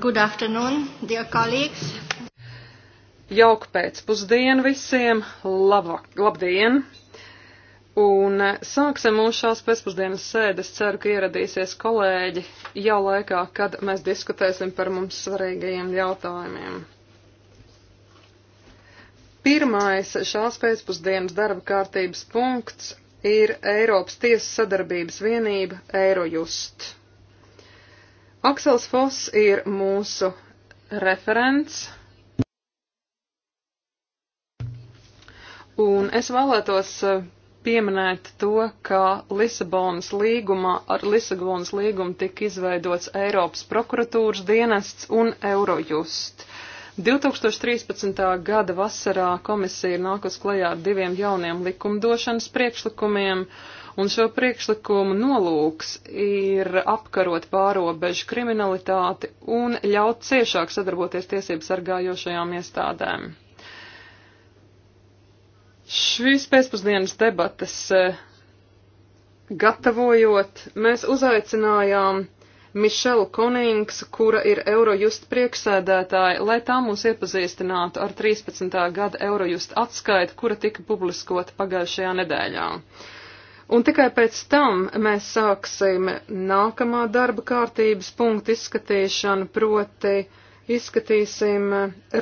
Good afternoon, dear colleagues. Jauk pēcpusdienu visiem, laba, labdien! Un eh, sāksim mūsu šās pēcpusdienas sēdes. Ceru, ka ieradīsies kolēģi jau laikā, kad mēs diskutēsim par mums svarīgajiem jautājumiem. Pirmais šās pēcpusdienas darba kārtības punkts ir Eiropas tiesas sadarbības vienība Eirojust. Aksels Foss ir mūsu referents. Un es vēlētos uh, pieminēt to, ka Lisabonas līgumā ar Lisabonas līgumu tika izveidots Eiropas prokuratūras dienests un Eurojust. 2013. gada vasarā komisija nākus klajā ar diviem jauniem likumdošanas priekšlikumiem. Uh, Un šo priekšlikumu nolūks ir apkarot pārobežu kriminalitāti un ļaut ciešāk sadarboties tiesību sargājošajām iestādēm. Šīs pēcpusdienas debatas eh, gatavojot, mēs uzaicinājām Mišelu Konings, kura ir Eurojust priekšsēdētāja, lai tā mūs iepazīstinātu ar 13. gada Eurojust atskaitu, kura tika publiskota pagājušajā nedēļā. Un tikai pēc tam mēs sāksim nākamā darba kārtības punktu izskatīšanu, proti izskatīsim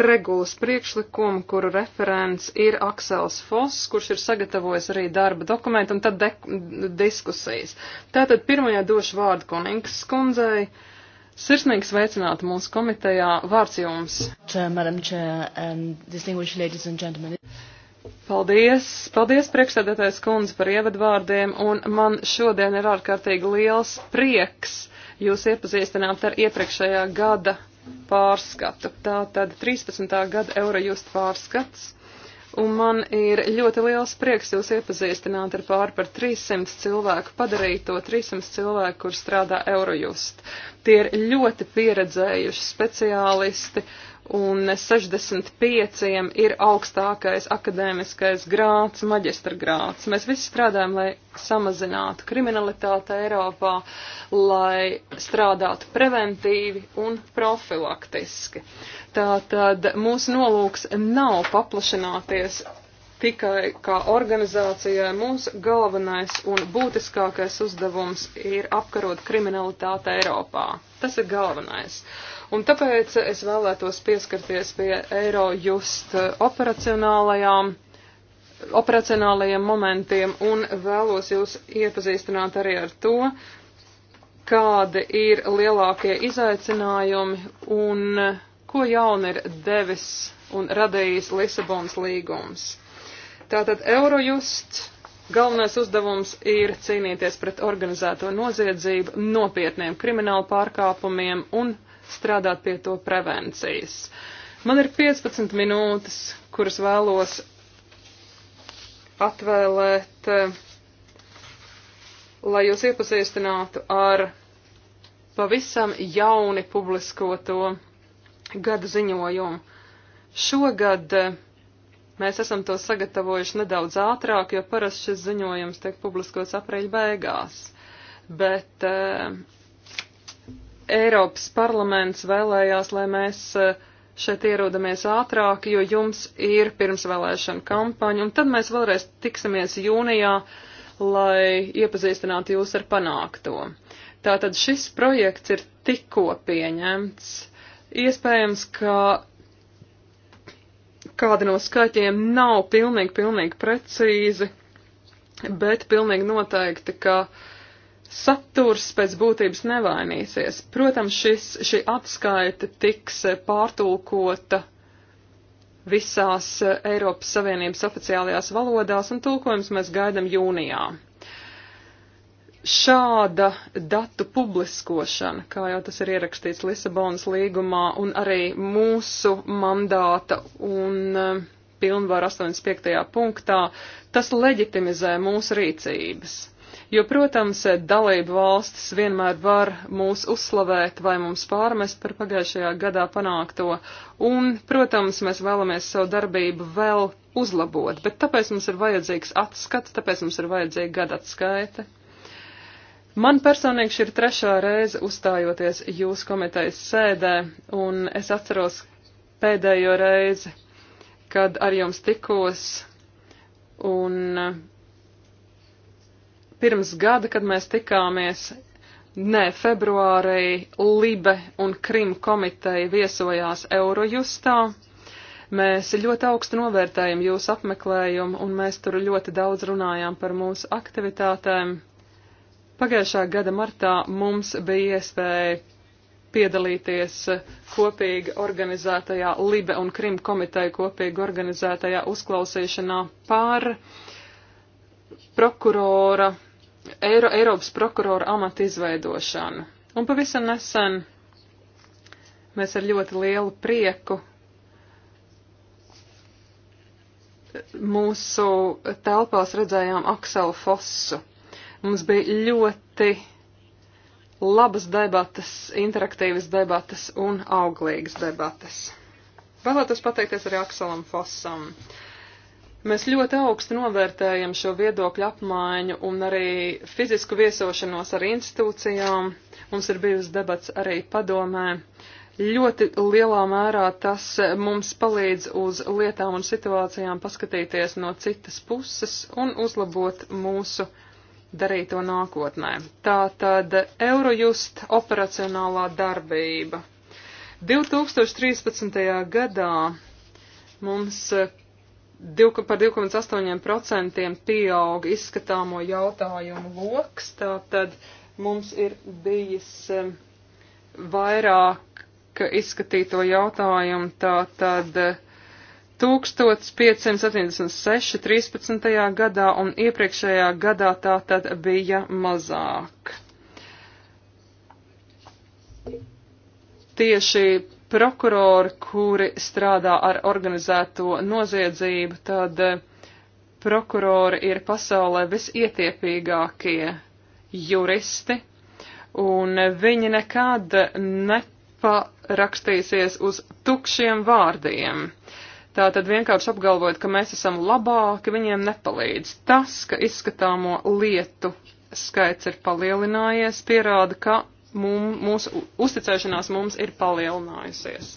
regulas priekšlikumu, kuru referents ir Aksels Foss, kurš ir sagatavojis arī darba dokumentu un tad diskusijas. Tātad pirmajā došu vārdu Konings skundzei. Sirsnīgi sveicināti mūsu komitejā. Vārds jums. Madam Chair and distinguished ladies and gentlemen. Paldies, paldies priekšsēdētājs kundze par ievadvārdiem, un man šodien ir ārkārtīgi liels prieks jūs iepazīstināt ar iepriekšējā gada pārskatu. Tā tad 13. gada Eurojust pārskats, un man ir ļoti liels prieks jūs iepazīstināt ar pār par 300 cilvēku padarīto, 300 cilvēku, kur strādā Eurojust. Tie ir ļoti pieredzējuši speciālisti un 65 ir augstākais akadēmiskais grāds, maģistra grāds. Mēs visi strādājam, lai samazinātu kriminalitāti Eiropā, lai strādātu preventīvi un profilaktiski. Tātad mūsu nolūks nav paplašināties tikai kā organizācijai mums galvenais un būtiskākais uzdevums ir apkarot kriminalitāti Eiropā. Tas ir galvenais. Un tāpēc es vēlētos pieskarties pie Eirojust operacionālajām operacionālajiem momentiem un vēlos jūs iepazīstināt arī ar to, kādi ir lielākie izaicinājumi un ko jaun ir devis un radījis Lisabonas līgums. Tātad Eurojust galvenais uzdevums ir cīnīties pret organizēto noziedzību, nopietniem kriminālu pārkāpumiem un strādāt pie to prevencijas. Man ir 15 minūtes, kuras vēlos atvēlēt, eh, lai jūs iepazīstinātu ar pavisam jauni publiskoto gada ziņojumu. Šogad uh, Mēs esam to sagatavojuši nedaudz ātrāk, jo parasti šis ziņojums tiek publiskots aprīļa beigās. Bet eh, Eiropas parlaments vēlējās, lai mēs eh, šeit ierodamies ātrāk, jo jums ir pirmsvēlēšana kampaņa, un tad mēs vēlreiz tiksimies jūnijā, lai iepazīstinātu jūs ar panākto. Tātad šis projekts ir tikko pieņemts. Iespējams, ka kādi no skaitļiem nav pilnīgi, pilnīgi precīzi, bet pilnīgi noteikti, ka saturs pēc būtības nevainīsies. Protams, šis, šī atskaita tiks pārtulkota visās Eiropas Savienības oficiālajās valodās, un tulkojums mēs gaidam jūnijā šāda datu publiskošana, kā jau tas ir ierakstīts Lisabonas līgumā, un arī mūsu mandāta un eh, pilnvaru 85. punktā, tas leģitimizē mūsu rīcības. Jo, protams, dalību valstis vienmēr var mūs uzslavēt vai mums pārmest par pagājušajā gadā panākto, un, protams, mēs vēlamies savu darbību vēl uzlabot, bet tāpēc mums ir vajadzīgs atskats, tāpēc mums ir vajadzīga gada atskaita, Man personīgi šī ir trešā reize uzstājoties jūsu komitejas sēdē, un es atceros pēdējo reizi, kad ar jums tikos, un eh, pirms gada, kad mēs tikāmies, Nē, februārī Libe un Krim komiteja viesojās Eurojustā. Mēs ļoti augstu novērtējam jūsu apmeklējumu, un mēs tur ļoti daudz runājām par mūsu aktivitātēm. Pagājušā gada martā mums bija iespēja piedalīties kopīgi organizētajā Libe un Krim komiteja kopīgi organizētajā uzklausīšanā par prokurora, Eiro, Eiropas prokurora amata izveidošanu. Un pavisam nesen mēs ar ļoti lielu prieku mūsu telpās redzējām Akselu Fossu. Mums bija ļoti labas debatas, interaktīvas debatas un auglīgas debatas. Vēlētos pateikties arī Akselam Fossam. Mēs ļoti augstu novērtējam šo viedokļu apmaiņu un arī fizisku viesošanos ar institūcijām. Mums ir bijusi debats arī padomē. Ļoti lielā mērā tas mums palīdz uz lietām un situācijām paskatīties no citas puses un uzlabot mūsu darīt to nākotnē. Tā tad Eurojust operacionālā darbība. 2013. gadā mums eh, par 2,8% pieauga izskatāmo jautājumu loks, tātad mums ir bijis eh, vairāk izskatīto jautājumu, tātad eh, 1576 13. gadā un iepriekšējā gadā tā tad bija mazāk. Tieši prokurori, kuri strādā ar organizēto noziedzību, tad prokurori ir pasaulē visietiepīgākie juristi, un viņi nekad neparakstīsies uz tukšiem vārdiem. Uh, Tā tad vienkārši apgalvot, ka mēs esam labāki, viņiem nepalīdz. Tas, ka izskatāmo lietu skaits ir palielinājies, pierāda, ka mum, mūsu uzticēšanās mums ir palielinājusies.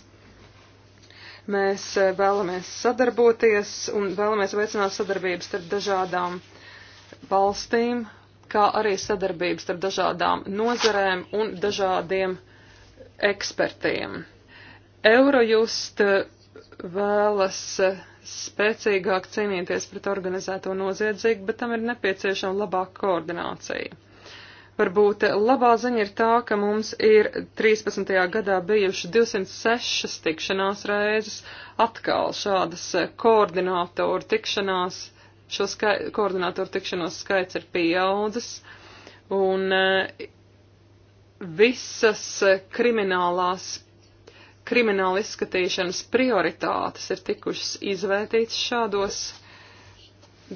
Mēs eh, vēlamies sadarboties un vēlamies veicināt sadarbības starp dažādām valstīm, kā arī sadarbības starp dažādām nozarēm un dažādiem ekspertiem. Eurojust eh, vēlas eh, spēcīgāk cīnīties pret organizēto noziedzību, bet tam ir nepieciešama labāka koordinācija. Varbūt labā ziņa ir tā, ka mums ir 13. gadā bijuši 206 tikšanās reizes, atkal šādas eh, koordinātoru tikšanās, šo skai, koordinātoru tikšanos skaits ir pieaudzis, un eh, visas kriminālās krimināla izskatīšanas prioritātes ir tikušas izvērtītas šādos,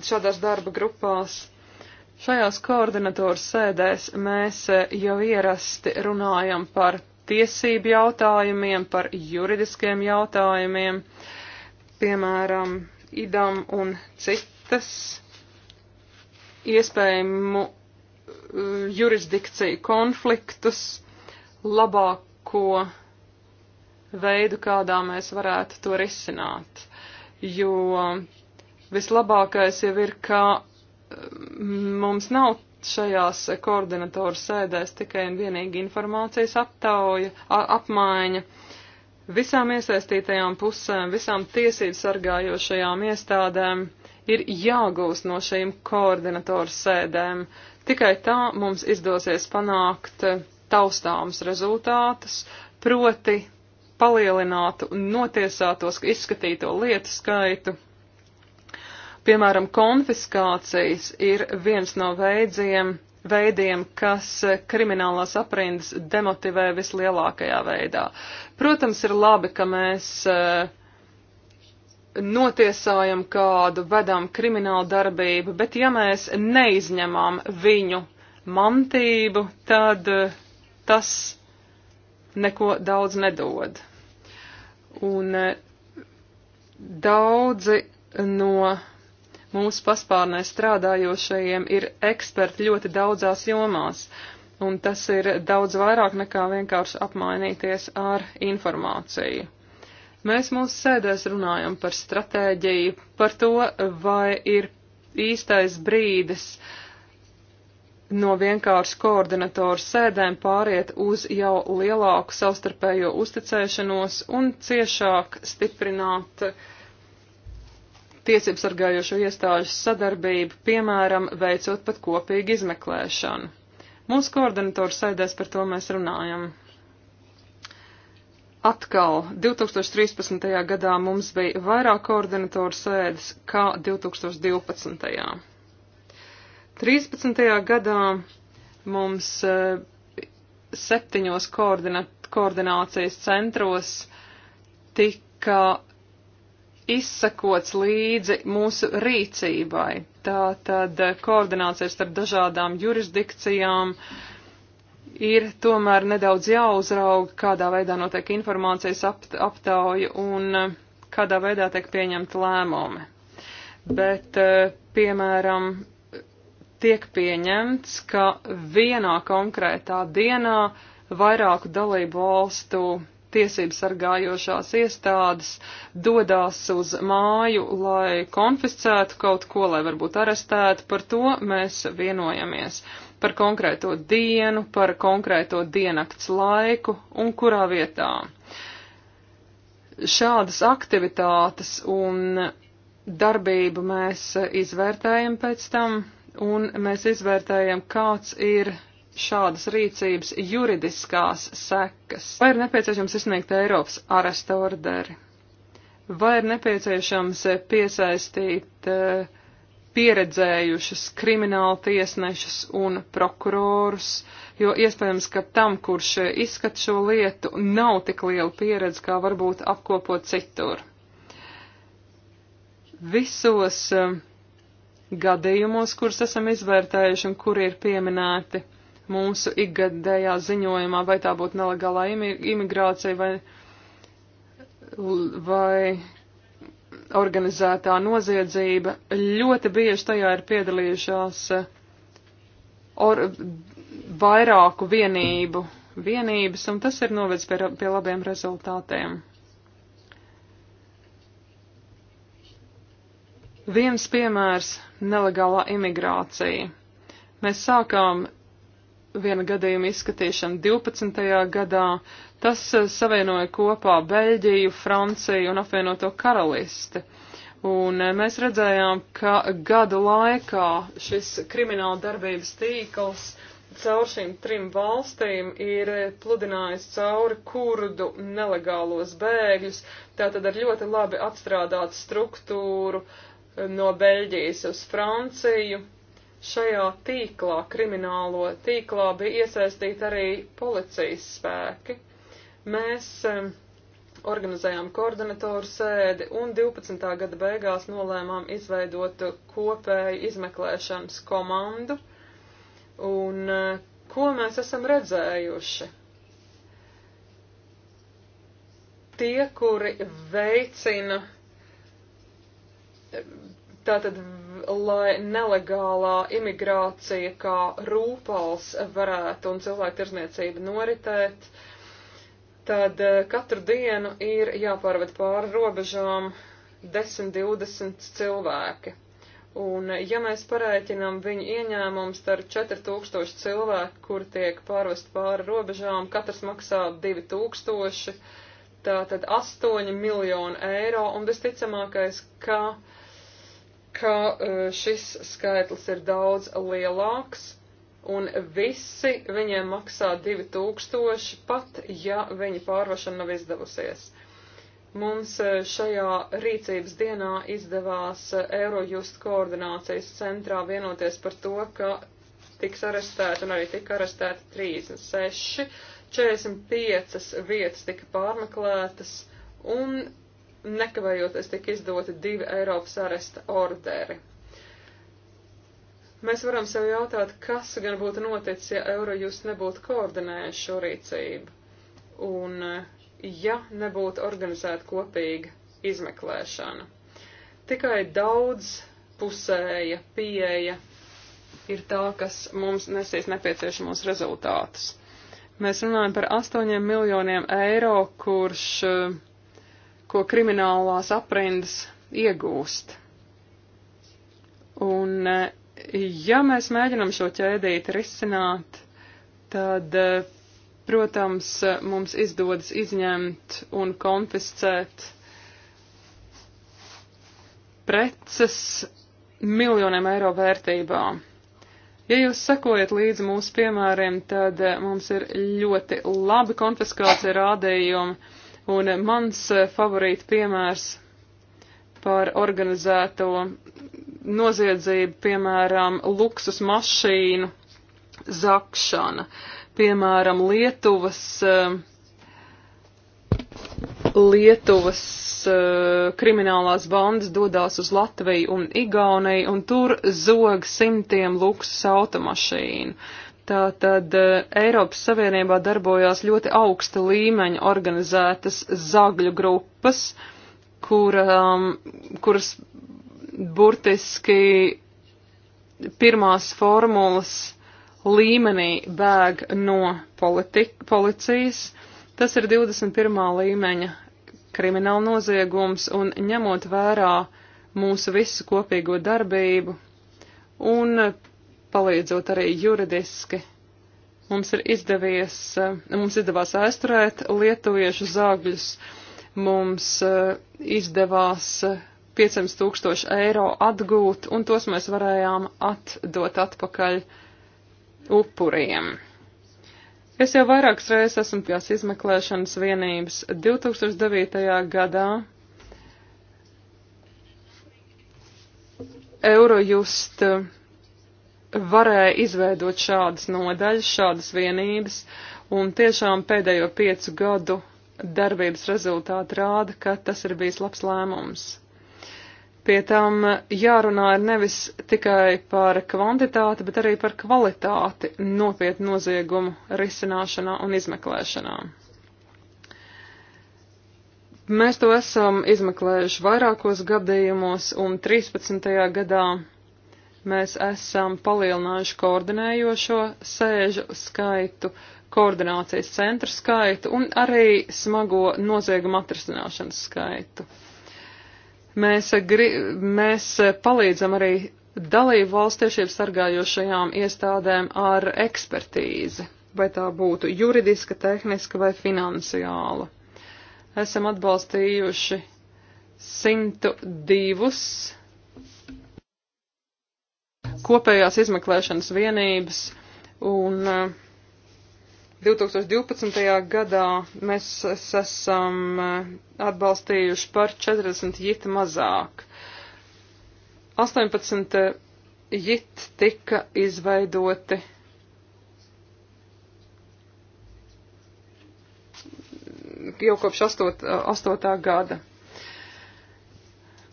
šādās darba grupās. Šajās koordinatoru sēdēs mēs jau ierasti runājam par tiesību jautājumiem, par juridiskiem jautājumiem, piemēram, idam un citas iespējamu uh, jurisdikciju konfliktus, labāko veidu, kādā mēs varētu to risināt. Jo vislabākais jau ir, ka mm, mums nav šajās koordinatoru sēdēs tikai un vienīgi informācijas aptauja, apmaiņa. Visām iesaistītajām pusēm, visām tiesību sargājošajām iestādēm ir jāgūst no šīm koordinatoru sēdēm. Tikai tā mums izdosies panākt taustāms rezultātus, proti palielinātu notiesātos izskatīto lietu skaitu. Piemēram, konfiskācijas ir viens no veidziem, veidiem, kas kriminālās aprindas demotivē vislielākajā veidā. Protams, ir labi, ka mēs eh, notiesājam kādu, vedam kriminālu darbību, bet ja mēs neizņemam viņu mantību, tad eh, tas neko daudz nedod. Un eh, daudzi no mūsu paspārnē strādājošajiem ir eksperti ļoti daudzās jomās, un tas ir daudz vairāk nekā vienkārši apmainīties ar informāciju. Mēs mūsu sēdēs runājam par stratēģiju, par to, vai ir īstais brīdis uh, no vienkārši koordinatoru sēdēm pāriet uz jau lielāku savstarpējo uzticēšanos un ciešāk stiprināt tiesību sargājošo iestāžu sadarbību, piemēram, veicot pat kopīgu izmeklēšanu. Mūsu koordinatoru sēdēs par to mēs runājam. Atkal 2013. gadā mums bija vairāk koordinatoru sēdes kā 2012. gadā. 13. gadā mums eh, septiņos koordinācijas centros tika izsakots līdzi mūsu rīcībai. Tā tad koordinācija starp dažādām jurisdikcijām ir tomēr nedaudz jāuzrauga, kādā veidā notiek informācijas apt aptauja un eh, kādā veidā tiek pieņemta lēmumi. Bet, eh, piemēram, tiek pieņemts, ka vienā konkrētā dienā vairāku dalību valstu tiesību sargājošās iestādes dodās uz māju, lai konfiscētu kaut ko, lai varbūt arestētu, par to mēs vienojamies. Par konkrēto dienu, par konkrēto dienakts laiku un kurā vietā. Šādas aktivitātes un darbību mēs izvērtējam pēc tam, un mēs izvērtējam, kāds ir šādas rīcības juridiskās sekas. Vai ir nepieciešams izsniegt Eiropas aresta orderi? Vai ir nepieciešams eh, piesaistīt eh, pieredzējušas krimināla tiesnešus un prokurorus, jo iespējams, ka tam, kurš eh, izskat šo lietu, nav tik liela pieredze, kā varbūt apkopot citur. Visos uh, gadījumos, kurus esam izvērtējuši un kuri ir pieminēti mūsu ikgadējā ziņojumā, vai tā būtu nelegālā imigrācija vai, vai organizētā noziedzība. Ļoti bieži tajā ir piedalījušās or, vairāku vienību vienības, un tas ir novedis pie, pie labiem rezultātiem. Viens piemērs - nelegālā imigrācija. Mēs sākām viena gadījuma izskatīšanu 12. gadā. Tas eh, savienoja kopā Beļģiju, Franciju un apvienoto karalisti. Un eh, mēs redzējām, ka gada laikā šis krimināla darbības tīkls caur šīm trim valstīm ir pludinājis cauri kurdu nelegālos bēgļus, tātad ar ļoti labi apstrādātu struktūru, uh, no Beļģijas uz Franciju. Šajā tīklā, kriminālo tīklā, bija iesaistīti arī policijas spēki. Mēs um, organizējām koordinatoru sēdi un 12. gada beigās nolēmām izveidot kopēju izmeklēšanas komandu. Un e, ko mēs esam redzējuši? Tie, kuri veicina Tātad, lai nelegālā imigrācija kā rūpals varētu un cilvēku tirzniecība noritēt, tad eh, katru dienu ir jāpārved pāri robežām 10-20 cilvēki. Un, eh, ja mēs pareiķinām viņu ieņēmumus, tad 4000 cilvēku, kur tiek pārvest pāri robežām, katrs maksā 2000, tātad 8 miljonu eiro, un visticamākais, ka ka e, šis skaitlis ir daudz lielāks, un visi viņiem maksā 2000, pat ja viņa pārvašana nav izdevusies. Mums e, šajā rīcības dienā izdevās e, Eurojust koordinācijas centrā vienoties par to, ka tiks arestēti un arī tika arestēti 36, 45 vietas tika pārmeklētas un nekavējoties tika izdoti divi Eiropas aresta orderi. Mēs varam sev jautāt, kas gan būtu noticis, ja Eurojust nebūtu koordinējuši šo rīcību un ja nebūtu organizēta kopīga izmeklēšana. Tikai daudz pusēja pieeja ir tā, kas mums nesīs nepieciešamos rezultātus. Mēs runājam par 8 miljoniem eiro, kurš uh, ko kriminālās aprindas iegūst. Un, eh, ja mēs mēģinam šo ķēdīti risināt, tad, eh, protams, mums izdodas izņemt un konfiscēt preces miljoniem eiro vērtībā. Ja jūs sekojat līdzi mūsu piemēriem, tad eh, mums ir ļoti labi konfiskācija rādījumi Un mans eh, favorīta piemērs par organizēto noziedzību, piemēram, luksus mašīnu zakšana, piemēram, Lietuvas, eh, Lietuvas eh, kriminālās bandas dodās uz Latviju un Igauniju, un tur zog simtiem luksus automašīnu. Tā tad eh, Eiropas Savienībā darbojās ļoti augsta līmeņa organizētas zagļu grupas, kurām, kuras burtiski pirmās formulas līmenī bēg no politi, policijas. Tas ir 21. līmeņa krimināla noziegums un ņemot vērā mūsu visu kopīgo darbību un palīdzot arī juridiski. Mums ir izdevies, eh, mums izdevās aizturēt lietuviešu zāgļus, mums eh, izdevās 500 eh, tūkstoši eiro atgūt, un tos mēs varējām atdot atpakaļ upuriem. Es jau vairākas reizes esmu pjās izmeklēšanas vienības 2009. gadā. Eurojust varēja izveidot šādas nodaļas, šādas vienības, un tiešām pēdējo piecu gadu darbības rezultāti rāda, ka tas ir bijis labs lēmums. Pie tam jārunā ir nevis tikai par kvantitāti, bet arī par kvalitāti nopietnu noziegumu risināšanā un izmeklēšanā. Mēs to esam izmeklējuši vairākos gadījumos, un 13. gadā mēs esam palielinājuši koordinējošo sēžu skaitu, koordinācijas centru skaitu un arī smago noziegumu atrasināšanas skaitu. Mēs, gri, mēs palīdzam arī dalību valstiešiem sargājošajām iestādēm ar ekspertīzi, vai tā būtu juridiska, tehniska vai finansiāla. Esam atbalstījuši 102 kopējās izmeklēšanas vienības. Un 2012. Eh, gadā mēs esam eh, atbalstījuši par 40 jit mazāk. 18 eh, jit tika izveidoti jau kopš 8. 8. gada.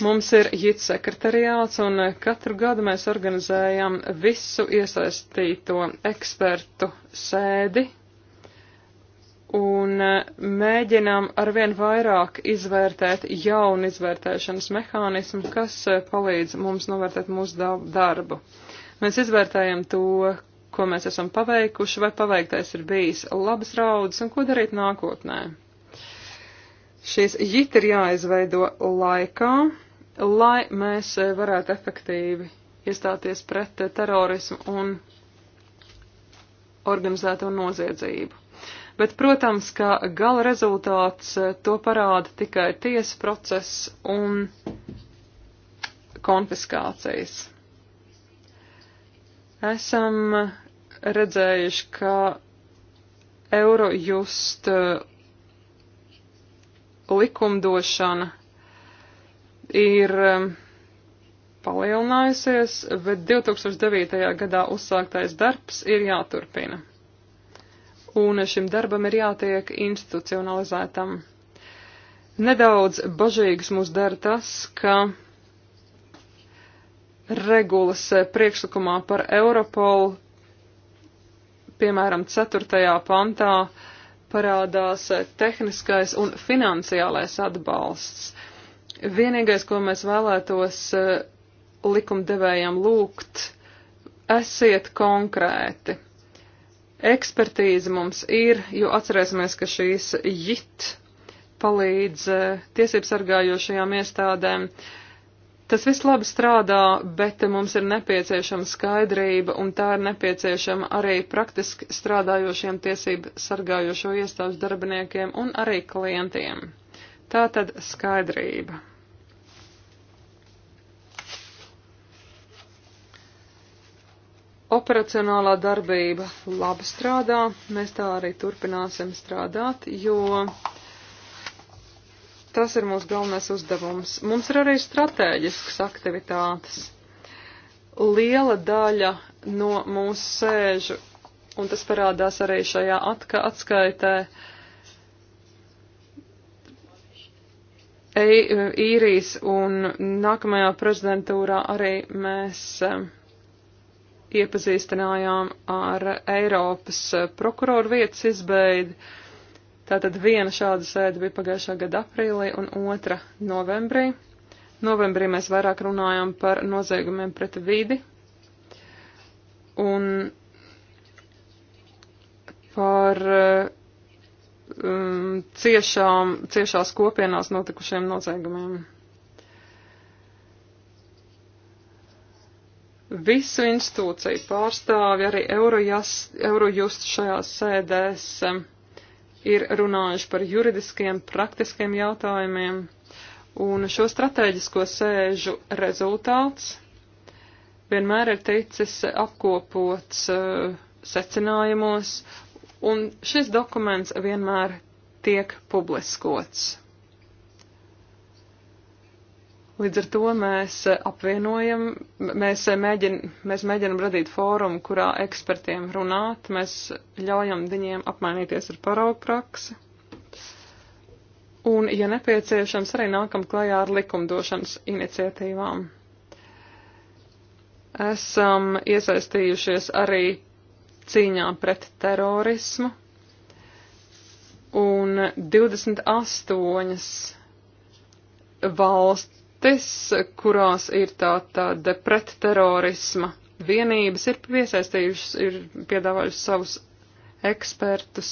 Mums ir JIT sekretariāts, un e, katru gadu mēs organizējam visu iesaistīto ekspertu sēdi un e, mēģinām arvien vairāk izvērtēt jaunu izvērtēšanas mehānismu, kas e, palīdz mums novērtēt mūsu darbu. Mēs izvērtējam to, ko mēs esam paveikuši, vai paveiktais ir bijis labas raudas un ko darīt nākotnē. Šīs jit ir jāizveido laikā, lai mēs eh, varētu efektīvi iestāties pret eh, terorismu un organizēto noziedzību. Bet, protams, ka gala rezultāts eh, to parāda tikai tiesa process un konfiskācijas. Esam redzējuši, ka Eurojust likumdošana ir um, palielinājusies, bet 2009. gadā uzsāktais darbs ir jāturpina. Un šim darbam ir jātiek institucionalizētam. Nedaudz bažīgs mūs dara tas, ka regulas priekšlikumā par Europolu, piemēram, 4. pantā, uh, parādās tehniskais un finansiālais atbalsts. Vienīgais, ko mēs vēlētos eh, likumdevējiem lūgt, esiet konkrēti. Ekspertīze mums ir, jo atcerēsimies, ka šīs JIT palīdz eh, tiesības sargājošajām iestādēm uh, Tas viss labi strādā, bet mums ir nepieciešama skaidrība, un tā ir nepieciešama arī praktiski strādājošiem tiesību sargājošo iestāžu darbiniekiem un arī klientiem. Tā tad skaidrība. Operacionālā darbība labi strādā, mēs tā arī turpināsim strādāt, jo uh, Tas ir mūsu galvenais uzdevums. Mums ir arī stratēģiskas aktivitātes. Liela daļa no mūsu sēžu, un tas parādās arī šajā atka atskaitē, Ei, īrijas un nākamajā prezidentūrā arī mēs iepazīstinājām ar Eiropas prokuroru vietas izbeidi Tātad viena šāda sēde bija pagājušā gada aprīlī un otra novembrī. Novembrī mēs vairāk runājam par noziegumiem pret vidi un par um, ciešām, ciešās kopienās notikušiem noziegumiem. Visu institūciju pārstāvi arī Eurojust Euro šajās sēdēs. Um, ir runājuši par juridiskiem, praktiskiem jautājumiem, un šo strateģisko sēžu rezultāts vienmēr ir ticis apkopots uh, secinājumos, un šis dokuments vienmēr tiek publiskots. Līdz ar to mēs apvienojam, mēs, mēģin, mēs mēģinam radīt fórumu, kurā ekspertiem runāt, mēs ļaujam viņiem apmainīties ar paraugu praksi. Un, ja nepieciešams, arī nākam klajā ar likumdošanas iniciatīvām. Esam iesaistījušies arī cīņā pret terorismu, un 28 valsts debates, kurās ir tā tad pretterorisma vienības, ir piesaistījušas, ir piedāvājušas savus ekspertus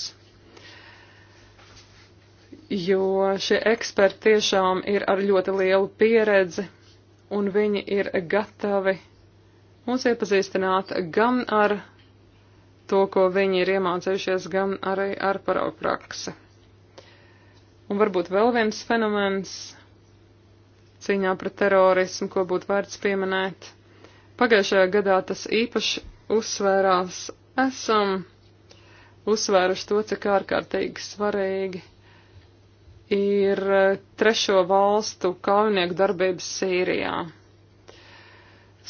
jo šie eksperti tiešām ir ar ļoti lielu pieredzi, un viņi ir gatavi mūs iepazīstināt gan ar to, ko viņi ir iemācījušies, gan arī ar paraupraksi. Un varbūt vēl viens fenomens, cīņā pret terorismu, ko būtu vērts pieminēt. Pagājušajā gadā tas īpaši uzsvērās. Esam uzsvēruši to, cik ārkārtīgi svarīgi ir eh, trešo valstu kaujinieku darbības Sīrijā.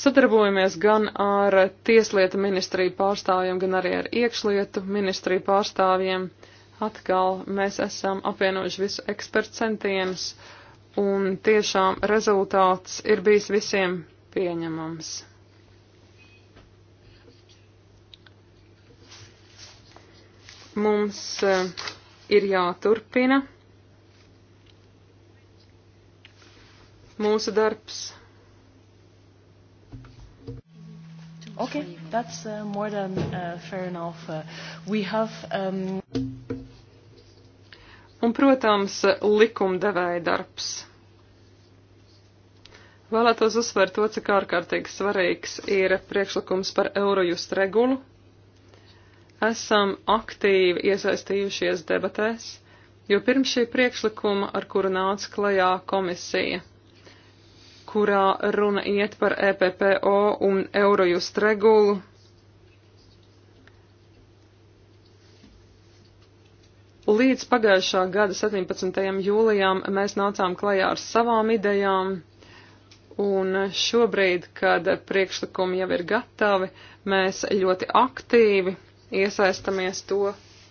Sadarbojamies gan ar tieslietu ministriju pārstāvjiem, gan arī ar iekšlietu ministriju pārstāvjiem. Atkal mēs esam apvienojuši visu ekspertu centienus un tiešām rezultāts ir bijis visiem pieņemams. Mums e, ir jāturpina mūsu darbs. Okay, that's uh, more than uh, fair enough. Uh, we have um un, protams, likumdevēja darbs. Vēlētos uzsvērt to, cik ārkārtīgi svarīgs ir priekšlikums par Eurojust regulu. Esam aktīvi iesaistījušies debatēs, jo pirms šī priekšlikuma, ar kuru nāca klajā komisija, kurā runa iet par EPPO un Eurojust regulu, Līdz pagājušā gada 17. jūlijām mēs nācām klajā ar savām idejām, un šobrīd, kad priekšlikumi jau ir gatavi, mēs ļoti aktīvi iesaistamies to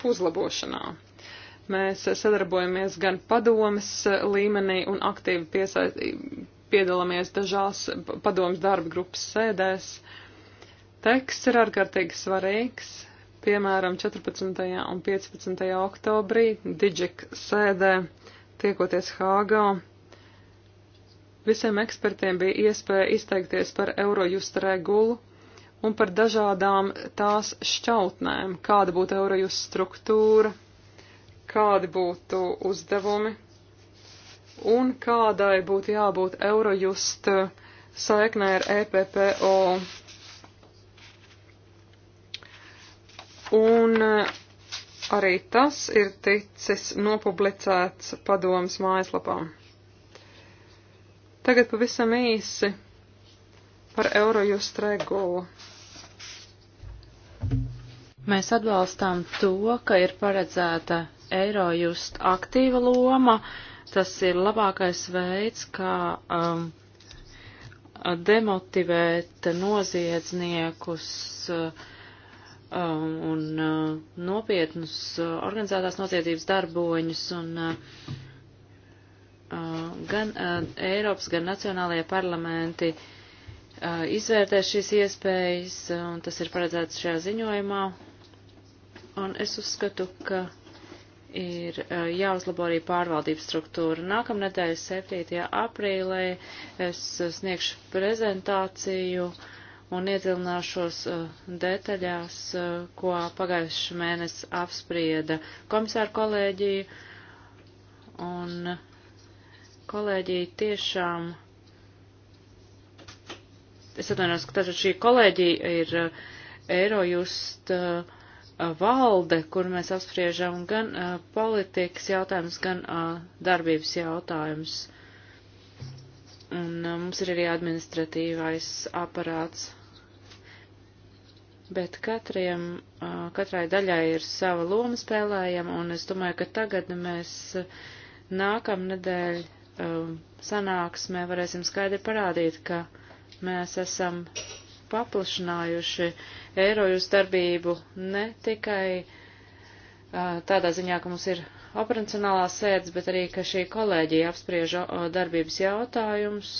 uzlabošanā. Mēs sadarbojamies gan padomas līmenī un aktīvi piesaist, piedalāmies dažās padomas darba grupas sēdēs. Teksts ir ārkārtīgi svarīgs, Piemēram, 14. un 15. oktobrī Digik sēdē tiekoties Hāgā. Visiem ekspertiem bija iespēja izteikties par Eurojust regulu un par dažādām tās šķautnēm, kāda būtu Eurojust struktūra, kādi būtu uzdevumi un kādai būtu jābūt Eurojust saiknē ar EPPO. Un eh, arī tas ir ticis nopublicēts padomas mājaslapā. Tagad pavisam īsi par Eurojust regulu. Mēs atbalstām to, ka ir paredzēta Eurojust aktīva loma. Tas ir labākais veids, kā um, demotivēt noziedzniekus. Uh, Uh, un uh, nopietnus uh, organizētās noziedzības darboņus, un gan Eiropas, gan Nacionālajie parlamenti izvērtēs šīs iespējas, un tas ir paredzēts šajā ziņojumā, un es uzskatu, ka ir jāuzlabo arī pārvaldības struktūra. Nākamnedēļ, 7. aprīlē, es sniegšu prezentāciju uh, un iedzilināšos eh, detaļās, eh, ko pagājuši mēnesi apsprieda komisāra kolēģija, un kolēģija tiešām, es atvainojos, ka tātad šī kolēģija ir Eirojust eh, valde, kur mēs apspriežam gan politikas jautājumus, gan darbības jautājumus. Un mums ir arī administratīvais aparāts bet katriem, katrai daļai ir sava loma spēlējama, un es domāju, ka tagad mēs nākamnedēļ sanāksmē varēsim skaidri parādīt, ka mēs esam paplašinājuši eirojus darbību ne tikai tādā ziņā, ka mums ir operacionālās sēdes, bet arī, ka šī kolēģija apspriež darbības jautājumus,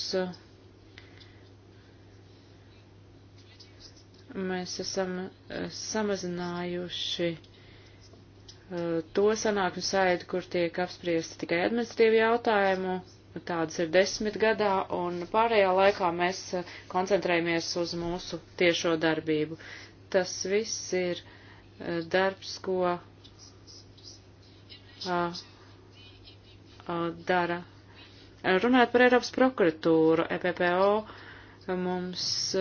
mēs esam eh, samazinājuši eh, to sanāksmu saiti, kur tiek apspriesti tikai administratīvi jautājumu, tādas ir desmit gadā, un pārējā laikā mēs eh, koncentrējamies uz mūsu tiešo darbību. Tas viss ir darbs, ko a, a, dara. Runājot par Eiropas prokuratūru, EPPO mums. A,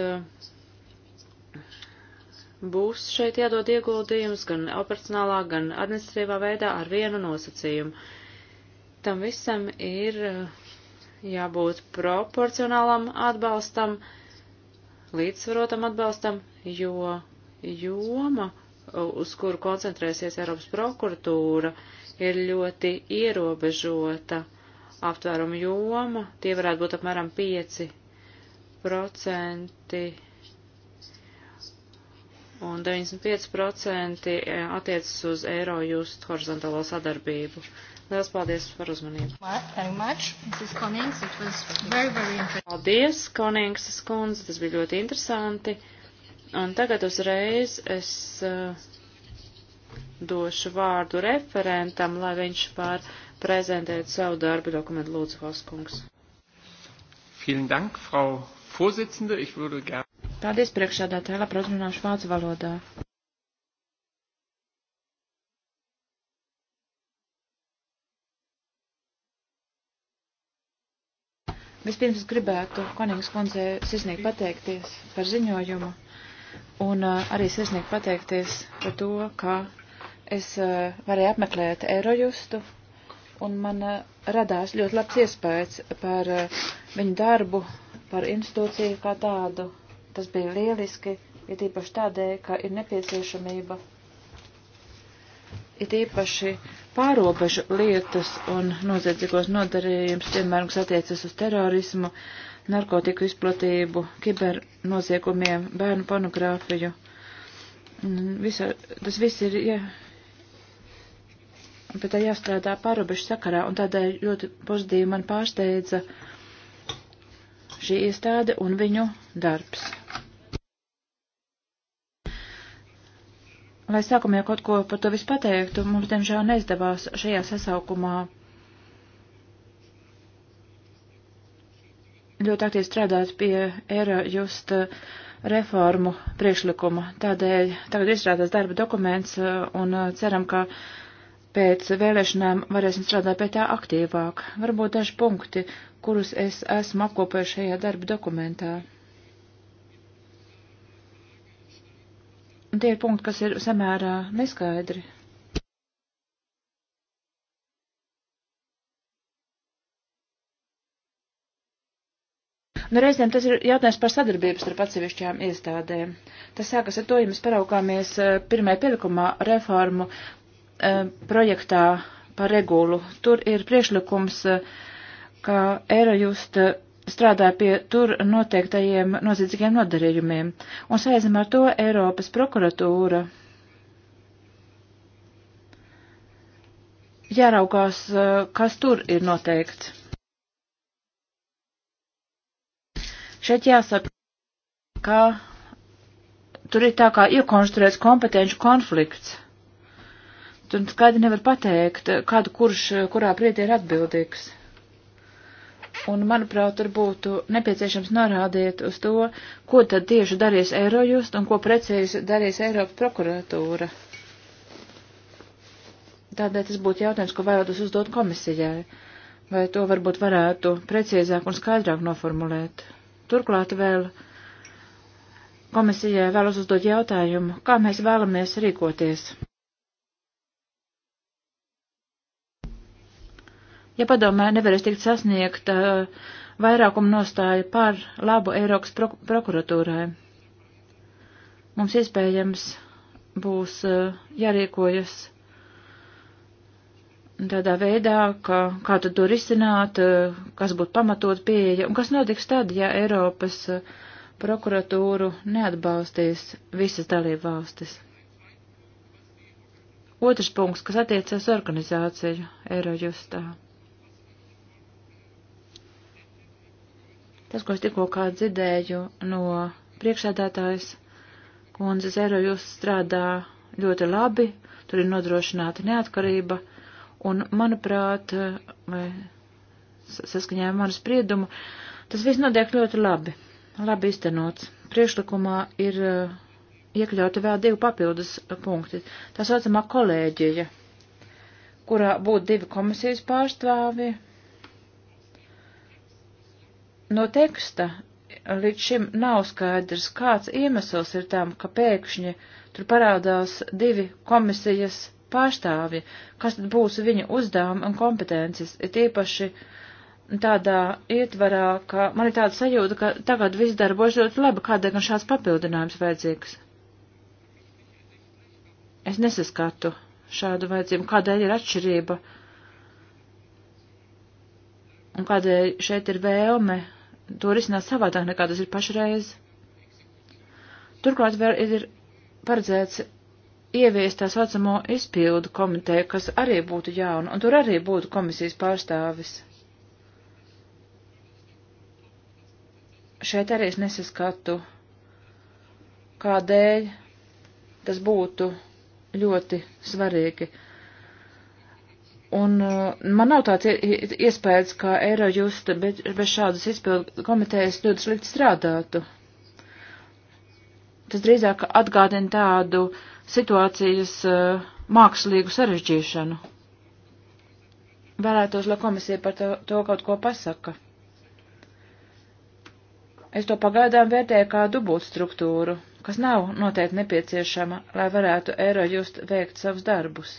būs šeit jādod ieguldījums gan operacionālā, gan administratīvā veidā ar vienu nosacījumu. Tam visam ir eh, jābūt proporcionālam atbalstam, līdzsvarotam atbalstam, jo joma, uz kuru koncentrēsies Eiropas prokuratūra, ir ļoti ierobežota aptvērumu joma. Tie varētu būt apmēram 5% un 95% e, attiecas uz eiro just horizontālo sadarbību. Lielas paldies par uzmanību. Very, very paldies, Koningsas kundze, tas bija ļoti interesanti. Un tagad uzreiz es uh, došu vārdu referentam, lai viņš pār prezentētu savu darbu dokumentu Lūdzu Hoskungs. Vielen Dank, Frau Vorsitzende. Ich würde gerne. Paldies priekšādātāji, labprāt runāšu vācu valodā. Vispirms gribētu Konings kundzei sirsnīgi pateikties par ziņojumu un uh, arī sirsnīgi pateikties par to, ka es uh, varēju apmeklēt Eirojustu un man uh, radās ļoti labs iespējas par uh, viņu darbu, par institūciju kā tādu Tas bija lieliski, ir ja īpaši tādēļ, ka ir nepieciešamība, ir īpaši pārobežu lietas un noziedzīgos nodarījums, piemēram, kas attiecas uz terorismu, narkotiku izplatību, kibernoziegumiem, bērnu pornogrāfiju. Visa, tas viss ir, jā, bet tā jāstrādā pārobežu sakarā, un tādēļ ļoti pozitīvi man pārsteidza šī iestāde un viņu darbs. Lai sākumā kaut ko par to visu pateiktu, mums diemžēl neizdevās šajā sasaukumā ļoti aktīvi strādāt pie ERA just reformu priekšlikuma. Tādēļ tagad izstrādās darba dokuments un ceram, ka pēc vēlēšanām varēsim strādāt pie tā aktīvāk. Varbūt daži punkti, kurus es esmu apkopējuši šajā darba dokumentā. Un tie ir punkti, kas ir samērā neskaidri. Nu, reizēm tas ir jautājums par sadarbības ar atsevišķām iestādēm. Tas sākas ar to, ja mēs paraugāmies eh, pirmajā pielikumā reformu eh, projektā par regulu. Tur ir priešlikums, eh, ka Eirojust strādāja pie tur noteiktajiem noziedzīgiem nodarījumiem, un saistībā ar to Eiropas prokuratūra jāraukās, eh, kas tur ir noteikts. Šeit jāsaka, ka tur ir tā kā iekonstruēts kompetenci konflikts. Tur skaidri nevar pateikt, kādu kurš kurā priedē ir atbildīgs un, manuprāt, tur būtu nepieciešams norādīt uz to, ko tad tieši darīs Eirojust un ko precīzi darīs Eiropas prokuratūra. Tādēļ tas būtu jautājums, ko vēlētos uzdot komisijai, vai to varbūt varētu precīzāk un skaidrāk noformulēt. Turklāt vēl komisijai vēlos uzdot jautājumu, kā mēs vēlamies rīkoties. Ja padomē nevarēs tikt sasniegt uh, vairākumu nostāju par labu Eiropas prok prokuratūrai, mums iespējams būs uh, jārīkojas tādā veidā, ka kā tad to risināt, uh, kas būtu pamatot pieeja un kas notiks tad, ja Eiropas prokuratūru neatbalstīs visas dalību valstis. Otrs punkts, kas attiecas organizāciju Eirojustā. Tas, ko es tikko kā dzirdēju no priekšsēdētājas kundzes, eiro jūs strādā ļoti labi, tur ir nodrošināta neatkarība, un, manuprāt, vai saskaņā ar manu spriedumu, tas viss notiek ļoti labi, labi iztenots. Priekšlikumā ir eh, iekļauti vēl divi papildus punkti. Tā saucamā kolēģija, kurā būtu divi komisijas pārstāvji No teksta līdz šim nav skaidrs, kāds iemesls ir tam, ka pēkšņi tur parādās divi komisijas pārstāvji, kas tad būs viņa uzdevumi un kompetences, ir īpaši tādā ietvarā, ka man ir tāda sajūta, ka tagad viss darbojas ļoti labi, kādēļ gan šāds papildinājums vajadzīgs. Es nesaskatu šādu vajadzību, kādēļ ir atšķirība un kādēļ šeit ir vēlme to risināt savādāk nekā tas ir pašreiz. Turklāt vēl ir paredzēts ieviest tā saucamo izpildu komiteju, kas arī būtu jauna, un tur arī būtu komisijas pārstāvis. Šeit arī es nesaskatu, kādēļ tas būtu ļoti svarīgi. Un uh, man nav tāds iespējas, ka Eirojusta bez, bez šādas izpildu komitejas ļoti slikti strādātu. Tas drīzāk atgādina tādu situācijas uh, mākslīgu sarežģīšanu. Vēlētos, lai komisija par to, to kaut ko pasaka. Es to pagaidām vērtēju kā dubult struktūru, kas nav noteikti nepieciešama, lai varētu Eirojust veikt savus darbus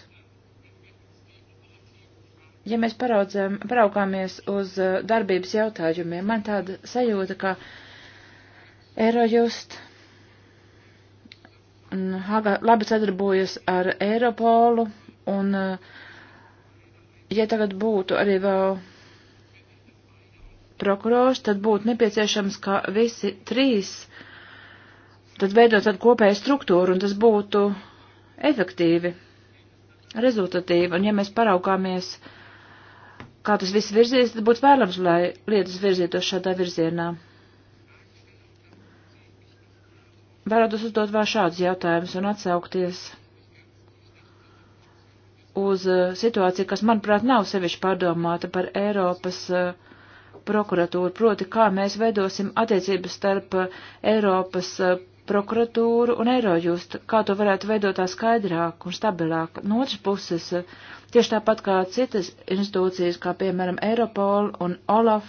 ja mēs paraudzam, paraugāmies uz uh, darbības jautājumiem, man tāda sajūta, ka Eurojust Haga labi sadarbojas ar Eiropolu, un uh, ja tagad būtu arī vēl prokurors, tad būtu nepieciešams, ka visi trīs tad veidot tādu kopēju struktūru, un tas būtu efektīvi, rezultatīvi, un ja mēs paraugāmies uh, kā tas viss virzies, tad būtu vēlams, lai lietas virzītos šādā virzienā. Vēlētos uzdot vēl šādus jautājumus un atsaukties uz uh, situāciju, kas, manuprāt, nav sevišķi pārdomāta par Eiropas uh, prokuratūru, proti, kā mēs veidosim attiecības starp uh, Eiropas prokuratūru un Eirojust, kā to varētu veidot tā skaidrāk un stabilāk. No otras puses, tieši tāpat kā citas institūcijas, kā piemēram Eiropol un Olaf,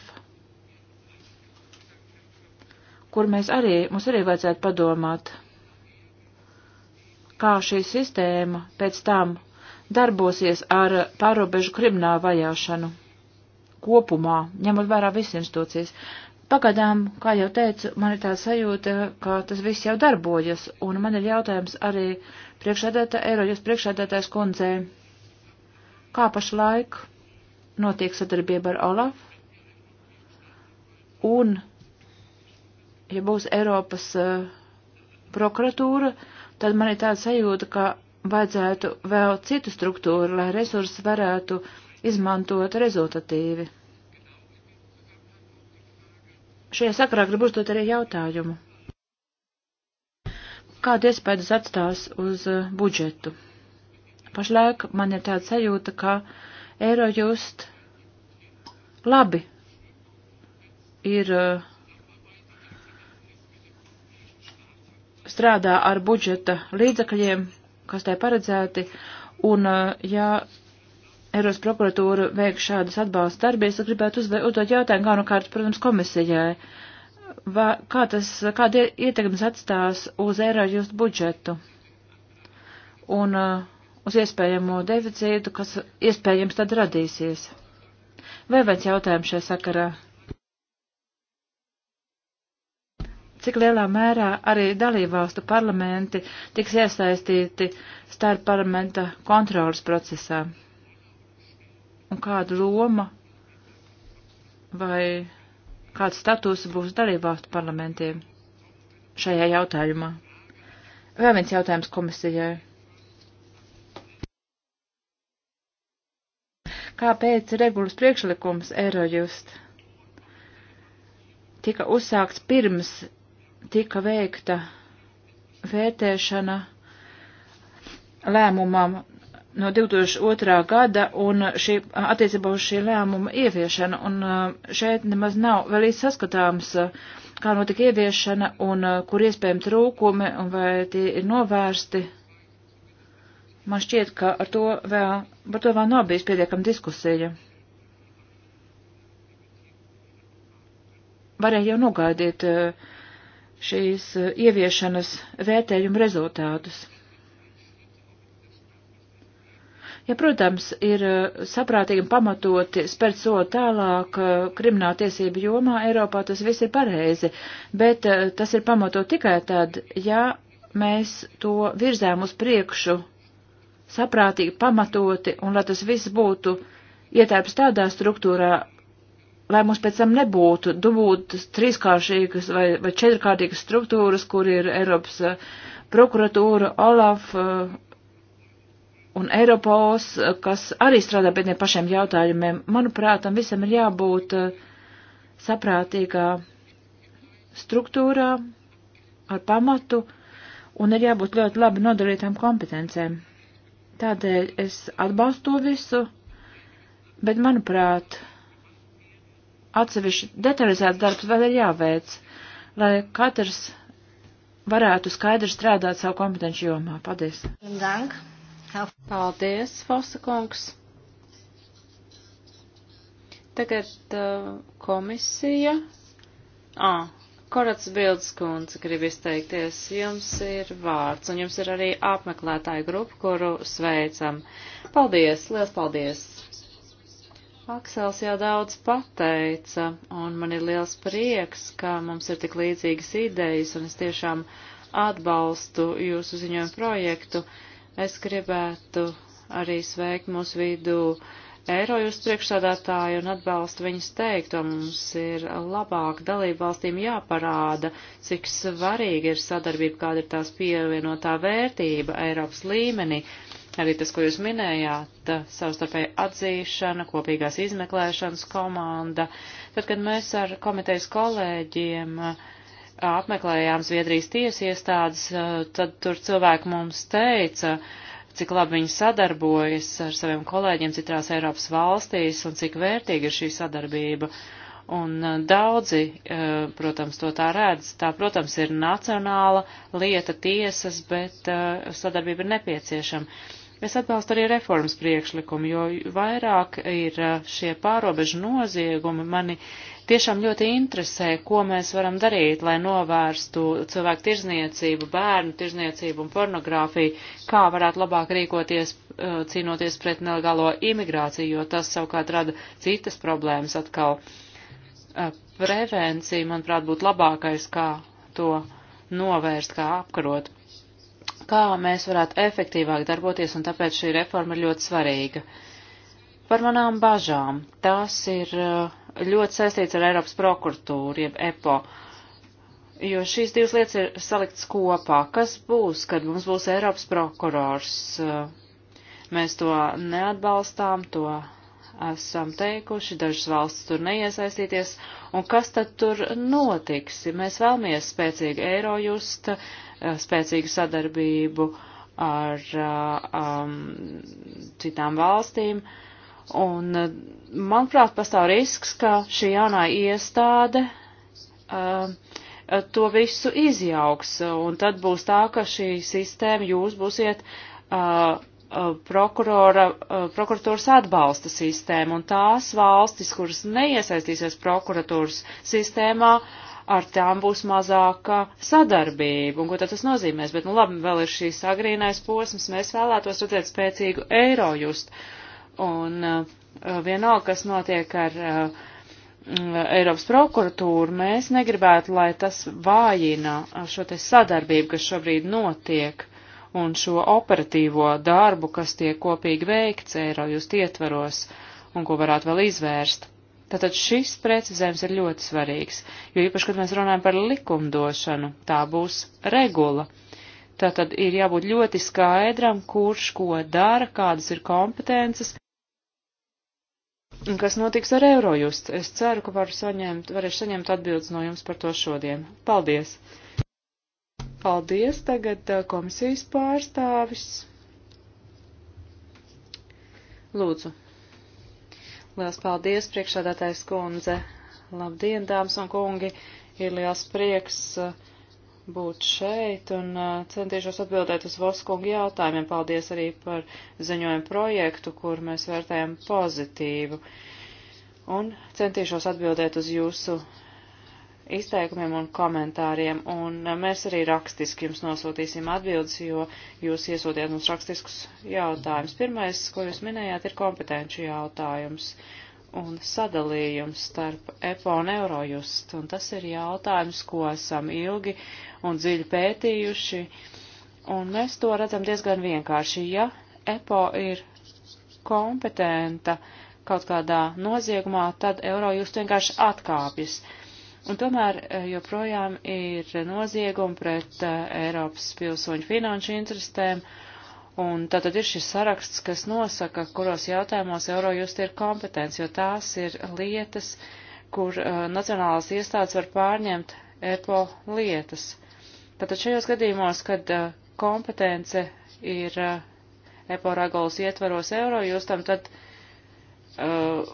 kur mēs arī, mums arī vajadzētu padomāt, kā šī sistēma pēc tam darbosies ar pārobežu kriminālu vajāšanu kopumā, ņemot vērā visas institūcijas. Pagadām, kā jau teicu, man ir tā sajūta, ka tas viss jau darbojas, un man ir jautājums arī priekšādātā, Eiroļas priekšādātājs kundzē, kā pašlaik notiek sadarbība ar Olaf, un, ja būs Eiropas uh, prokuratūra, tad man ir tāda sajūta, ka vajadzētu vēl citu struktūru, lai resursus varētu izmantot rezultatīvi. Šajā sakarā gribu uzdot arī jautājumu. Kāda iespējas atstās uz uh, budžetu? Pašlaik man ir tāda sajūta, ka eiro just labi ir uh, strādā ar budžeta līdzakļiem, kas tai paredzēti, un uh, ja Eiros prokuratūra veik šādas atbalsta darbības, es gribētu uzdot jautājumu galvenokārt, protams, komisijai. Va, kā tas, kāda ietekmes atstās uz Eirojust budžetu un uh, uz iespējamo deficītu, kas iespējams tad radīsies? Vēl viens jautājums šajā sakarā. Cik lielā mērā arī dalībvalstu parlamenti tiks iesaistīti starp parlamenta kontrolas procesā? un kāda loma vai kāds status būs dalībvalstu parlamentiem šajā jautājumā. Vēl viens jautājums komisijai. Kāpēc regulas priekšlikums Eirojust tika uzsākts pirms tika veikta vērtēšana lēmumam no 2002. gada un šī attiecībā uz šī lēmuma ieviešana, un šeit nemaz nav vēl īsti saskatāms, kā notika ieviešana un kur iespējami trūkumi un vai tie ir novērsti. Man šķiet, ka ar to vēl, par to vēl nav bijis pietiekama diskusija. Varēja jau nogaidīt šīs ieviešanas vērtējumu rezultātus. Ja, protams, ir eh, saprātīgi un pamatoti spērt soli tālāk eh, krimināla tiesību jomā Eiropā, tas viss ir pareizi, bet eh, tas ir pamatot tikai tad, ja mēs to virzēm uz priekšu saprātīgi, pamatoti, un lai tas viss būtu ietērps tādā struktūrā, lai mums pēc tam nebūtu dubūtas trīskāršīgas vai, vai četrkārtīgas struktūras, kur ir Eiropas prokuratūra, Olaf, un Eiropols, kas arī strādā pie tiem pašiem jautājumiem. Manuprāt, tam visam ir jābūt eh, saprātīgā struktūrā ar pamatu un ir jābūt ļoti labi nodalītām kompetencēm. Tādēļ es atbalstu to visu, bet, manuprāt, atsevišķi detalizēts darbs vēl ir jāveic, lai katrs varētu skaidri strādāt savu kompetenci jomā. Paldies! Dank. Paldies, Fosa kungs. Tagad uh, komisija. Ā, ah, Korats Bildes kundze grib izteikties. Jums ir vārds, un jums ir arī apmeklētāju grupa, kuru sveicam. Paldies, liels paldies! Aksels jau daudz pateica, un man ir liels prieks, ka mums ir tik līdzīgas idejas, un es tiešām atbalstu jūsu ziņojumu projektu. Es gribētu arī sveikt mūsu vidū Eirojus priekšsādātāju un atbalstu viņas teikto. Mums ir labāk dalību valstīm jāparāda, cik svarīga ir sadarbība, kāda ir tās pievienotā vērtība Eiropas līmenī arī tas, ko jūs minējāt, savstarpēja atzīšana, kopīgās izmeklēšanas komanda. Tad, kad mēs ar komitejas kolēģiem uh, apmeklējām Zviedrijas tiesu iestādes, eh, tad tur cilvēki mums teica, cik labi viņi sadarbojas ar saviem kolēģiem citās Eiropas valstīs un cik vērtīga ir šī sadarbība. Un eh, daudzi, eh, protams, to tā redz. Tā, protams, ir nacionāla lieta tiesas, bet sadarbība ir nepieciešama. Es atbalstu arī reformas priekšlikumu, jo vairāk ir šie pārobežu noziegumi, mani tiešām ļoti interesē, ko mēs varam darīt, lai novērstu cilvēku tirzniecību, bērnu tirzniecību un pornogrāfiju, kā varētu labāk rīkoties uh, cīnoties pret nelegālo imigrāciju, jo tas savukārt rada citas problēmas atkal. Uh, prevencija, manuprāt, būtu labākais, kā to novērst, kā apkarot. Kā mēs varētu efektīvāk darboties, un tāpēc šī reforma ir ļoti svarīga. Par manām bažām. Tās ir uh, ļoti saistīts ar Eiropas prokuratūru, jeb EPO. Jo šīs divas lietas ir saliktas kopā. Kas būs, kad mums būs Eiropas prokurors? Mēs to neatbalstām, to esam teikuši, dažas valsts tur neiesaistīties, un kas tad tur notiks? Mēs vēlamies spēcīgu eirojust, spēcīgu sadarbību ar um, citām valstīm. Uh, Un, eh, manuprāt, pastāv risks, ka šī jaunā iestāde uh, to visu izjauks, un tad būs tā, ka šī sistēma jūs būsiet uh, prokurora, uh, prokuratūras atbalsta sistēma, un tās valstis, kuras neiesaistīsies prokuratūras sistēmā, ar tām būs mazāka sadarbība, un ko tad tas nozīmēs, bet, nu labi, vēl ir šīs agrīnais posms, mēs vēlētos redzēt spēcīgu eiro just. Uh, Un uh, vienalga, kas notiek ar uh, Eiropas prokuratūru, mēs negribētu, lai tas vājina uh, šo te sadarbību, kas šobrīd notiek, un šo operatīvo darbu, kas tiek kopīgi veikts Eirojust ietvaros un ko varētu vēl izvērst. Tātad šis precizējums ir ļoti svarīgs, jo īpaši, kad mēs runājam par likumdošanu, tā būs regula. Tātad ir jābūt ļoti skaidram, kurš ko dara, kādas ir kompetences kas notiks ar Eurojust. Es ceru, ka varu saņemt, varēšu saņemt atbildes no jums par to šodien. Paldies! Paldies! Tagad uh, komisijas pārstāvis. Lūdzu. Liels paldies, priekšādātais kundze. Labdien, dāmas un kungi! Ir liels prieks. Uh, būt šeit un uh, centīšos atbildēt uz Voskunga jautājumiem. Paldies arī par ziņojumu projektu, kur mēs vērtējam pozitīvu. Un centīšos atbildēt uz jūsu izteikumiem un komentāriem, un uh, mēs arī rakstiski jums nosūtīsim atbildes, jo jūs iesūtiet mums rakstiskus jautājumus. Pirmais, ko jūs minējāt, ir kompetenci jautājums un sadalījums starp EPO un Eurojust, un tas ir jautājums, ko esam ilgi un dziļi pētījuši, un mēs to redzam diezgan vienkārši. Ja EPO ir kompetenta kaut kādā noziegumā, tad eiro jūs vienkārši atkāpjas. Un tomēr e, joprojām ir noziegumi pret uh, Eiropas pilsoņu finanšu interesēm, un tātad ir šis saraksts, kas nosaka, kuros jautājumos Eurojust ir kompetents, jo tās ir lietas, kur uh, nacionālās iestādes var pārņemt EPO lietas. Uh, Pat šajos gadījumos, kad uh, kompetence ir uh, EPO regulas ietvaros eiro, jūs tam tad, uh,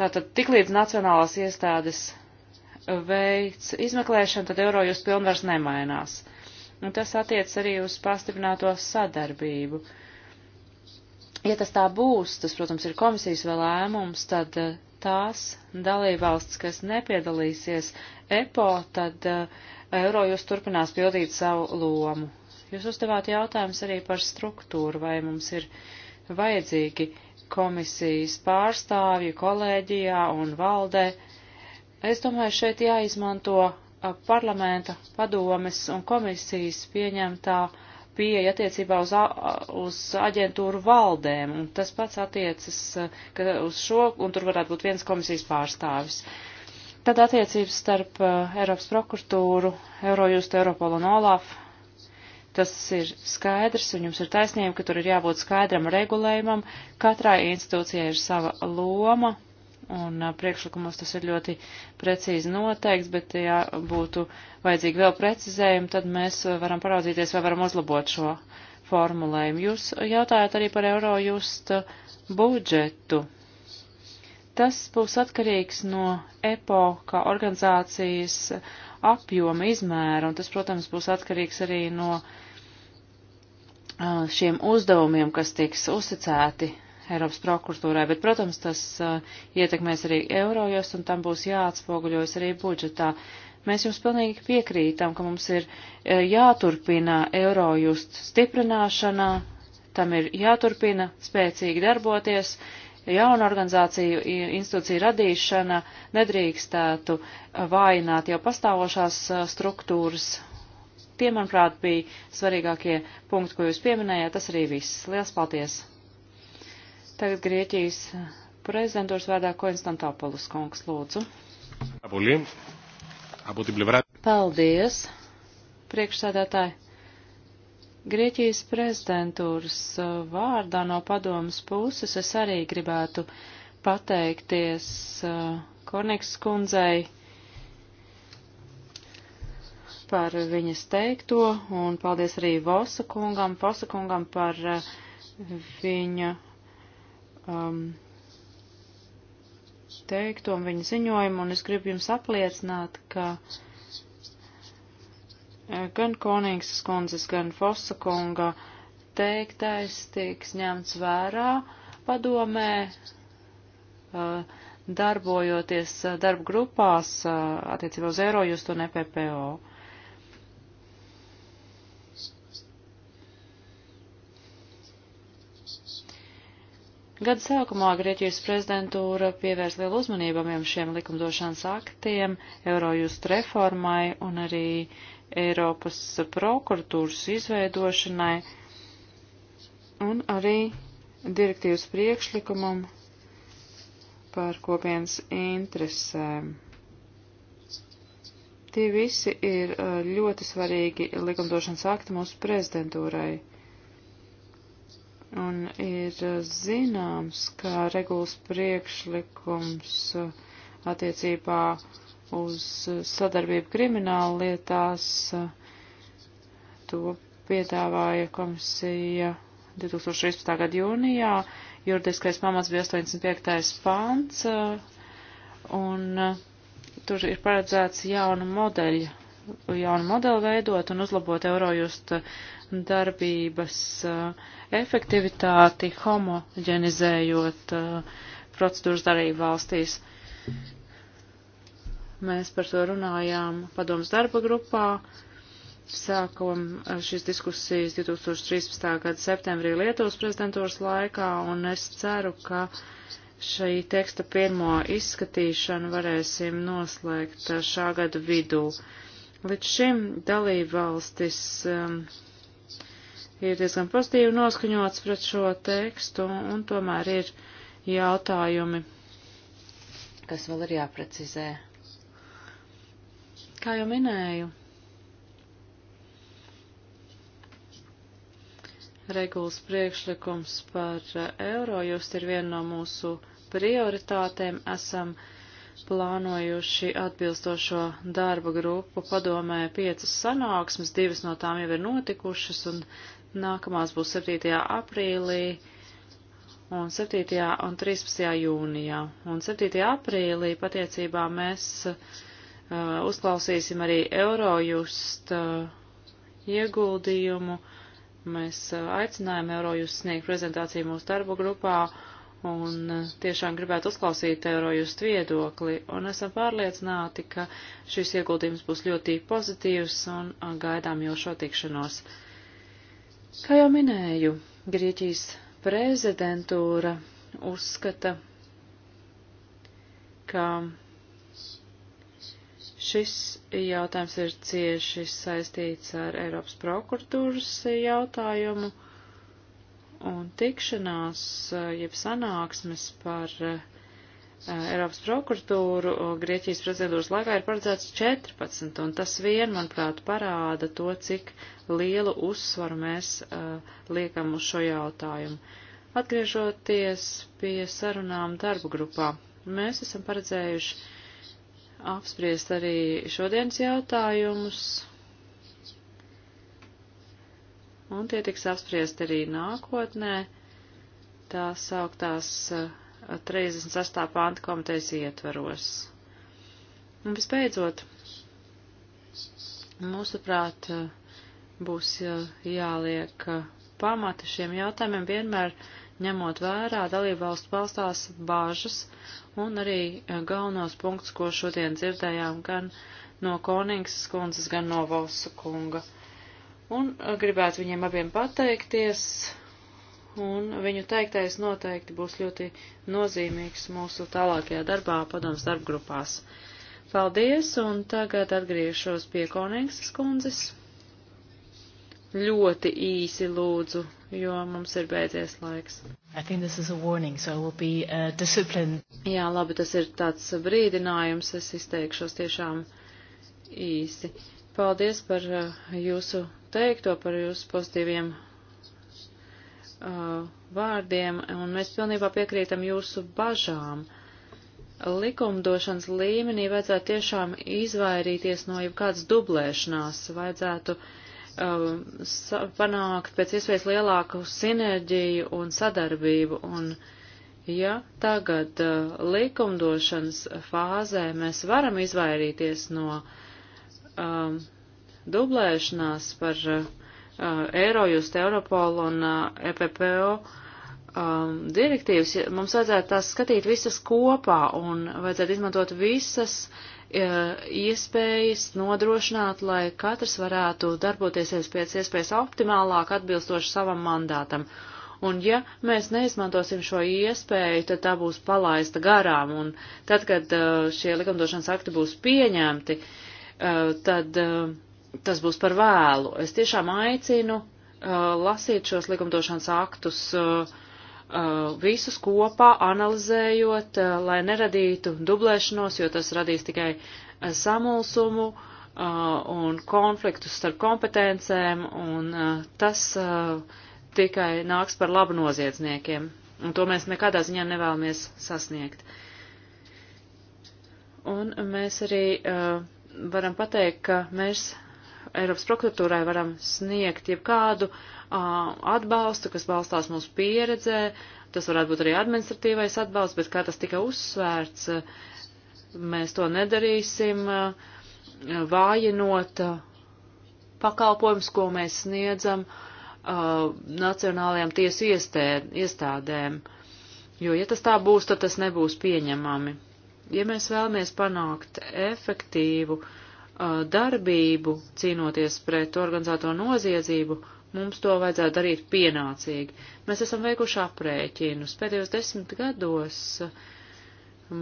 tātad tiklīdz nacionālās iestādes veids izmeklēšana, tad eiro jūs pilnvars nemainās. Un tas attiec arī uz pastiprināto sadarbību. Ja tas tā būs, tas, protams, ir komisijas vēl lēmums, tad tās dalībvalsts, kas nepiedalīsies EPO, tad uh, Eurojust turpinās pildīt savu lomu. Jūs uzdevāt jautājumus arī par struktūru, vai mums ir vajadzīgi komisijas pārstāvju kolēģijā un valdē. Es domāju, šeit jāizmanto parlamenta padomes un komisijas pieņemtā pieeja attiecībā uz, uz aģentūru valdēm, un tas pats attiecas uz šo, un tur varētu būt viens komisijas pārstāvis. Uh, Tad attiecības starp uh, Eiropas prokuratūru, Eurojust, Europolu un Olafu. Tas ir skaidrs, un jums ir taisnība, ka tur ir jābūt skaidram regulējumam. Katrai institūcijai ir sava loma, un uh, priekšlikumos tas ir ļoti precīzi noteikts, bet ja būtu vajadzīgi vēl precizējumi, tad mēs varam paraudzīties, vai varam uzlabot šo formulējumu. Jūs jautājat arī par Eurojust budžetu. Tas būs atkarīgs no EPO kā organizācijas apjoma izmēra, un tas, protams, būs atkarīgs arī no uh, šiem uzdevumiem, kas tiks uzticēti Eiropas prokuratūrai, bet, protams, tas uh, ietekmēs arī eurojos un tam būs jāatspoguļojas arī budžetā. Mēs jums pilnīgi piekrītam, ka mums ir uh, jāturpina eurojust stiprināšana, tam ir jāturpina spēcīgi darboties, jaunu organizāciju institūciju radīšana nedrīkstētu vājināt jau pastāvošās struktūras. Tie, manuprāt, bija svarīgākie punkti, ko jūs pieminējāt. Tas arī viss. Lielas paldies! Tagad Grieķijas prezidentūras vārdā Konstantopolus kungs lūdzu. Paldies, priekšsēdētāji! Grieķijas prezidentūras uh, vārdā no padomas puses es arī gribētu pateikties uh, Korniks kundzei par viņas teikto, un paldies arī Vosa kungam, Vosa kungam par uh, viņa um, teikto un viņa ziņojumu, un es gribu jums apliecināt, ka uh, gan Konīgas kundzes, gan Fosa kunga teiktais tiks ņemts vērā padomē, darbojoties darba grupās attiecībā uz eiro, jūs to nepPO. Gada sākumā Grieķijas prezidentūra pievērs lielu uzmanību šiem likumdošanas aktiem, Eurojust reformai un arī uh, Eiropas prokuratūras izveidošanai un arī direktīvas priekšlikumam par kopienas interesēm. Tie visi ir uh, ļoti svarīgi likumdošanas akti mūsu prezidentūrai. Un ir uh, zināms, ka regulas priekšlikums uh, attiecībā uh, uz eh, sadarbību krimināla lietās. Eh, to piedāvāja komisija 2016. gada jūnijā. Juridiskais pamats bija 85. pants, eh, un tur ir paredzēts jauna modeļa, jauna modeļa veidot un uzlabot Eurojust darbības efektivitāti, homogenizējot procedūras darību valstīs. Mēs par to runājām padomas darba grupā. Sākam eh, šīs diskusijas 2013. gada septembrī Lietuvas prezidentūras laikā, un es ceru, ka šī teksta pirmo izskatīšanu varēsim noslēgt eh, šā gada vidū. Līdz šim dalībvalstis um, ir diezgan pozitīvi noskaņots pret šo tekstu, un tomēr ir jautājumi, kas vēl ir jāprecizē. Kā jau minēju, regulas priekšlikums par uh, eiro just ir viena no mūsu prioritātēm. Esam plānojuši atbilstošo darba grupu padomē piecas sanāksmes, divas no tām jau ir notikušas un nākamās būs 7. aprīlī un 7. un 13. jūnijā. Un 7. aprīlī patiecībā mēs uh, Uh, uzklausīsim arī Eurojust uh, ieguldījumu. Mēs uh, aicinājām Eurojust sniegt prezentāciju mūsu darbu grupā un tiešām gribētu uzklausīt Eurojust viedokli. Un esam pārliecināti, ka šis ieguldījums būs ļoti pozitīvs un gaidām jau šo tikšanos. Kā jau minēju, Grieķijas prezidentūra uzskata, ka Šis jautājums ir cieši saistīts ar Eiropas prokuratūras jautājumu un tikšanās, jeb sanāksmes par eh, Eiropas prokuratūru Grieķijas prezidentūras laikā ir paredzēts 14, un tas vien, manuprāt, parāda to, cik lielu uzsvaru mēs uh, liekam uz šo jautājumu. Atgriežoties pie sarunām darba grupā, mēs esam paredzējuši apspriest arī šodienas jautājumus. Un tie tiks apspriest arī nākotnē, tā sauktās 38. Eh, pānta komitejas ietvaros. Un visbeidzot, mūsuprāt, eh, būs eh, jāliek pamata šiem jautājumiem vienmēr ņemot vērā dalību valstu balstās bāžas un arī e, galvenos punktus, ko šodien dzirdējām gan no Koningsas kundzes, gan no Valsa kunga. Un e, gribētu viņiem abiem pateikties, un viņu teiktais noteikti būs ļoti nozīmīgs mūsu tālākajā darbā padoms darbgrupās. Paldies, un tagad atgriežos pie Koningsas kundzes ļoti īsi lūdzu, jo mums ir beidzies laiks. Warning, so be, uh, Jā, labi, tas ir tāds brīdinājums, es izteikšos tiešām īsi. Paldies par uh, jūsu teikto, par jūsu pozitīviem uh, vārdiem, un mēs pilnībā piekrītam jūsu bažām. Likumdošanas līmenī vajadzētu tiešām izvairīties no jebkādas dublēšanās, vajadzētu uh, uh, panākt pēc iespējas lielāku sinerģiju un sadarbību. Un, ja tagad uh, likumdošanas fāzē mēs varam izvairīties no um, dublēšanās par uh, Eirojust, Europol un uh, EPPO um, direktīvas, mums vajadzētu tās skatīt visas kopā un vajadzētu izmantot visas uh, E, iespējas nodrošināt, lai katrs varētu darboties pēc iespējas optimālāk atbilstoši savam mandātam. Un ja mēs neizmantosim šo iespēju, tad tā būs palaista garām, un tad, kad e, šie likumdošanas akti būs pieņemti, e, tad tas būs par vēlu. Es tiešām aicinu lasīt šos likumdošanas aktus uh, Uh, visus kopā analizējot, uh, lai neradītu dublēšanos, jo tas radīs tikai uh, samulsumu un konfliktus starp kompetencēm, un tas tikai nāks par labu noziedzniekiem. Un to mēs nekādā ziņā nevēlamies sasniegt. Un mēs arī varam pateikt, ka mēs Eiropas prokuratūrai varam sniegt jebkādu uh, atbalstu, kas balstās mūsu pieredzē. Tas varētu būt arī administratīvais atbalsts, bet kā tas tika uzsvērts, mēs to nedarīsim, vājinot pakalpojums, ko mēs sniedzam nacionālajām tiesu iestādēm. Jo, ja tas tā būs, tad tas nebūs pieņemami. Ja mēs vēlamies panākt efektīvu darbību cīnoties pret organizēto noziedzību, uh, Mums to vajadzētu darīt pienācīgi. Mēs esam veikuši aprēķinus. Pēdējos desmit gados uh,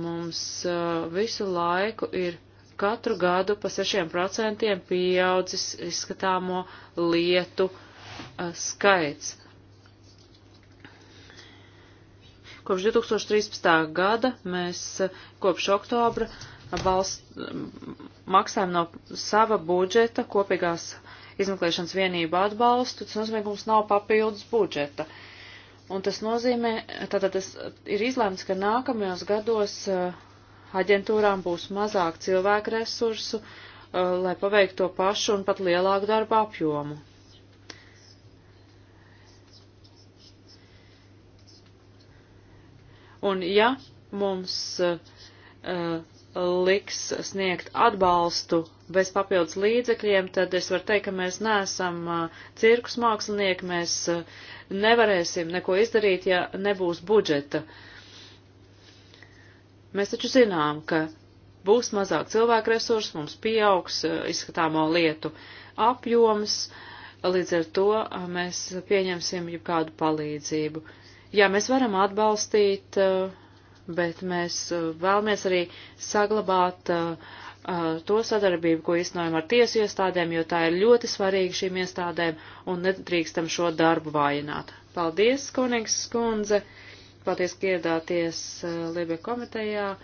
mums uh, visu laiku ir katru gadu pa 6% pieaudzis izskatāmo lietu uh, skaits. Kopš 2013. gada mēs kopš oktobra valsts maksājam no sava budžeta kopīgās izmeklēšanas vienību atbalstu, tas nozīmē, ka mums nav papildus budžeta. Un tas nozīmē, tātad tas ir izlēmts, ka nākamajos gados uh, aģentūrām būs mazāk cilvēku resursu, uh, lai paveiktu to pašu un pat lielāku darbu apjomu. Un ja mums uh, uh liks sniegt atbalstu bez papildus līdzekļiem, tad es varu teikt, ka mēs neesam cirkus mākslinieki, mēs nevarēsim neko izdarīt, ja nebūs budžeta. Mēs taču zinām, ka būs mazāk cilvēku resursu, mums pieaugs izskatāmo lietu apjoms, līdz ar to mēs pieņemsim jau kādu palīdzību. Jā, mēs varam atbalstīt, bet mēs vēlamies arī saglabāt uh, uh, to sadarbību, ko iznājam ar tiesu iestādēm, jo tā ir ļoti svarīga šīm iestādēm un nedrīkstam šo darbu vājināt. Paldies, Konings skundze, paldies, ka iedāties uh, Libe komitejā.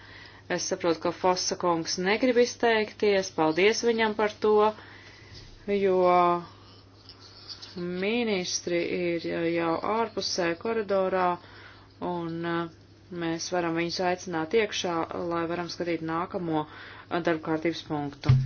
Es saprotu, ka Fossa kungs negrib izteikties, paldies viņam par to, jo ministri ir jau ārpusē koridorā un uh, mēs varam viņus aicināt iekšā, lai varam skatīt nākamo darba kārtības punktu.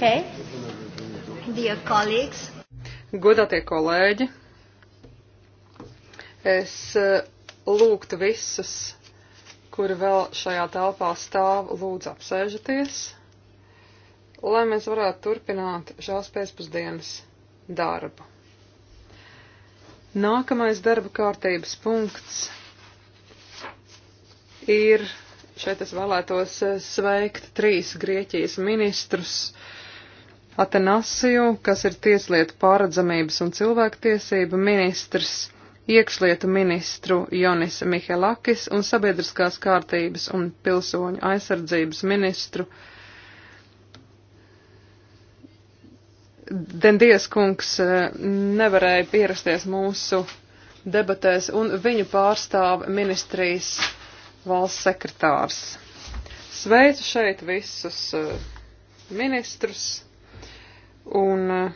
Okay. Dear colleagues. Godātie kolēģi, es e, lūgtu visus, kuri vēl šajā telpā stāv, lūdzu apsēžaties, lai mēs varētu turpināt šās pēcpusdienas darbu. Nākamais darba kārtības punkts ir šeit es vēlētos e, sveikt trīs Grieķijas ministrus, uh, Atanasiju, kas ir tieslietu pārredzamības un cilvēktiesība ministrs, iekšlietu ministru Jonis Mihelakis un sabiedriskās kārtības un pilsoņu aizsardzības ministru Dendies kungs eh, nevarēja pierasties mūsu debatēs, un viņu pārstāv ministrijas valsts sekretārs. Sveicu šeit visus eh, ministrus, Un eh,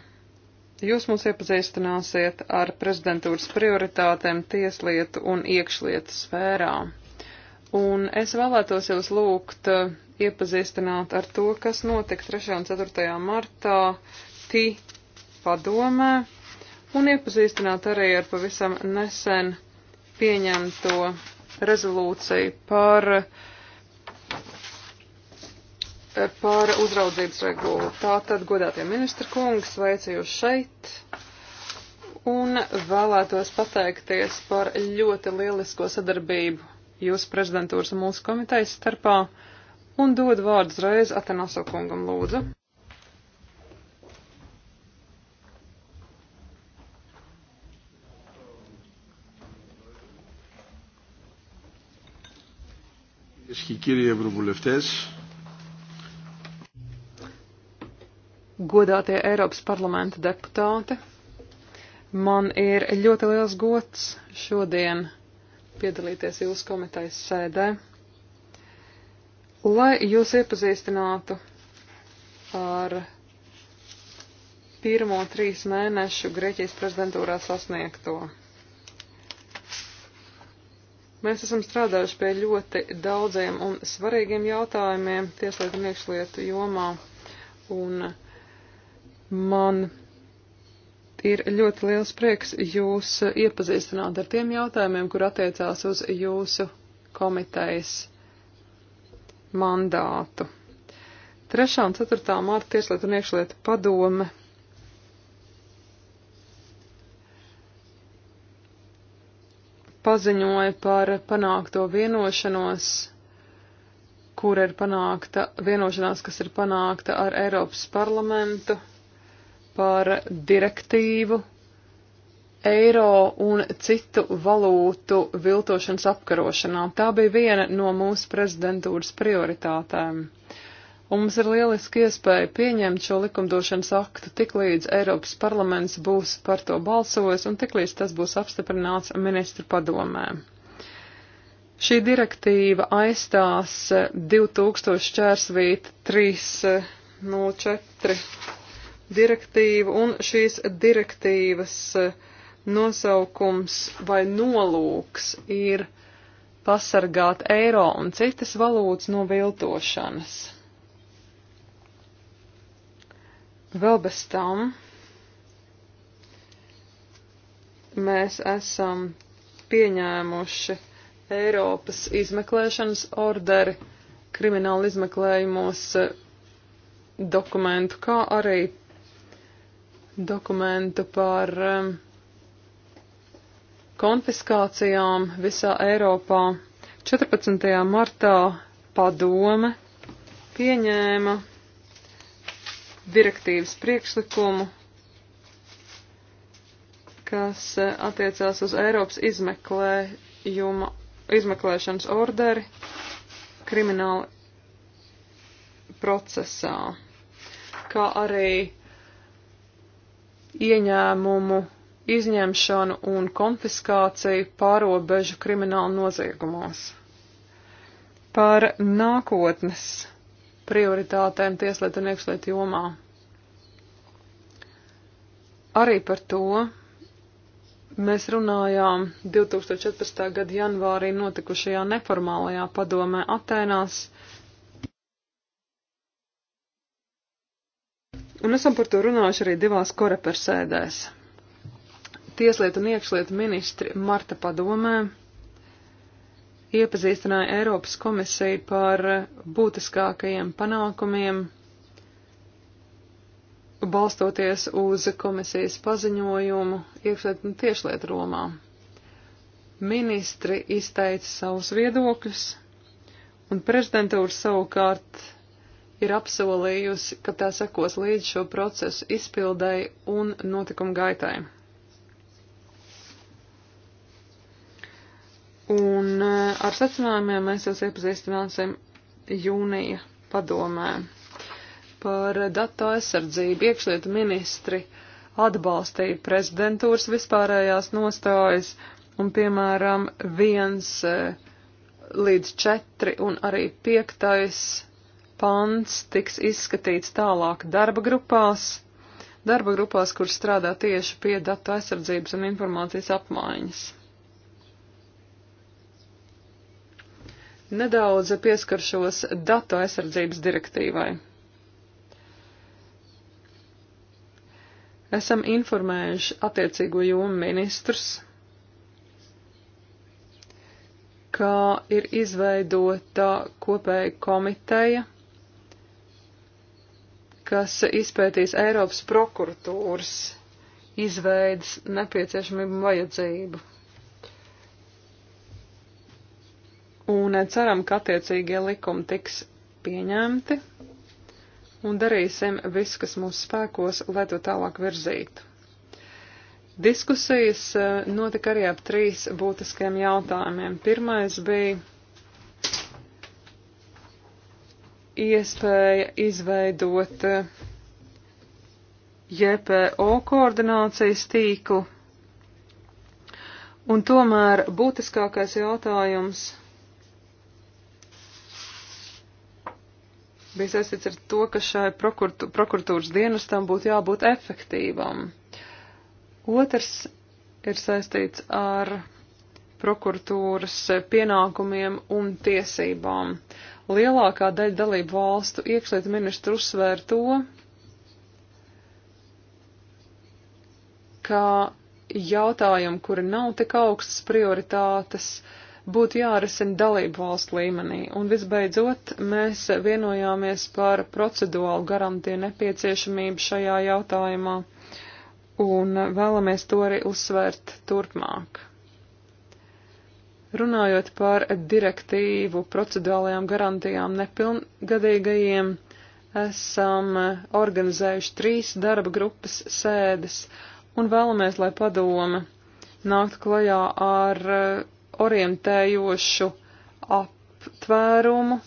jūs mums iepazīstināsiet ar prezidentūras prioritātēm tieslietu un iekšlietu sfērā. Un es vēlētos jūs lūgt eh, iepazīstināt ar to, kas notiks 3. un 4. martā TI padomē, un iepazīstināt arī ar pavisam nesen pieņemto rezolūciju par uh, par uzraudzības regulu. Tātad, godātie ministra kungs, sveicu jūs šeit un vēlētos pateikties par ļoti lielisko sadarbību jūsu prezidentūras un mūsu komitejas starpā un dod vārdu reiz Atenaso kungam lūdzu. Κυρίες και κύριοι Ευρωβουλευτές, godātie Eiropas parlamenta deputāti. Man ir ļoti liels gods šodien piedalīties jūsu komitejas sēdē, lai jūs iepazīstinātu ar pirmo trīs mēnešu Grieķijas prezidentūrā sasniegto. Mēs esam strādājuši pie ļoti daudziem un svarīgiem jautājumiem tieslietu un iekšlietu jomā, un Man ir ļoti liels prieks jūs iepazīstināt ar tiem jautājumiem, kur attiecās uz jūsu komitejas mandātu. 3. un 4. mārta Tieslietu un iekšlietu padome paziņoja par panākto vienošanos, kur ir panākta vienošanās, kas ir panākta ar Eiropas parlamentu par direktīvu eiro un citu valūtu viltošanas apkarošanā. Tā bija viena no mūsu prezidentūras prioritātēm. Un mums ir lieliski iespēja pieņemt šo likumdošanas aktu tik līdz Eiropas parlaments būs par to balsojis un tik līdz tas būs apstiprināts ministru padomē. Šī direktīva aizstās 2004 304 direktīvu un šīs direktīvas eh, nosaukums vai nolūks ir pasargāt eiro un citas valūtas no viltošanas. Vēl bez tam mēs esam pieņēmuši Eiropas izmeklēšanas orderi krimināla izmeklējumos eh, dokumentu, kā arī dokumentu par um, konfiskācijām visā Eiropā. 14. martā padome pieņēma direktīvas priekšlikumu, kas uh, attiecās uz Eiropas izmeklējuma, izmeklēšanas orderi krimināla procesā, kā arī ieņēmumu izņemšanu un konfiskāciju pārobežu kriminālu noziegumos. Par nākotnes prioritātēm tieslietu un iekšlietu jomā. Arī par to mēs runājām 2014. gada janvārī notikušajā neformālajā padomē Atēnās Un esam par to runājuši arī divās korepersēdēs. Tieslietu un iekšlietu ministri Marta padomē iepazīstināja Eiropas komisiju par būtiskākajiem panākumiem, balstoties uz komisijas paziņojumu iekšlietu un tiešlietu Romā. Ministri izteica savus viedokļus, un prezidentūra savukārt ir apsolījusi, ka tā sekos līdz šo procesu izpildēji un notikumu gaitai. Un eh, ar secinājumiem mēs jūs iepazīstināsim jūnija padomē par datu aizsardzību iekšlietu ministri atbalstīja prezidentūras vispārējās nostājas un, piemēram, viens eh, līdz četri un arī piektais pants tiks izskatīts tālāk darba grupās, darba grupās, kur strādā tieši pie datu aizsardzības un informācijas apmaiņas. Nedaudz pieskaršos datu aizsardzības direktīvai. Esam informējuši attiecīgo jomu ministrus, kā ir izveidota kopēja komiteja kas izpētīs Eiropas prokuratūras izveidas nepieciešamību un vajadzību. Un eh, ceram, ka attiecīgie likumi tiks pieņemti un darīsim visu, kas mūsu spēkos, lai to tālāk virzītu. Diskusijas eh, notika arī ap trīs būtiskiem jautājumiem. Pirmais bija iespēja izveidot eh, JPO koordinācijas tīklu. Un tomēr būtiskākais jautājums bija saistīts ar to, ka šai prokuratūras dienestam būtu jābūt efektīvam. Otrs ir saistīts ar prokuratūras pienākumiem un tiesībām. Uh, lielākā daļa dalību valstu iekšlietu ministru uzsvēr to, ka jautājumi, kuri nav tik augstas prioritātes, būtu jārisina dalību valstu līmenī. Un visbeidzot, mēs vienojāmies par procedūru garantiju nepieciešamību šajā jautājumā un vēlamies to arī uzsvērt turpmāk. Runājot par direktīvu procedurālajām garantijām nepilngadīgajiem, esam organizējuši trīs darba grupas sēdes un vēlamies, lai padome nāktu klajā ar orientējošu aptvērumu,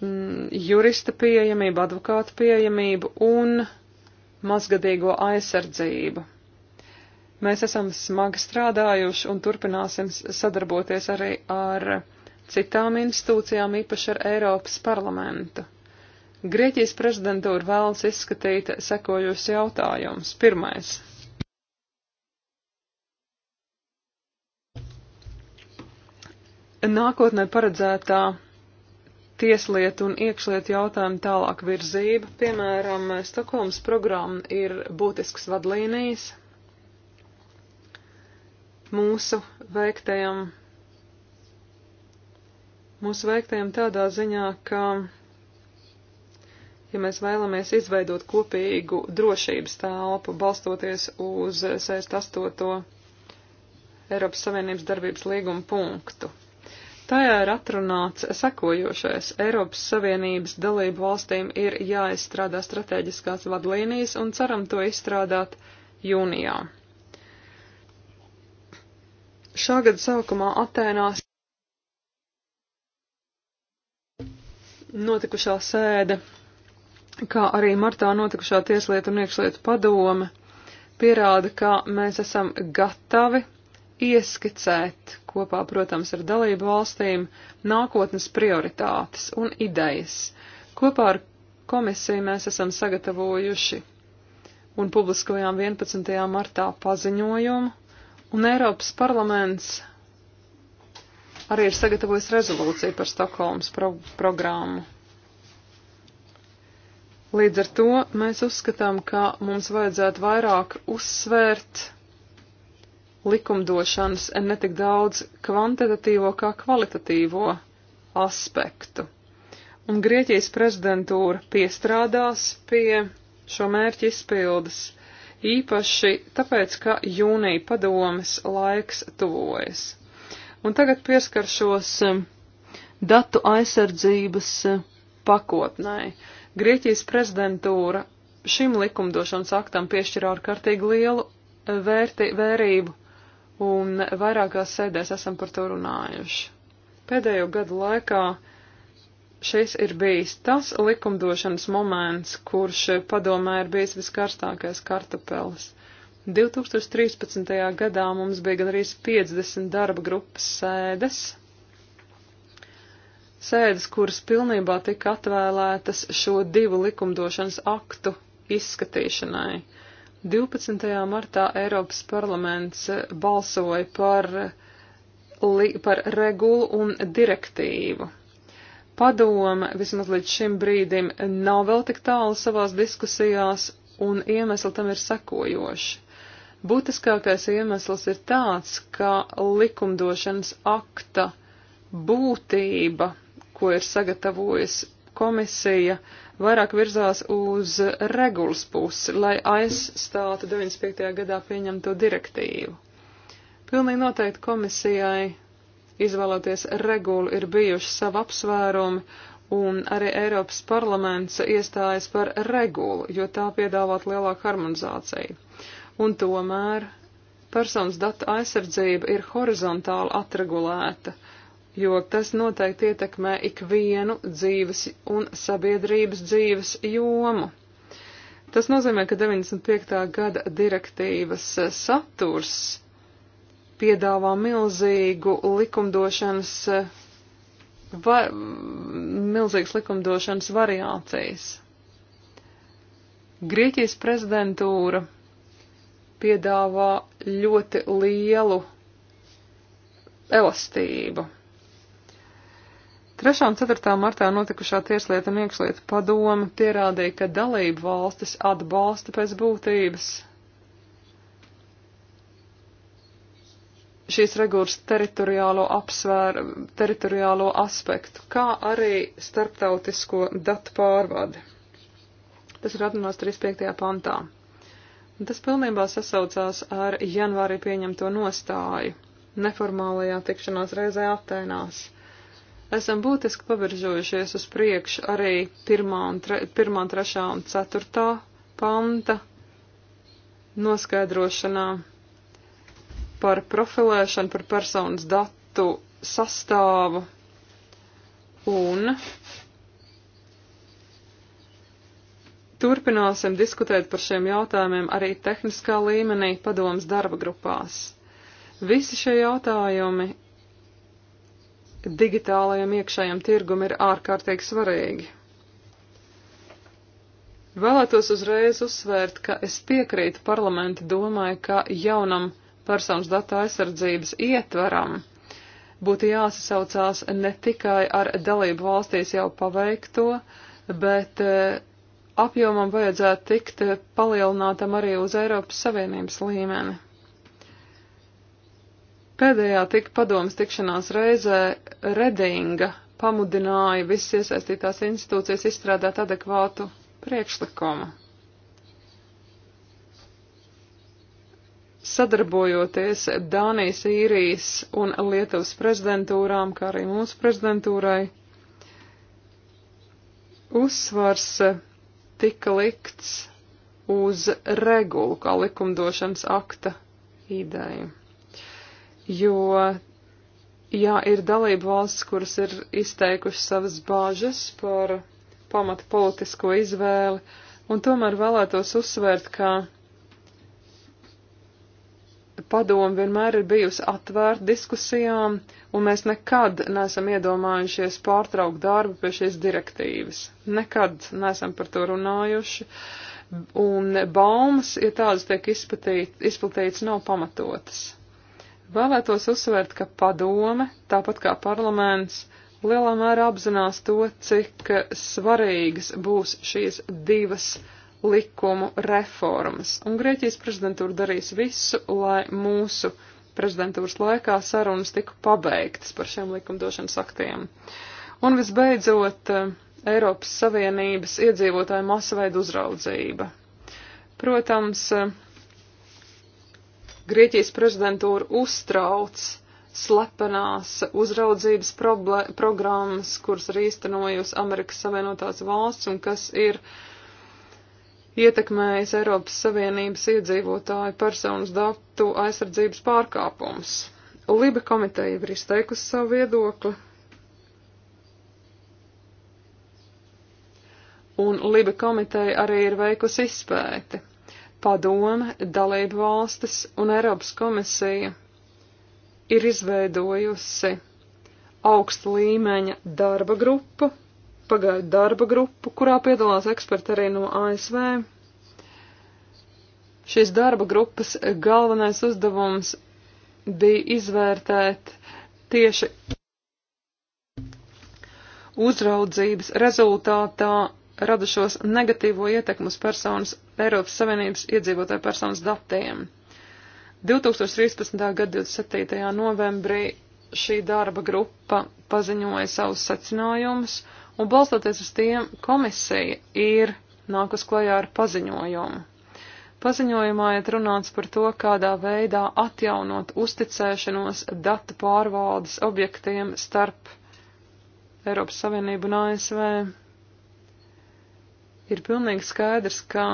mm, jurista pieejamību, advokātu pieejamību un mazgadīgo aizsardzību. Mēs esam smagi strādājuši un turpināsim sadarboties arī ar citām institūcijām, īpaši ar Eiropas parlamentu. Grieķijas prezidentūra vēlas izskatīt sekojos jautājumus. Pirmais. Nākotnē paredzētā tieslietu un iekšlietu jautājumu tālāk virzība, piemēram, Stokholmas programma ir būtisks vadlīnijas, mūsu veiktajam, mūsu veiktajam tādā ziņā, ka, ja mēs vēlamies izveidot kopīgu drošības telpu, balstoties uz 68. Eiropas Savienības darbības līguma punktu. Tajā ir atrunāts sekojošais. Eiropas Savienības dalību valstīm ir jāizstrādā strateģiskās vadlīnijas un ceram to izstrādāt jūnijā. Šā gada sākumā Atēnās notikušā sēde, kā arī martā notikušā tieslietu un iekšlietu padome, pierāda, ka mēs esam gatavi ieskicēt kopā, protams, ar dalību valstīm nākotnes prioritātes un idejas. Kopā ar komisiju mēs esam sagatavojuši un publiskojām 11. martā paziņojumu Un Eiropas parlaments arī ir sagatavojis rezolūciju par Stokholmas pro programmu. Līdz ar to mēs uzskatām, ka mums vajadzētu vairāk uzsvērt likumdošanas ne tik daudz kvantitatīvo kā kvalitatīvo aspektu. Un Grieķijas prezidentūra piestrādās pie šo mērķu izpildes īpaši tāpēc, ka jūnija padomes laiks tuvojas. Un tagad pieskaršos um, datu aizsardzības um, pakotnē. Grieķijas prezidentūra šim likumdošanas aktam piešķir ārkārtīgi lielu uh, vērti, vērību, un vairākās sēdēs esam par to runājuši. Pēdējo gadu laikā šis ir bijis tas likumdošanas moments, kurš padomē ir bijis viskarstākais kartupels. 2013. gadā mums bija gandrīz 50 darba grupas sēdes, sēdes, kuras pilnībā tika atvēlētas šo divu likumdošanas aktu izskatīšanai. 12. martā Eiropas parlaments balsoja par, par regulu un direktīvu Padome vismaz līdz šim brīdim nav vēl tik tālu savās diskusijās, un iemesli tam ir sekojoši. Būtiskākais iemesls ir tāds, ka likumdošanas akta būtība, ko ir sagatavojis komisija, vairāk virzās uz regulas pusi, lai aizstātu 95. gadā pieņemto direktīvu. Pilnīgi noteikti komisijai izvēloties regulu, ir bijuši savi apsvērumi, un arī Eiropas parlaments iestājas par regulu, jo tā piedāvāt lielāku harmonizāciju. Un tomēr personas data aizsardzība ir horizontāli atregulēta, jo tas noteikti ietekmē ikvienu dzīves un sabiedrības dzīves jomu. Tas nozīmē, ka 95. gada direktīvas saturs piedāvā milzīgu likumdošanas, va, milzīgas likumdošanas variācijas. Grieķijas prezidentūra piedāvā ļoti lielu elastību. 3. un 4. martā notikušā tieslietu un iekšlietu padome pierādīja, ka dalību valstis atbalsta pēc būtības šīs regulas teritoriālo, apsvēr, teritoriālo aspektu, kā arī starptautisko datu pārvadi. Tas ir atrunāts 35. pantā. Un tas pilnībā sasaucās ar janvārī pieņemto nostāju neformālajā tikšanās reizē Atēnās. Esam būtiski pavirzojušies uz priekšu arī pirmā, un tre, pirmā trešā un ceturtā panta noskaidrošanā par profilēšanu, par personas datu sastāvu un turpināsim diskutēt par šiem jautājumiem arī tehniskā līmenī padomas darba grupās. Visi šie jautājumi digitālajam iekšējam tirgum ir ārkārtīgi svarīgi. Vēlētos uzreiz uzsvērt, ka es piekrītu parlamenta domai, ka jaunam personas datu aizsardzības ietvaram būtu jāsasaucās ne tikai ar dalību valstīs jau paveikto, bet eh, apjomam vajadzētu tikt palielinātam arī uz Eiropas Savienības līmeni. Pēdējā tik padomas tikšanās reizē Redinga pamudināja visas iesaistītās institūcijas izstrādāt adekvātu priekšlikumu. sadarbojoties Dānijas, īrijas un Lietuvas prezidentūrām, kā arī mūsu prezidentūrai, uzsvars tika likts uz regulu kā likumdošanas akta ideju. Jo, jā, ir dalība valsts, kuras ir izteikuši savas bāžas par pamatu politisko izvēli, un tomēr vēlētos uzsvērt, ka Padoma vienmēr ir bijusi atvērta diskusijām, un mēs nekad neesam iedomājušies pārtraukt darbu pie šīs direktīvas. Nekad neesam par to runājuši, un baumas, ja tādas tiek izplatīt, izplatītas, nav pamatotas. Vēlētos uzsvērt, ka padome, tāpat kā parlaments, lielā mērā apzinās to, cik svarīgas būs šīs divas direktīvas likumu reformas, un Grieķijas prezidentūra darīs visu, lai mūsu prezidentūras laikā sarunas tiku pabeigtas par šiem likumdošanas aktiem. Un visbeidzot, eh, Eiropas Savienības iedzīvotāju masveida uzraudzība. Protams, eh, Grieķijas prezidentūra uztrauc slepenās uzraudzības problē, programmas, kuras ir īstenojusi Amerikas Savienotās valsts un kas ir uh, ietekmējis Eiropas Savienības iedzīvotāju personas datu aizsardzības pārkāpums. Liba komiteja ir izteikusi savu viedokli. Un Liba komiteja arī ir veikusi izpēti. Padome, dalība valstis un Eiropas komisija ir izveidojusi augsta līmeņa darba grupu, pagaidu darba grupu, kurā piedalās eksperti arī no ASV. Šīs darba grupas galvenais uzdevums bija izvērtēt tieši uzraudzības rezultātā radušos negatīvo ietekmu uz personas Eiropas Savienības iedzīvotāju personas datiem. 2013. gada 27. novembrī šī darba grupa paziņoja savus secinājumus, un balstoties uz tiem komisija ir nākus klajā ar paziņojumu. Paziņojumā iet runāts par to, kādā veidā atjaunot uzticēšanos datu pārvaldes objektiem starp Eiropas Savienību un ASV. Ir pilnīgi skaidrs, ka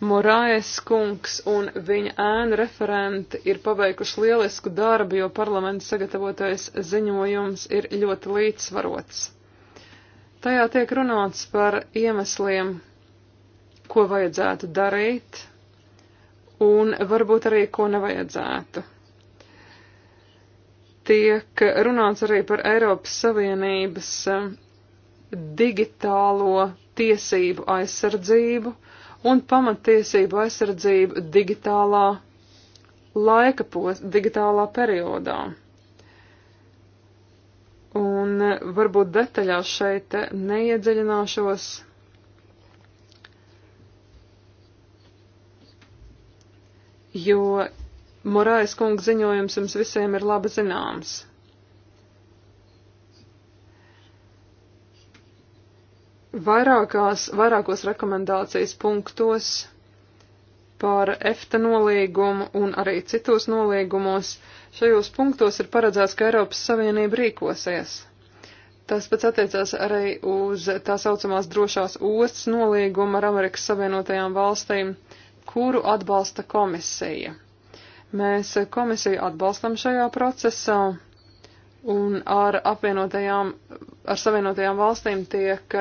Morais kungs un viņa ēnu referenti ir paveikuši lielisku darbu, jo parlaments sagatavotais ziņojums ir ļoti līdzsvarots. Tajā tiek runāts par iemesliem, ko vajadzētu darīt, un varbūt arī, ko nevajadzētu tiek runāts arī par Eiropas Savienības eh, digitālo tiesību aizsardzību, un pamatiesību aizsardzību digitālā laika pos, digitālā periodā. Un eh, varbūt detaļās šeit neiedziļināšos. Jo Morais kungs ziņojums jums visiem ir labi zināms. Vairākās, vairākos rekomendācijas punktos par EFTA nolīgumu un arī citos nolīgumos šajos punktos ir paredzēts, ka Eiropas Savienība rīkosies. Tas pats attiecās arī uz tā saucamās drošās ostas nolīgumu ar Amerikas Savienotajām valstīm, kuru atbalsta komisija. Mēs komisiju atbalstam šajā procesā un ar apvienotajām, ar savienotajām valstīm tiek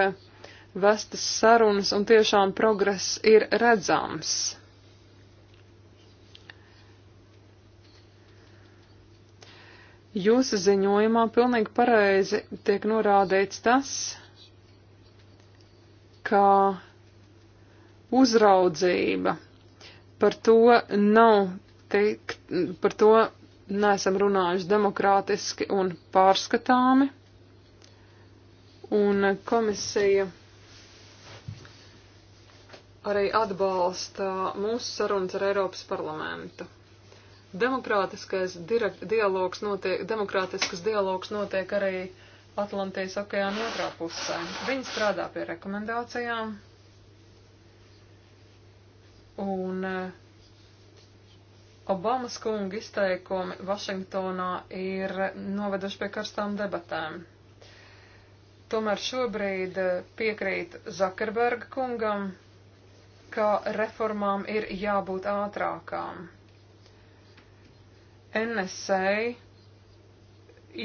vestas sarunas un tiešām progress ir redzams. Jūsu ziņojumā pilnīgi pareizi tiek norādīts tas, ka uzraudzība par to nav teikt, par to neesam runājuši demokrātiski un pārskatāmi. Un komisija arī atbalsta mūsu sarunas ar Eiropas parlamentu. Demokrātiskais dialogs notiek, demokrātiskas dialogs notiek arī Atlantijas okeāna otrā pusē. Viņi strādā pie rekomendācijām. Un eh, Obamas kunga izteikumi Vašingtonā ir noveduši pie karstām debatēm. Tomēr šobrīd eh, piekrīt Zakarberga kungam, ka reformām ir jābūt ātrākām. NSA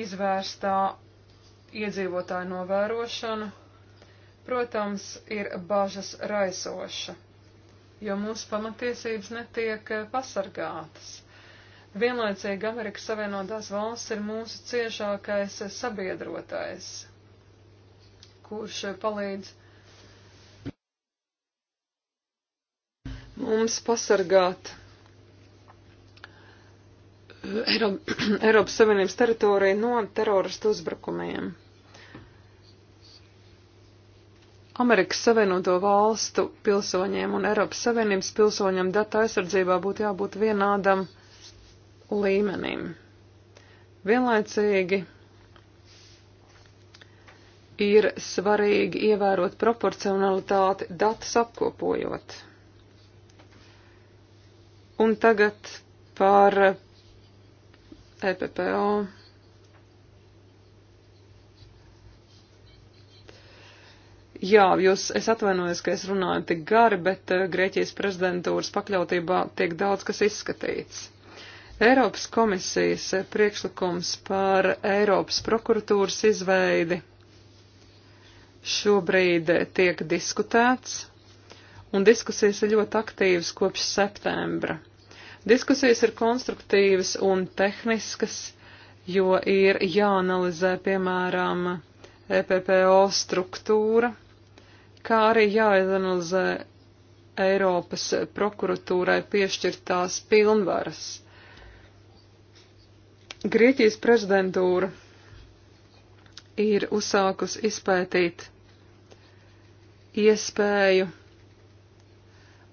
izvērstā iedzīvotāju novērošana, protams, ir bažas raisoša, jo mūsu pamatiesības netiek eh, pasargātas. Vienlaicīgi Amerikas Savienotās valsts ir mūsu ciešākais eh, sabiedrotais, kurš palīdz mums pasargāt eh, Eiropas Savienības teritoriju no teroristu uzbrukumiem. Amerikas Savienoto valstu pilsoņiem un Eiropas Savienības pilsoņiem data aizsardzībā būtu jābūt vienādam līmenim. Vienlaicīgi ir svarīgi ievērot proporcionalitāti datus apkopojot. Un tagad par EPPO. Jā, jūs, es atvainojos, ka es runāju tik gari, bet eh, Grieķijas prezidentūras pakļautībā tiek daudz kas izskatīts. Eiropas komisijas priekšlikums par Eiropas prokuratūras izveidi šobrīd tiek diskutēts un diskusijas ir ļoti aktīvas kopš septembra. Diskusijas ir konstruktīvas un tehniskas, jo ir jāanalizē, piemēram, EPPO struktūra, kā arī jāanalizē Eiropas prokuratūrai piešķirtās pilnvaras. Grieķijas prezidentūra ir uzsākus izpētīt iespēju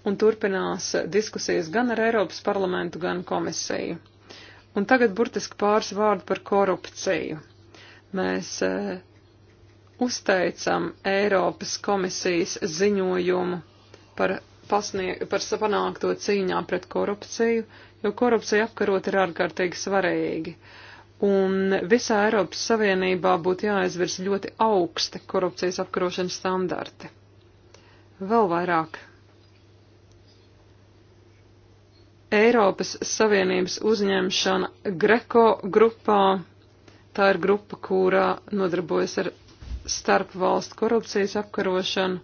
un turpinās diskusijas gan ar Eiropas parlamentu, gan komisiju. Un tagad burtiski pāris vārdu par korupciju. Mēs e, uzteicam Eiropas komisijas ziņojumu par, pasnieg, par panākto cīņā pret korupciju, jo korupcija apkarot ir ārkārtīgi svarīgi. Un visā Eiropas Savienībā būtu jāizvirs ļoti augsti korupcijas apkarošanas standarti. Vēl vairāk Eiropas Savienības uzņemšana Greco grupā. Tā ir grupa, kurā nodarbojas ar starpvalstu korupcijas apkarošanu.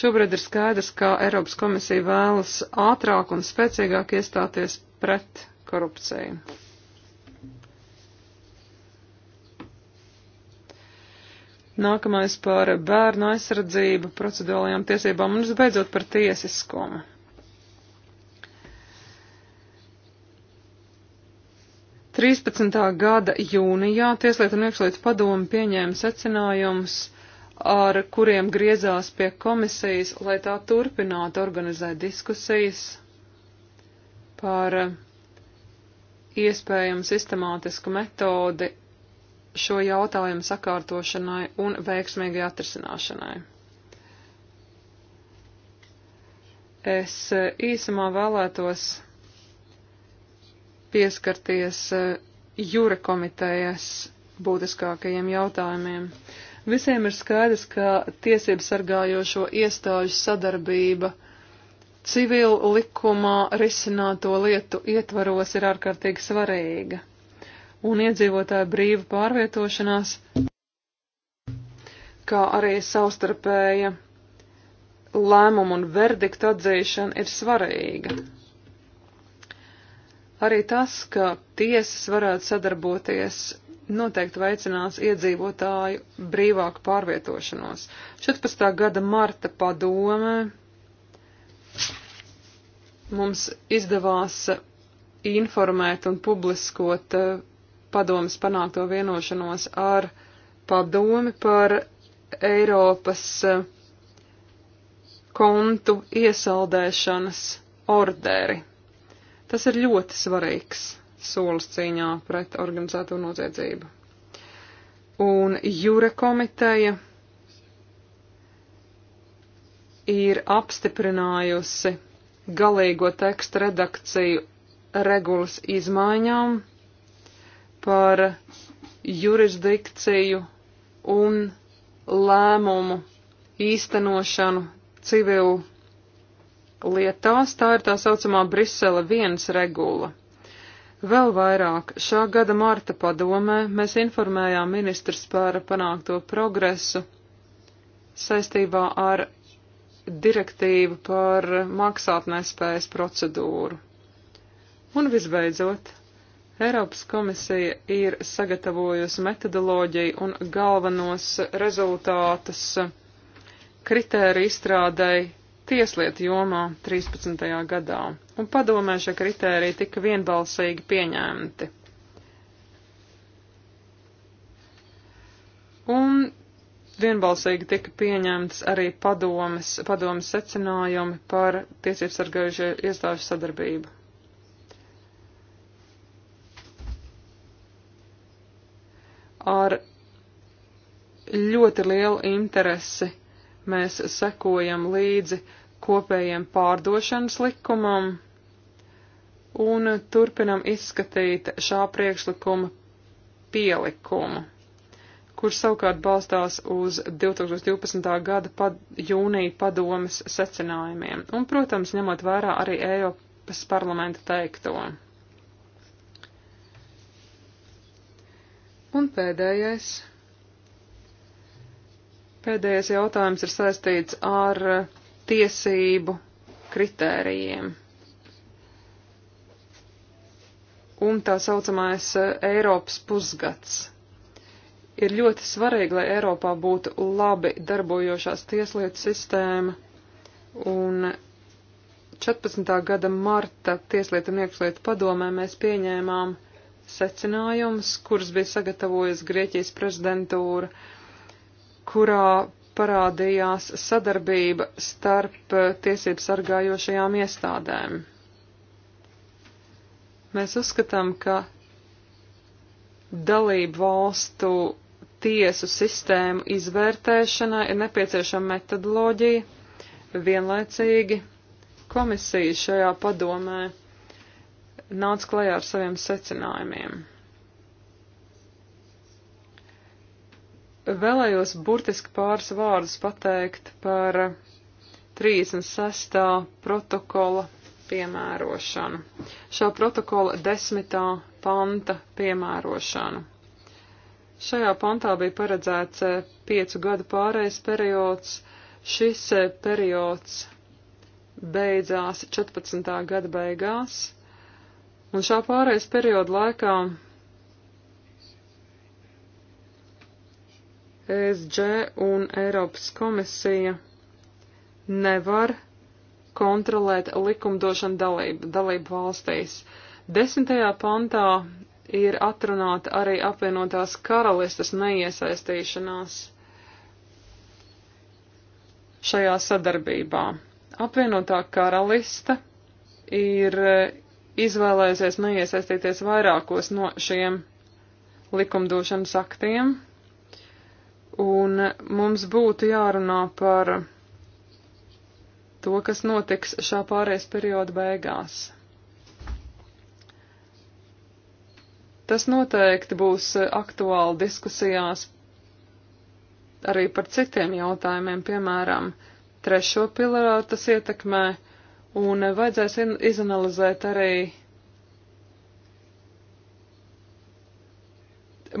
Šobrīd ir skaidrs, ka Eiropas komisija vēlas ātrāk un spēcīgāk iestāties pret korupciju. Nākamais par bērnu aizsardzību, procedūrālajām tiesībām un visbeidzot par tiesiskumu. 13. gada jūnijā Tieslietu un iekšlietu padomu pieņēma secinājumus, ar kuriem griezās pie komisijas, lai tā turpinātu organizēt diskusijas par iespējamu sistemātisku metodi šo jautājumu sakārtošanai un veiksmīgai atrisināšanai. Es īsumā vēlētos pieskarties eh, jūra komitejas būtiskākajiem jautājumiem. Visiem ir skaidrs, ka tiesību sargājošo iestāžu sadarbība civilu likumā risināto lietu ietvaros ir ārkārtīgi svarīga, un iedzīvotāju brīva pārvietošanās, kā arī savstarpēja lēmumu un verdiktu atzīšana ir svarīga. Arī tas, ka tiesas varētu sadarboties, noteikti veicinās iedzīvotāju brīvāku pārvietošanos. 14. gada marta padome mums izdevās informēt un publiskot eh, padomas panākto vienošanos ar padomi par Eiropas eh, kontu iesaldēšanas orderi. Tas ir ļoti svarīgs solis cīņā pret organizēto noziedzību. Un jūra komiteja ir apstiprinājusi galīgo tekstu redakciju regulas izmaiņām par jurisdikciju un lēmumu īstenošanu civilu lietās, tā ir tā saucamā Brisele 1 regula. Vēl vairāk, šā gada marta padomē mēs informējām ministrs par panākto progresu saistībā ar direktīvu par maksātnespējas procedūru. Un visbeidzot, Eiropas komisija ir sagatavojusi metodoloģiju un galvenos rezultātus kritēri izstrādai tieslietu jomā 13. gadā, un padomē šie kritēriji tika vienbalsīgi pieņemti. Un vienbalsīgi tika pieņemts arī padomes, padomes secinājumi par tiesības sargājušie iestāžu sadarbību. Ar ļoti lielu interesi mēs sekojam līdzi kopējiem pārdošanas likumam un turpinam izskatīt šā priekšlikuma pielikumu, kurš savukārt balstās uz 2012. gada pad, jūnija padomes secinājumiem un, protams, ņemot vērā arī Eiropas parlamenta teikto. Un pēdējais. Pēdējais jautājums ir saistīts ar eh, tiesību kritērijiem. Un tā saucamais eh, Eiropas pusgads. Ir ļoti svarīgi, lai Eiropā būtu labi darbojošās tieslietu sistēma, un 14. gada marta Tieslietu un iekšlietu padomē mēs pieņēmām secinājumus, kurus bija sagatavojusi Grieķijas prezidentūra, uh, kurā parādījās sadarbība starp eh, tiesību sargājošajām iestādēm. Mēs uzskatām, ka dalību valstu tiesu sistēmu izvērtēšanai ir nepieciešama metodoloģija, vienlaicīgi komisija šajā padomē nāca klajā ar saviem secinājumiem. Vēlējos burtiski pāris vārdus pateikt par 36. protokola piemērošanu. Šā protokola desmitā panta piemērošanu. Šajā pantā bija paredzēts piecu gadu pārējais periods. Šis periods beidzās 14. gada beigās, un šā pārējais perioda laikā ESG un Eiropas komisija nevar kontrolēt likumdošanu dalību, dalību valstīs. Desmitajā pantā ir atrunāta arī apvienotās karalistas neiesaistīšanās šajā sadarbībā. Apvienotā karalista ir izvēlējusies neiesaistīties vairākos no šiem likumdošanas aktiem. Un mums būtu jārunā par to, kas notiks šā pārējais perioda beigās. Tas noteikti būs aktuāli diskusijās arī par citiem jautājumiem, piemēram, trešo pilārā tas ietekmē, un vajadzēs izanalizēt arī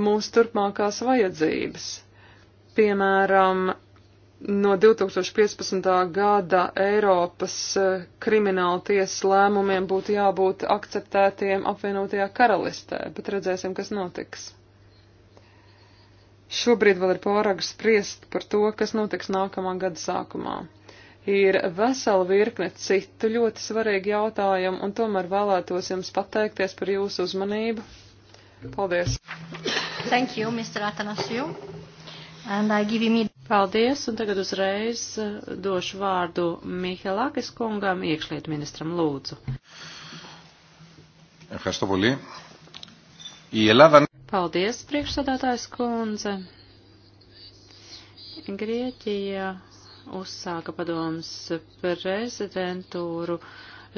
mūsu turpmākās vajadzības. Piemēram, no 2015. gada Eiropas eh, krimināla tiesas lēmumiem būtu jābūt akceptētiem apvienotajā karalistē, bet redzēsim, kas notiks. Šobrīd vēl ir pārāk spriest par to, kas notiks nākamā gada sākumā. Ir vesela virkne citu ļoti svarīgu jautājumu, un tomēr vēlētos jums pateikties par jūsu uzmanību. Paldies! Thank you, Mr. Atanasiu. Me... Paldies, un tagad uzreiz eh, došu vārdu Mihelakis kungam, iekšliet ministram lūdzu. Paldies, priekšsādātājs kundze. Grieķija uzsāka padomus prezidentūru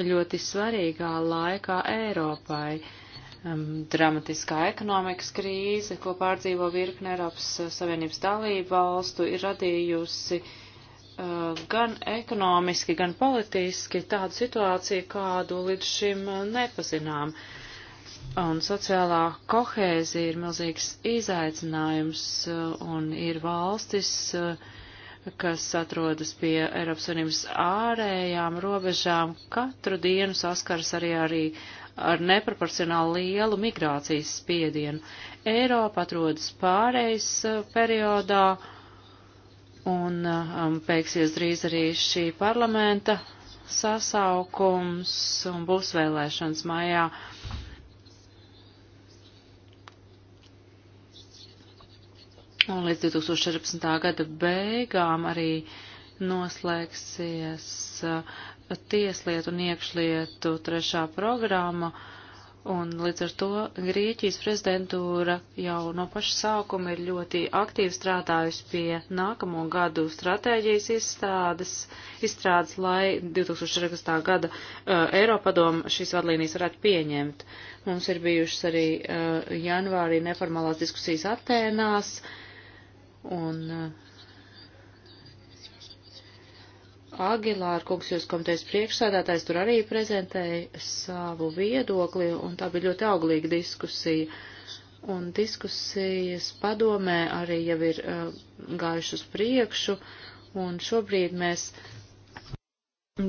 ļoti svarīgā laikā Eiropai um, dramatiskā ekonomikas krīze, ko pārdzīvo virkne Eiropas eh, Savienības dalību valstu, ir radījusi uh, gan ekonomiski, gan politiski tādu situāciju, kādu līdz šim eh, nepazinām. Un sociālā kohēzija ir milzīgs izaicinājums un ir valstis, kas atrodas pie Eiropas Savienības ārējām robežām, katru dienu saskaras arī, arī ar neproporcionāli lielu migrācijas spiedienu. Eiropa atrodas pārejas eh, periodā un eh, um, beigsies drīz arī šī parlamenta sasaukums un būs vēlēšanas maijā. Un līdz 2014. gada beigām arī noslēgsies eh, tieslietu un iekšlietu trešā programma, un līdz ar to Grieķijas prezidentūra jau no paša sākuma ir ļoti aktīvi strādājusi pie nākamo gadu stratēģijas izstādes, izstrādes, lai 2014. gada uh, Eiropadomu šīs vadlīnijas varētu pieņemt. Mums ir bijušas arī uh, janvārī neformālās diskusijas Atēnās, un uh, Agilāra kungs, jūs komitejas priekšsēdētājs, tur arī prezentēja savu viedokli, un tā bija ļoti auglīga diskusija. Un diskusijas padomē arī jau ir uh, gājuši uz priekšu, un šobrīd mēs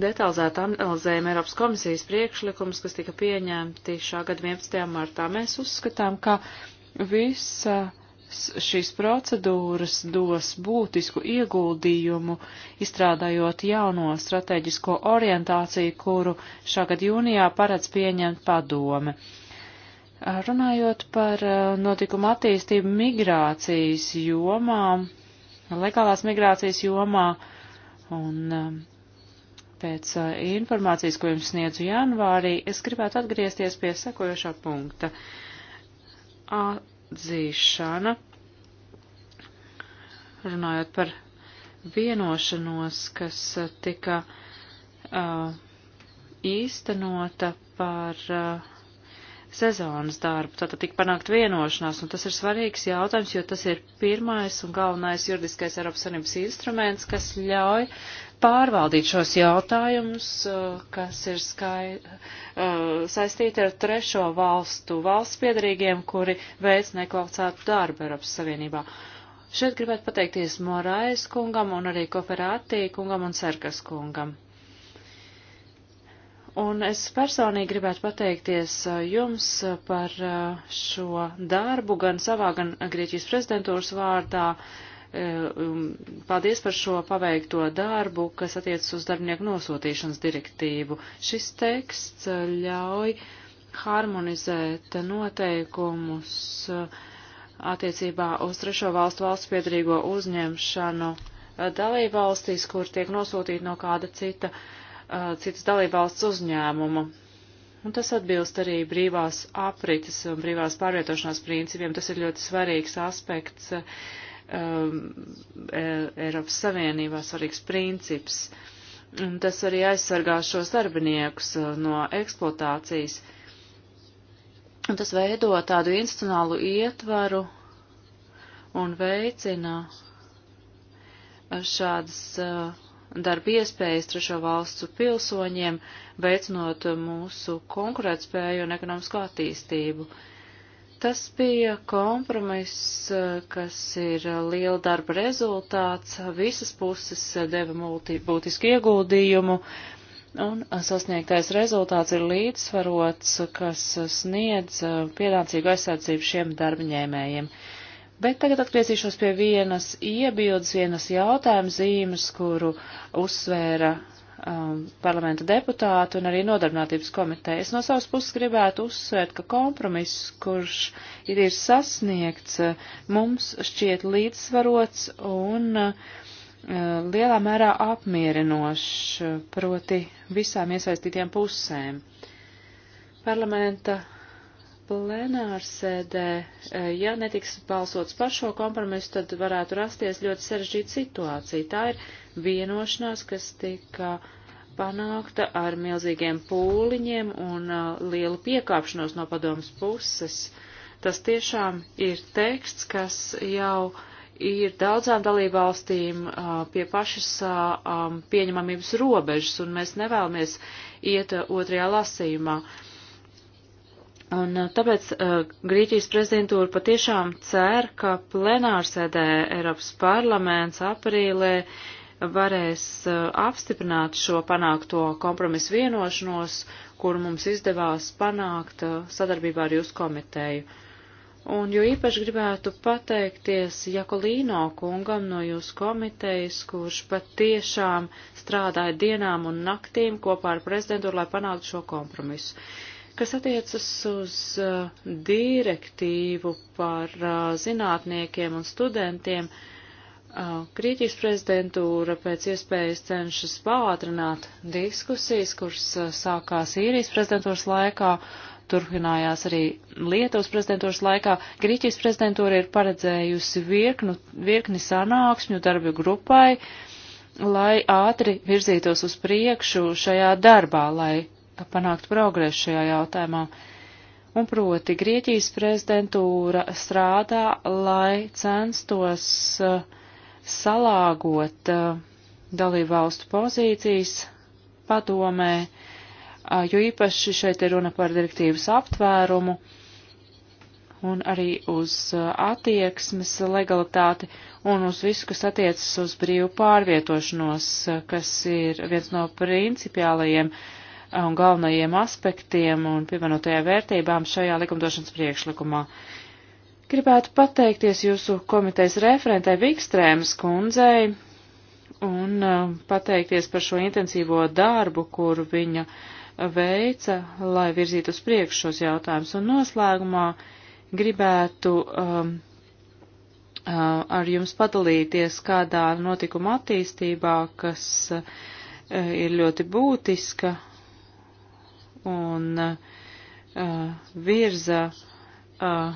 detalizēti analizējam Eiropas komisijas priekšlikumus, kas tika pieņemti šā gada 11. martā. Mēs uzskatām, ka visa šīs procedūras dos būtisku ieguldījumu, izstrādājot jauno strateģisko orientāciju, kuru šā gada jūnijā paredz pieņemt padome. Runājot par notikumu attīstību migrācijas jomā, legālās migrācijas jomā un pēc informācijas, ko jums sniedzu janvārī, es gribētu atgriezties pie sekojošā punkta atzīšana, runājot par vienošanos, kas tika uh, īstenota par uh, sezonas darbu. Tātad tik panākt vienošanās, un tas ir svarīgs jautājums, jo tas ir pirmais un galvenais juridiskais Eiropas Savienības instruments, kas ļauj pārvaldīt šos jautājumus, uh, kas ir skai, uh, saistīti ar trešo valstu valsts piedarīgiem, kuri veic nekvalificētu darbu Eiropas Savienībā. Šeit gribētu pateikties Morais kungam un arī Koferātī kungam un Serkas kungam. Un es personīgi gribētu pateikties uh, jums uh, par uh, šo darbu, gan savā, gan Grieķijas prezidentūras vārdā. Um, paldies par šo paveikto darbu, kas attiecas uz darbinieku nosūtīšanas direktīvu. Šis teksts ļauj harmonizēt noteikumus attiecībā uz trešo valstu valsts piedrīgo uzņemšanu dalībvalstīs, kur tiek nosūtīti no kāda cita uh, citas dalībvalsts uzņēmuma. Un tas atbilst arī brīvās aprites un brīvās pārvietošanās principiem. Tas ir ļoti svarīgs aspekts um, Eiropas Savienībā, svarīgs princips. Un tas arī aizsargās šos darbiniekus no eksploatācijas. Un tas veido tādu institucionālu ietvaru un veicina šādas uh, darba iespējas trešo valstu pilsoņiem, veicinot mūsu konkurētspēju un ekonomisko attīstību. Tas bija kompromiss, kas ir liela darba rezultāts. Visas puses deva multi, būtisku ieguldījumu, un sasniegtais rezultāts ir līdzsvarots, kas sniedz pienācīgu aizsardzību šiem darbaņēmējiem. ņēmējiem. Bet tagad atgriezīšos pie vienas iebildes, vienas jautājuma zīmes, kuru uzsvēra um, parlamenta deputāti un arī nodarbinātības komiteja. Es no savas puses gribētu uzsvērt, ka kompromiss, kurš ir, ir sasniegts, mums šķiet līdzsvarots un uh, lielā mērā apmierinošs proti visām iesaistītiem pusēm. Parlamenta plenārsēdē, e, ja netiks balsots par šo kompromisu, tad varētu rasties ļoti sarežģīta situācija. Tā ir vienošanās, kas tika panākta ar milzīgiem pūliņiem un e, lielu piekāpšanos no padomas puses. Tas tiešām ir teksts, kas jau ir daudzām dalībvalstīm e, pie pašas pieņemamības robežas, un mēs nevēlamies iet otrajā lasījumā. Uh, Un uh, tāpēc uh, Grieķijas prezidentūra patiešām cer, ka plenārsēdē Eiropas parlaments aprīlē varēs uh, apstiprināt šo panākto kompromisu vienošanos, kuru mums izdevās panākt uh, sadarbībā ar jūsu komiteju. Un jo īpaši gribētu pateikties Jakolīno kungam no jūsu komitejas, kurš patiešām strādāja dienām un naktīm kopā ar prezidentūru, lai panāktu šo kompromisu. Uh, Kas attiecas uz uh, direktīvu par uh, zinātniekiem un studentiem, Krīķijas uh, prezidentūra pēc iespējas cenšas pātrināt diskusijas, kuras sākās īrijas prezidentūras laikā, turpinājās arī Lietuvas prezidentūras laikā. Grieķijas prezidentūra ir paredzējusi virknu, virkni sanāksmju darbu grupai, lai ātri virzītos uz priekšu šajā darbā, lai panākt progresu šajā jautājumā. Un proti, Grieķijas prezidentūra strādā, lai censtos uh, salāgot uh, dalību valstu pozīcijas padomē, uh, jo īpaši šeit ir runa par direktīvas aptvērumu un arī uz uh, attieksmes legalitāti un uz visu, kas attiecas uz brīvu pārvietošanos, uh, kas ir viens no principiālajiem uh, un galvenajiem aspektiem un pievienotajā vērtībām šajā likumdošanas priekšlikumā. Gribētu pateikties jūsu komitejas referentē Vikstrēmas kundzei un uh, pateikties par šo intensīvo darbu, kur viņa veica, lai virzītu uz priekšu šos jautājumus. Un noslēgumā gribētu um, uh, ar jums padalīties kādā notikuma attīstībā, kas uh, ir ļoti būtiska un uh, virza uh,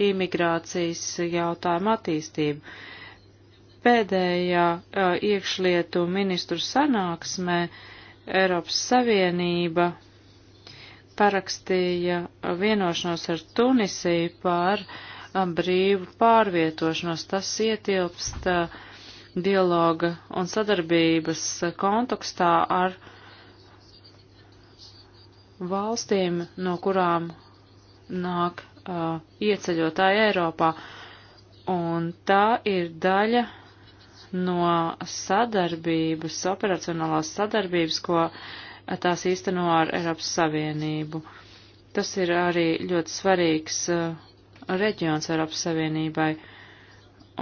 imigrācijas jautājumu attīstību. Pēdējā uh, iekšlietu ministru sanāksmē Eiropas Savienība parakstīja vienošanos ar Tunisiju par uh, brīvu pārvietošanos. Tas ietilpst uh, dialoga un sadarbības uh, kontekstā ar uh, valstīm, no kurām nāk uh, ieceļotāji Eiropā. Un tā ir daļa no sadarbības, operacionālās sadarbības, ko tās īsteno ar Eiropas Savienību. Tas ir arī ļoti svarīgs uh, reģions Eiropas Savienībai.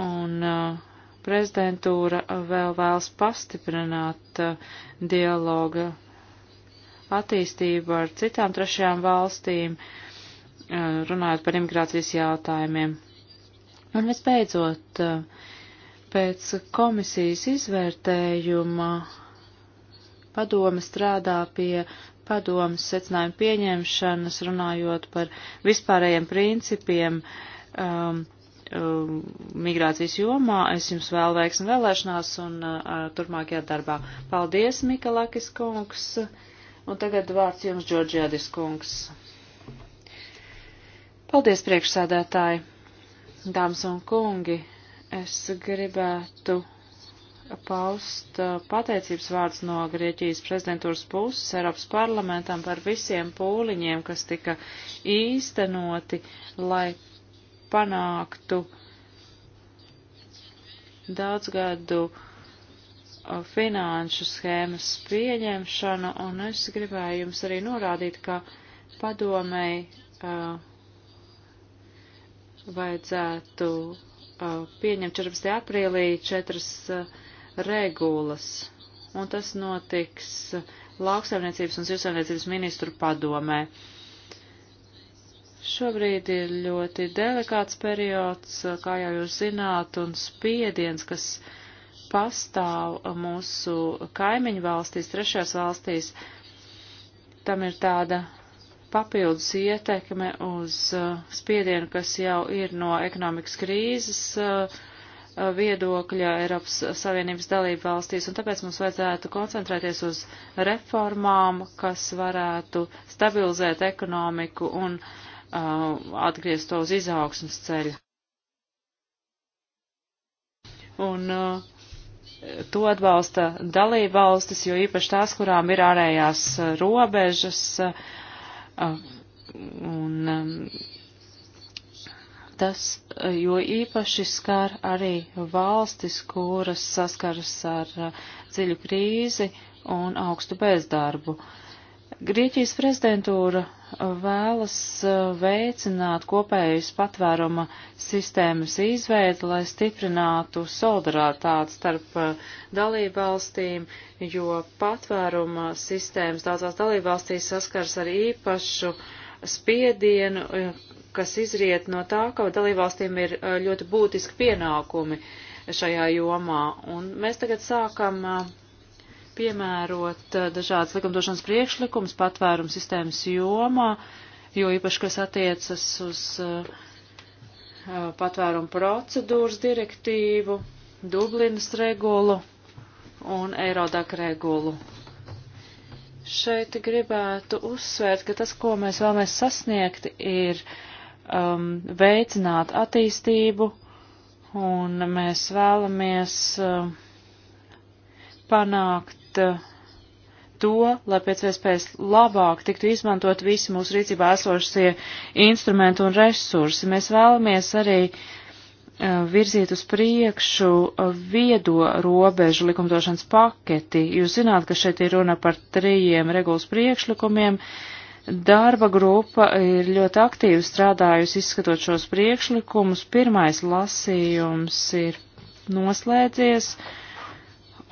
Un uh, prezidentūra vēl vēlas pastiprināt uh, dialoga attīstību ar citām trešajām valstīm, eh, runājot par imigrācijas jautājumiem. Un visbeidzot, eh, pēc komisijas izvērtējuma padome strādā pie padomas secinājuma pieņemšanas, runājot par vispārējiem principiem um, um, migrācijas jomā. Es jums vēl veiksmu vēlēšanās un uh, turpmākajā darbā. Paldies, Mikalakis kungs! Un tagad vārds jums, Džordžēdis kungs. Paldies, priekšsēdētāji, dāmas un kungi. Es gribētu paust uh, pateicības vārds no Grieķijas prezidentūras puses Eiropas parlamentam par visiem pūliņiem, kas tika īstenoti, lai panāktu daudzgadu uh, Uh, finanšu schēmas pieņemšanu, un es gribēju jums arī norādīt, ka padomēji uh, vajadzētu uh, pieņemt 14. aprīlī četras uh, regulas, un tas notiks lauksaimniecības un zivsaimniecības ministru padomē. Šobrīd ir ļoti delikāts periods, uh, kā jau jūs zināt, un spiediens, kas uh, pastāv mūsu kaimiņu valstīs, trešajās valstīs, tam ir tāda papildus ietekme uz uh, spiedienu, kas jau ir no ekonomikas krīzes uh, uh, viedokļa Eiropas Savienības dalību valstīs, un tāpēc mums vajadzētu koncentrēties uz reformām, kas varētu stabilizēt ekonomiku un uh, atgriezt to uz izaugsmas ceļa. Un uh, to atbalsta dalība valstis, jo īpaši tās, kurām ir ārējās e, robežas. E, un e, tas, jo īpaši skar arī valstis, kuras saskaras ar dziļu krīzi un augstu bezdarbu. Uh, Grieķijas prezidentūra vēlas uh, veicināt kopējas patvēruma sistēmas izveidi, lai stiprinātu solidaritāti starp uh, dalībvalstīm, jo patvēruma sistēmas daudzās dalībvalstīs saskars ar īpašu spiedienu, uh, kas izriet no tā, ka dalībvalstīm ir ļoti būtiski pienākumi šajā jomā. Un mēs tagad sākam uh, piemērot eh, dažādas likumdošanas priekšlikumus patvērumu sistēmas jomā, jo īpaši, kas attiecas uz eh, eh, patvērumu procedūras direktīvu, Dublinas regulu un Eirodak regulu. Šeit gribētu uzsvērt, ka tas, ko mēs vēlamies sasniegt, ir um, veicināt attīstību, un mēs vēlamies um, panākt panākt uh, to, lai pēc iespējas labāk tiktu izmantot visi mūsu rīcībā esošie instrumenti un resursi. Mēs vēlamies arī uh, virzīt uz priekšu uh, viedo robežu likumdošanas paketi. Jūs zināt, ka šeit ir runa par trījiem regulas priekšlikumiem. Darba grupa ir ļoti aktīvi strādājusi izskatot šos priekšlikumus. Pirmais lasījums ir noslēdzies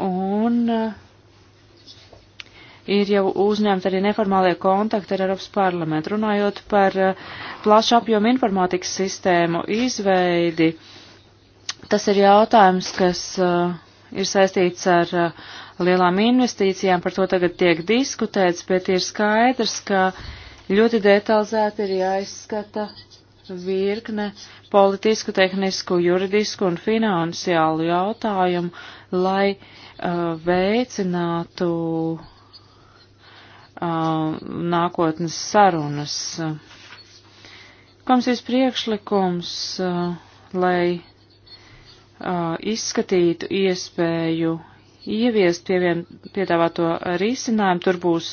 un uh, ir jau uzņemti arī neformālie kontakti ar Eiropas parlamentu. Runājot par eh, plašu apjomu informātikas sistēmu izveidi, tas ir jautājums, kas eh, ir saistīts ar eh, lielām investīcijām, par to tagad tiek diskutēts, bet ir skaidrs, ka ļoti detalizēti ir jāizskata virkne politisku, tehnisku, juridisku un finansiālu jautājumu, lai uh, veicinātu uh, nākotnes sarunas. Komisijas priekšlikums, lai izskatītu iespēju ieviest pie vien piedāvāto risinājumu, tur būs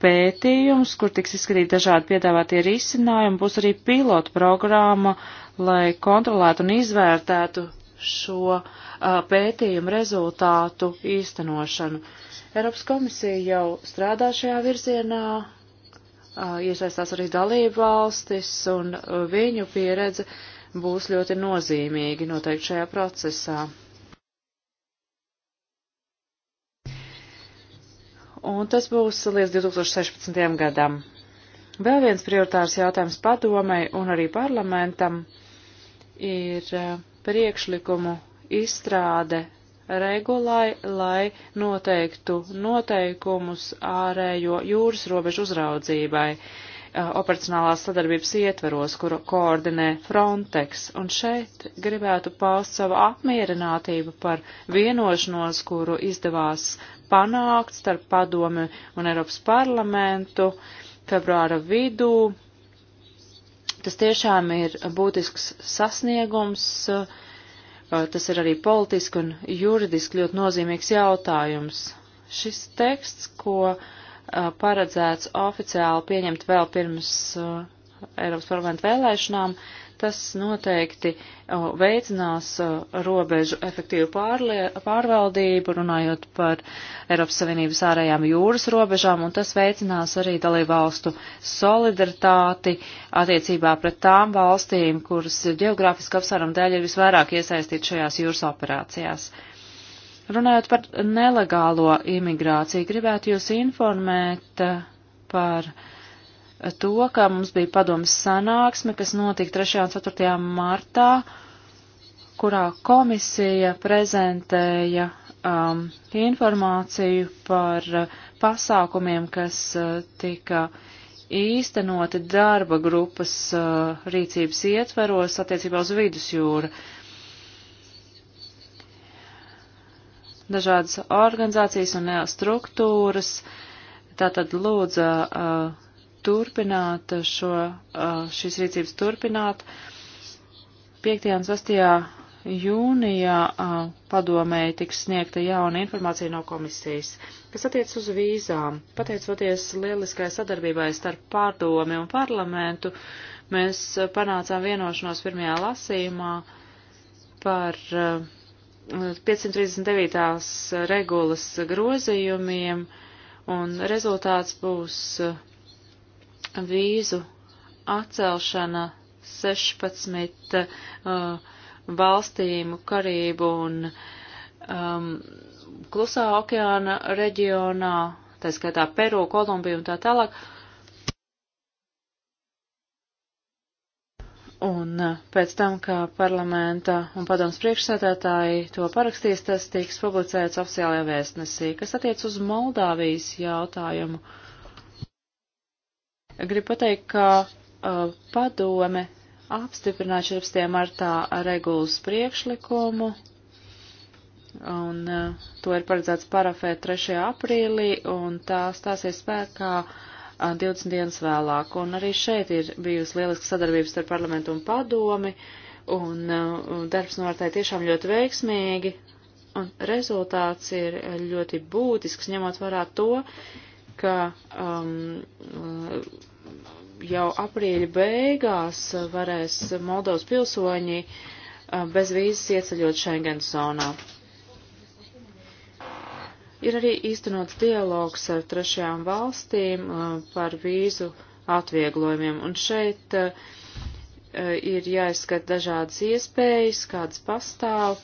pētījums, kur tiks izskatīt dažādi piedāvātie risinājumi, būs arī pilotu programma, lai kontrolētu un izvērtētu šo pētījumu rezultātu īstenošanu. Eiropas komisija jau strādā šajā virzienā, iesaistās arī dalību valstis, un viņu pieredze būs ļoti nozīmīgi noteikti šajā procesā. Un tas būs līdz 2016. gadam. Vēl viens prioritārs jautājums padomei un arī parlamentam ir uh, priekšlikumu izstrāde regulai, lai noteiktu noteikumus ārējo jūras robežu uzraudzībai eh, operacionālās sadarbības ietveros, kuru koordinē Frontex. Un šeit gribētu paust savu apmierinātību par vienošanos, kuru izdevās panākt starp padomi un Eiropas parlamentu februāra vidū tas tiešām ir būtisks sasniegums. Eh, tas ir arī politiski un juridiski ļoti nozīmīgs jautājums. Šis teksts, ko eh, paredzēts oficiāli pieņemt vēl pirms eh, Eiropas parlamenta vēlēšanām, uh, Tas noteikti o, veicinās o, robežu efektīvu pārlie, pārvaldību, runājot par Eiropas Savienības ārējām jūras robežām, un tas veicinās arī dalībvalstu solidaritāti attiecībā pret tām valstīm, kuras geogrāfiski apsvērumu dēļ ir visvairāk iesaistīt šajās jūras operācijās. Runājot par nelegālo imigrāciju, gribētu jūs informēt eh, par uh, to, ka mums bija padomas sanāksme, kas notika 3. un 4. martā, kurā komisija prezentēja um, informāciju par uh, pasākumiem, kas uh, tika īstenoti darba grupas uh, rīcības ietveros attiecībā uz vidusjūru. Dažādas organizācijas un struktūras tātad lūdza uh, turpināt šo, šīs rīcības turpināt. 5. un 6. jūnijā padomēji tiks sniegta jauna informācija no komisijas, kas attiec uz vīzām. Pateicoties lieliskai sadarbībai starp pārdomi un parlamentu, mēs panācām vienošanos pirmajā lasījumā par 539. regulas grozījumiem, un rezultāts būs uh, vīzu atcelšana 16 uh, valstīm Karību un um, Klusā okeāna reģionā, tā skaitā Peru, Kolumbiju un tā tālāk. Un uh, pēc tam, kā parlamenta un padoms priekšsēdētāji to parakstīs, tas tiks publicēts oficiālajā vēstnesī, kas attiec uz Moldāvijas jautājumu. Uh, Gribu pateikt, ka uh, padome apstiprināja 14. martā regulas priekšlikumu, un uh, to ir paredzēts parafēt 3. aprīlī, un tā stāsies spēkā uh, 20 dienas vēlāk. Un arī šeit ir bijusi lieliska sadarbības starp parlamentu un padomi, un uh, darbs novērtēja tiešām ļoti veiksmīgi, un rezultāts ir ļoti būtisks, ņemot vērā to, ka um, jau aprīļa beigās varēs Moldovas pilsoņi um, bez vīzes ieceļot Schengen zonā. Ir arī īstenots dialogs ar trešajām valstīm um, par vīzu atvieglojumiem, un šeit uh, ir jāizskat dažādas iespējas, kādas pastāv,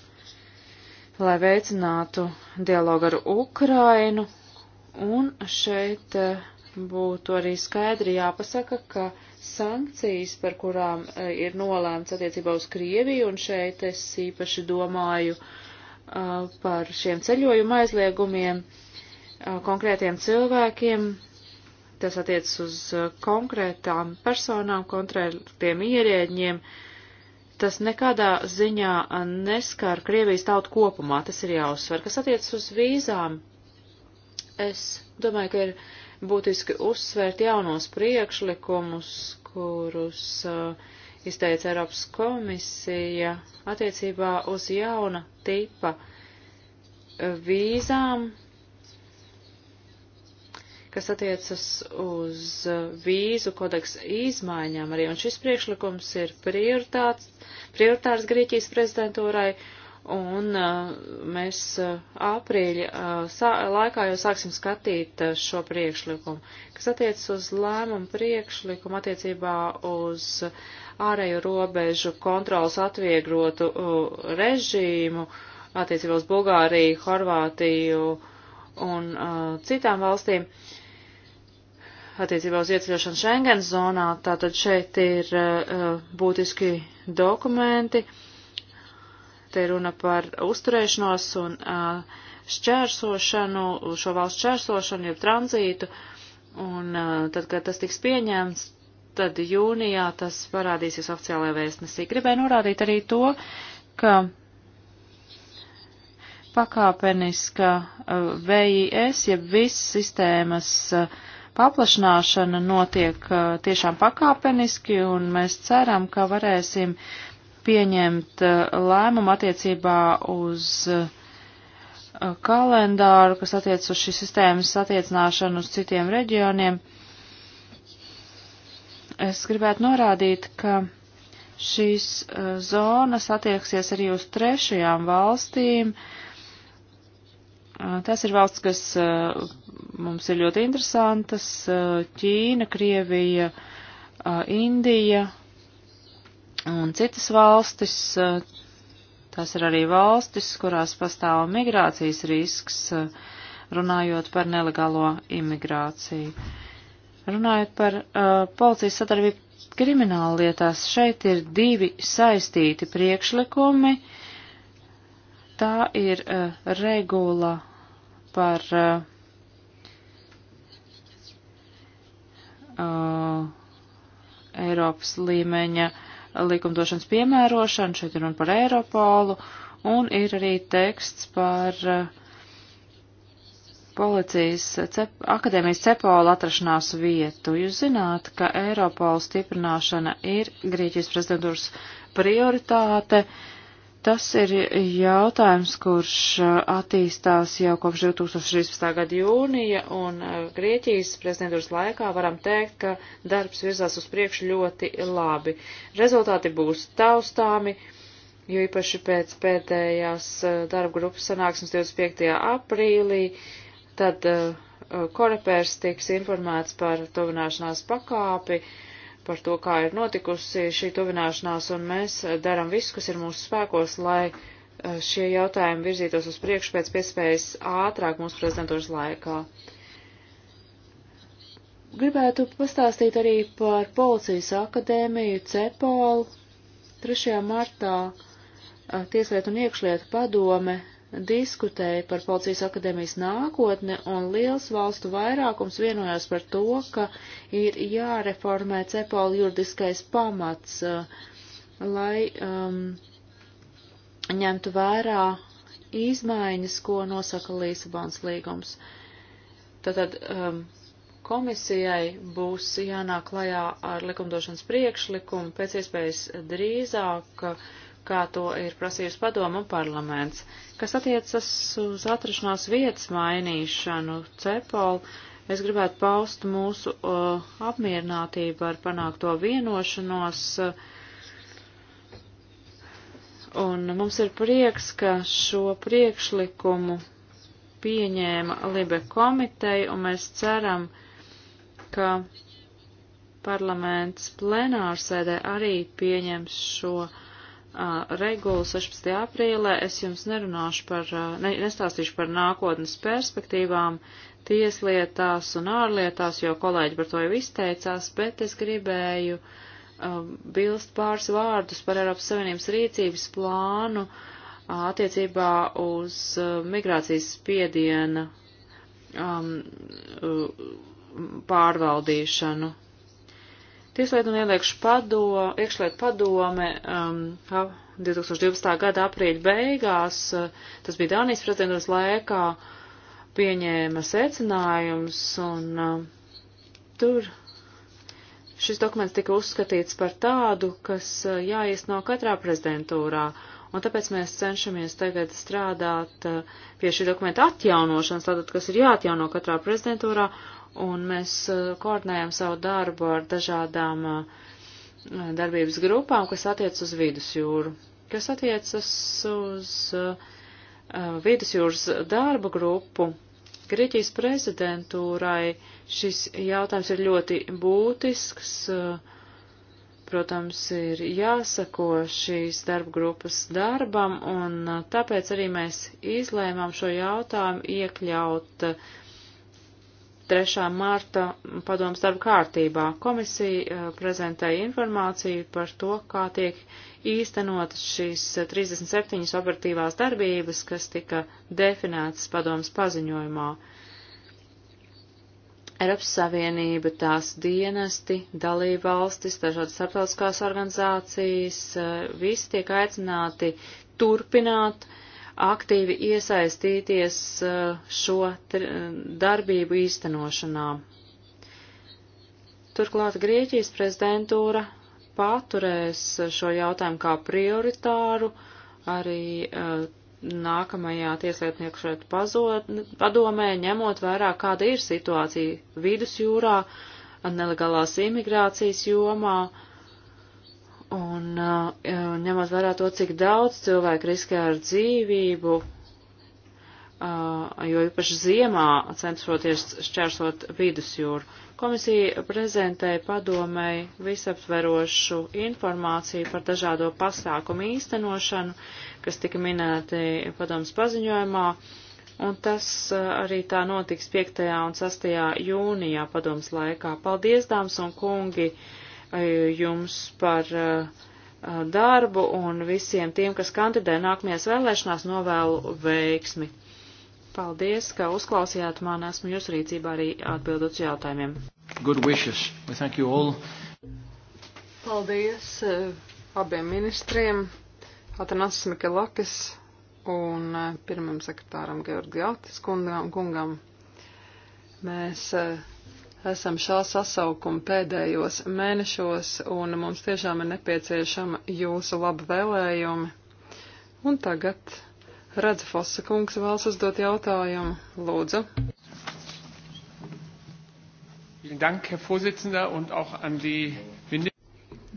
lai veicinātu dialogu ar Ukrainu Un šeit eh, būtu arī skaidri jāpasaka, ka sankcijas, par kurām eh, ir nolēmts attiecībā uz Krieviju, un šeit es īpaši domāju eh, par šiem ceļojuma aizliegumiem konkrētiem cilvēkiem, tas attiecas uz konkrētām personām, konkrētiem ierēģiem, tas nekādā ziņā neskar Krievijas tautu kopumā, tas ir jāuzsver. Kas attiecas uz vīzām, Es domāju, ka ir būtiski uzsvērt jaunos priekšlikumus, kurus uh, izteica Eiropas komisija attiecībā uz jauna tipa uh, vīzām, kas attiecas uz uh, vīzu kodeksa izmaiņām arī. Un šis priekšlikums ir prioritārs Grieķijas prezidentūrai Un uh, mēs uh, aprīļa uh, laikā jau sāksim skatīt šo priekšlikumu, kas attiecas uz lēmumu priekšlikumu attiecībā uz ārēju robežu kontrolas atvieglotu režīmu attiecībā uz Bulgāriju, Horvātiju un citām valstīm attiecībā uz ieceļošanu Schengen zonā. Tātad šeit ir būtiski dokumenti. Uh, Te runa par uzturēšanos un šķērsošanu, šo valstu šķērsošanu, jeb tranzītu. Un tad, kad tas tiks pieņemts, tad jūnijā tas parādīsies oficiālajā vēstnesī. Gribēju norādīt arī to, ka pakāpeniska VIS, ja viss sistēmas paplašināšana notiek tiešām pakāpeniski, un mēs ceram, ka varēsim pieņemt eh, lēmumu attiecībā uz eh, kalendāru, kas attiec uz šīs sistēmas attiecināšanu uz citiem reģioniem. Es gribētu norādīt, ka šīs eh, zonas attieksies arī uz trešajām valstīm. Tas ir valsts, kas mums ir ļoti interesantas - Ķīna, Krievija, Indija, Un citas valstis, eh, tās ir arī valstis, kurās pastāv migrācijas risks, eh, runājot par nelegālo imigrāciju. Runājot par uh, policijas sadarbību krimināla lietās, šeit ir divi saistīti priekšlikumi. Tā ir uh, regula par uh, uh, Eiropas līmeņa uh, likumdošanas piemērošanu, šeit ir runa par Eiropolu, un ir arī teksts par eh, policijas cep, akadēmijas cepola atrašanās vietu. Jūs zināt, ka Eiropola stiprināšana ir Grieķijas prezidentūras prioritāte. Uh, Tas ir jautājums, kurš uh, attīstās jau kopš 2016. gada jūnija, un uh, Grieķijas prezidentūras laikā varam teikt, ka darbs virzās uz priekšu ļoti labi. Rezultāti būs taustāmi, jo īpaši pēc pēdējās uh, darba grupas sanāksmes 25. aprīlī, tad korepērs tiks informēts par tuvināšanās pakāpi. Uh, par to, kā ir notikusi šī tuvināšanās, un mēs darām visu, kas ir mūsu spēkos, lai eh, šie jautājumi virzītos uz priekšu pēc iespējas ātrāk mūsu prezidentūras laikā. Gribētu pastāstīt arī par Policijas akadēmiju Cepolu. 3. martā eh, Tieslietu un iekšlietu padome diskutēja par Policijas akadēmijas nākotni, un liels valstu vairākums vienojās par to, ka ir jāreformē CEPOL juridiskais pamats, uh, lai um, ņemtu vērā izmaiņas, ko nosaka Līsabons līgums. Tātad um, komisijai būs jānāk klajā ar likumdošanas priekšlikumu pēc iespējas drīzāk, uh, kā to ir prasījusi padomu un parlaments. Kas attiecas uz atrašanās vietas mainīšanu CEPOL, es gribētu paust mūsu uh, apmierinātību ar panākto vienošanos. Uh, un mums ir prieks, ka šo priekšlikumu pieņēma Libe komiteja, un mēs ceram, ka parlaments plenārsēdē arī pieņems šo priekšlikumu regulu 16. aprīlē. Es jums nerunāšu par, ne, nestāstīšu par nākotnes perspektīvām tieslietās un ārlietās, jo kolēģi par to jau izteicās, bet es gribēju um, bilst pāris vārdus par Eiropas Savienības rīcības plānu attiecībā uz uh, migrācijas spiediena um, pārvaldīšanu Tieslietu un ieliekšu pado, iekšlietu padome um, 2012. gada aprīļa beigās, uh, tas bija Dānijas prezidentūras laikā, pieņēma secinājums, un uh, tur šis dokuments tika uzskatīts par tādu, kas uh, jāiesno katrā prezidentūrā. Un tāpēc mēs cenšamies tagad strādāt uh, pie šī dokumenta atjaunošanas, tātad, kas ir jāatjauno katrā prezidentūrā, uh, un mēs uh, koordinējam savu darbu ar dažādām uh, darbības grupām, kas attiec uz vidusjūru. Kas attiecas uz uh, vidusjūras darba grupu, Grieķijas prezidentūrai šis jautājums ir ļoti būtisks. Protams, ir jāsako šīs darba grupas darbam, un tāpēc arī mēs izlēmām šo jautājumu iekļaut 3. marta padomu starp kārtībā. Komisija eh, prezentēja informāciju par to, kā tiek īstenotas šīs 37 operatīvās darbības, kas tika definētas padomas paziņojumā. Eiropas Savienība, tās dienesti, dalībvalstis, dažādas starptautiskās organizācijas, eh, visi tiek aicināti turpināt uh, aktīvi iesaistīties uh, šo uh, darbību īstenošanā. Turklāt Grieķijas prezidentūra paturēs šo jautājumu kā prioritāru arī uh, nākamajā tieslietnieku šeit pazod, padomē, ņemot vērā, kāda ir situācija vidusjūrā, nelegālās imigrācijas jomā, uh, Un uh, ņemot vērā to, cik daudz cilvēku riskē ar dzīvību, uh, jo īpaši ziemā cenšoties šķērsot vidusjūru. Komisija prezentēja padomēji visaptverošu informāciju par dažādo pasākumu īstenošanu, kas tika minēti padomas paziņojumā, un tas uh, arī tā notiks 5. un 6. jūnijā padomas laikā. Paldies, dāmas un kungi! Uh, jums par eh, darbu un visiem tiem, kas kandidē nākamajās vēlēšanās, novēlu veiksmi. Paldies, ka uzklausījāt mani. Esmu jūsu rīcībā arī atbildot uz jautājumiem. Good wishes. We thank you all. Paldies eh, abiem ministriem, Atanasis Mikelakis un eh, pirmam sekretāram Georgi Altis kungam. Mēs esam šā sasaukuma pēdējos mēnešos, un mums tiešām ir nepieciešama jūsu laba vēlējumi. Un tagad redzu Fosa kungs vēlas uzdot jautājumu. Lūdzu.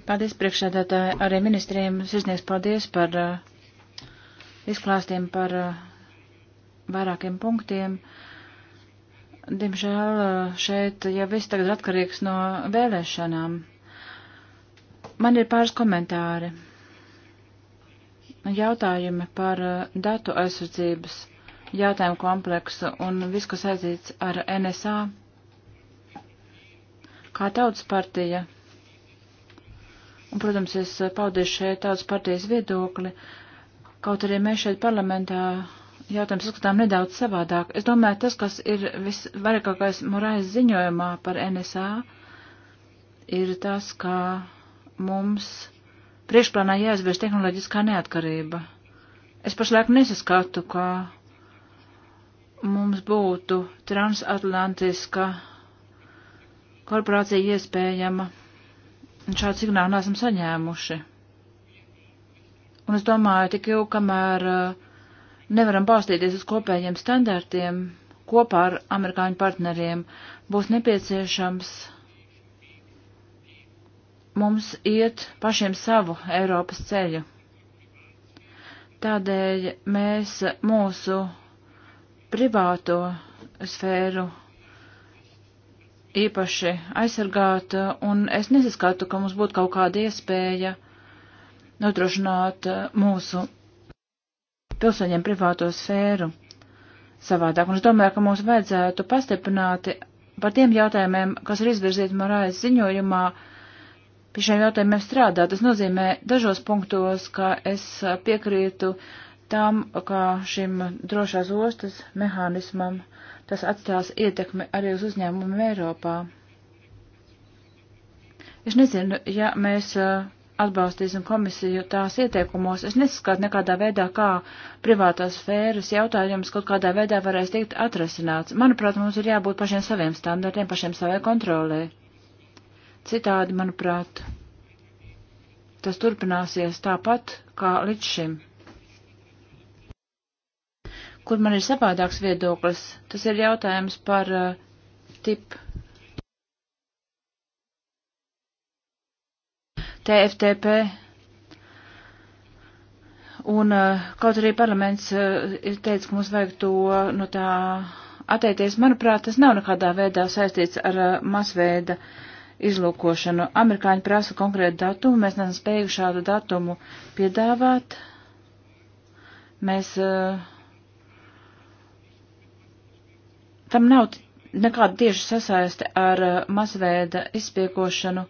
Paldies priekšsēdētāji, arī ministriem sirsnieks paldies par uh, izklāstiem par uh, vairākiem punktiem. Uh, Diemžēl šeit jau viss tagad ir atkarīgs no vēlēšanām. Man ir pāris komentāri. Jautājumi par datu aizsardzības jautājumu kompleksu un viss, kas aizīts ar NSA. Kā tautas partija. Un, protams, es paudīšu šeit tautas partijas viedokli, kaut arī mēs šeit parlamentā jautājumu saskatām nedaudz savādāk. Es domāju, tas, kas ir visvarīgākais Morais ziņojumā par NSA, ir tas, ka mums priekšplānā jāizvērš tehnoloģiskā neatkarība. Es pašlaik nesaskatu, ka mums būtu transatlantiska korporācija iespējama, un šādu signālu nesam saņēmuši. Un es domāju, tik jau, kamēr uh, nevaram balstīties uz kopējiem standartiem kopā ar amerikāņu partneriem, būs nepieciešams mums iet pašiem savu Eiropas ceļu. Tādēļ mēs mūsu privāto sfēru īpaši aizsargāt, un es nesaskatu, ka mums būtu kaut kāda iespēja nodrošināt mūsu pilsoņiem privāto sfēru savādāk. Un es domāju, ka mums vajadzētu pastiprināt par tiem jautājumiem, kas ir izvirzīti Morājas ziņojumā, pie šiem jautājumiem strādāt. Tas nozīmē dažos punktos, ka es piekrītu tam, ka šim drošās ostas mehānismam tas atstās ietekmi arī uz uzņēmumiem Eiropā. Es nezinu, ja mēs atbalstīsim komisiju tās ieteikumos. Es neskatu nekādā veidā, kā privātās sfēras jautājums kaut kādā veidā varēs tikt atrasināts. Manuprāt, mums ir jābūt pašiem saviem standartiem, pašiem savai kontrolē. Citādi, manuprāt, tas turpināsies tāpat kā līdz šim. Kur man ir savādāks viedoklis, tas ir jautājums par uh, tip TFTP. Un eh, kaut arī parlaments eh, ir teicis, ka mums vajag to no tā atteikties, manuprāt, tas nav nekādā veidā saistīts ar eh, masveida izlūkošanu. Amerikāņi prasa konkrētu datumu, mēs nesam spējuši šādu datumu piedāvāt. Mēs tam nav nekāda tieši sasaiste ar masveida izspiekošanu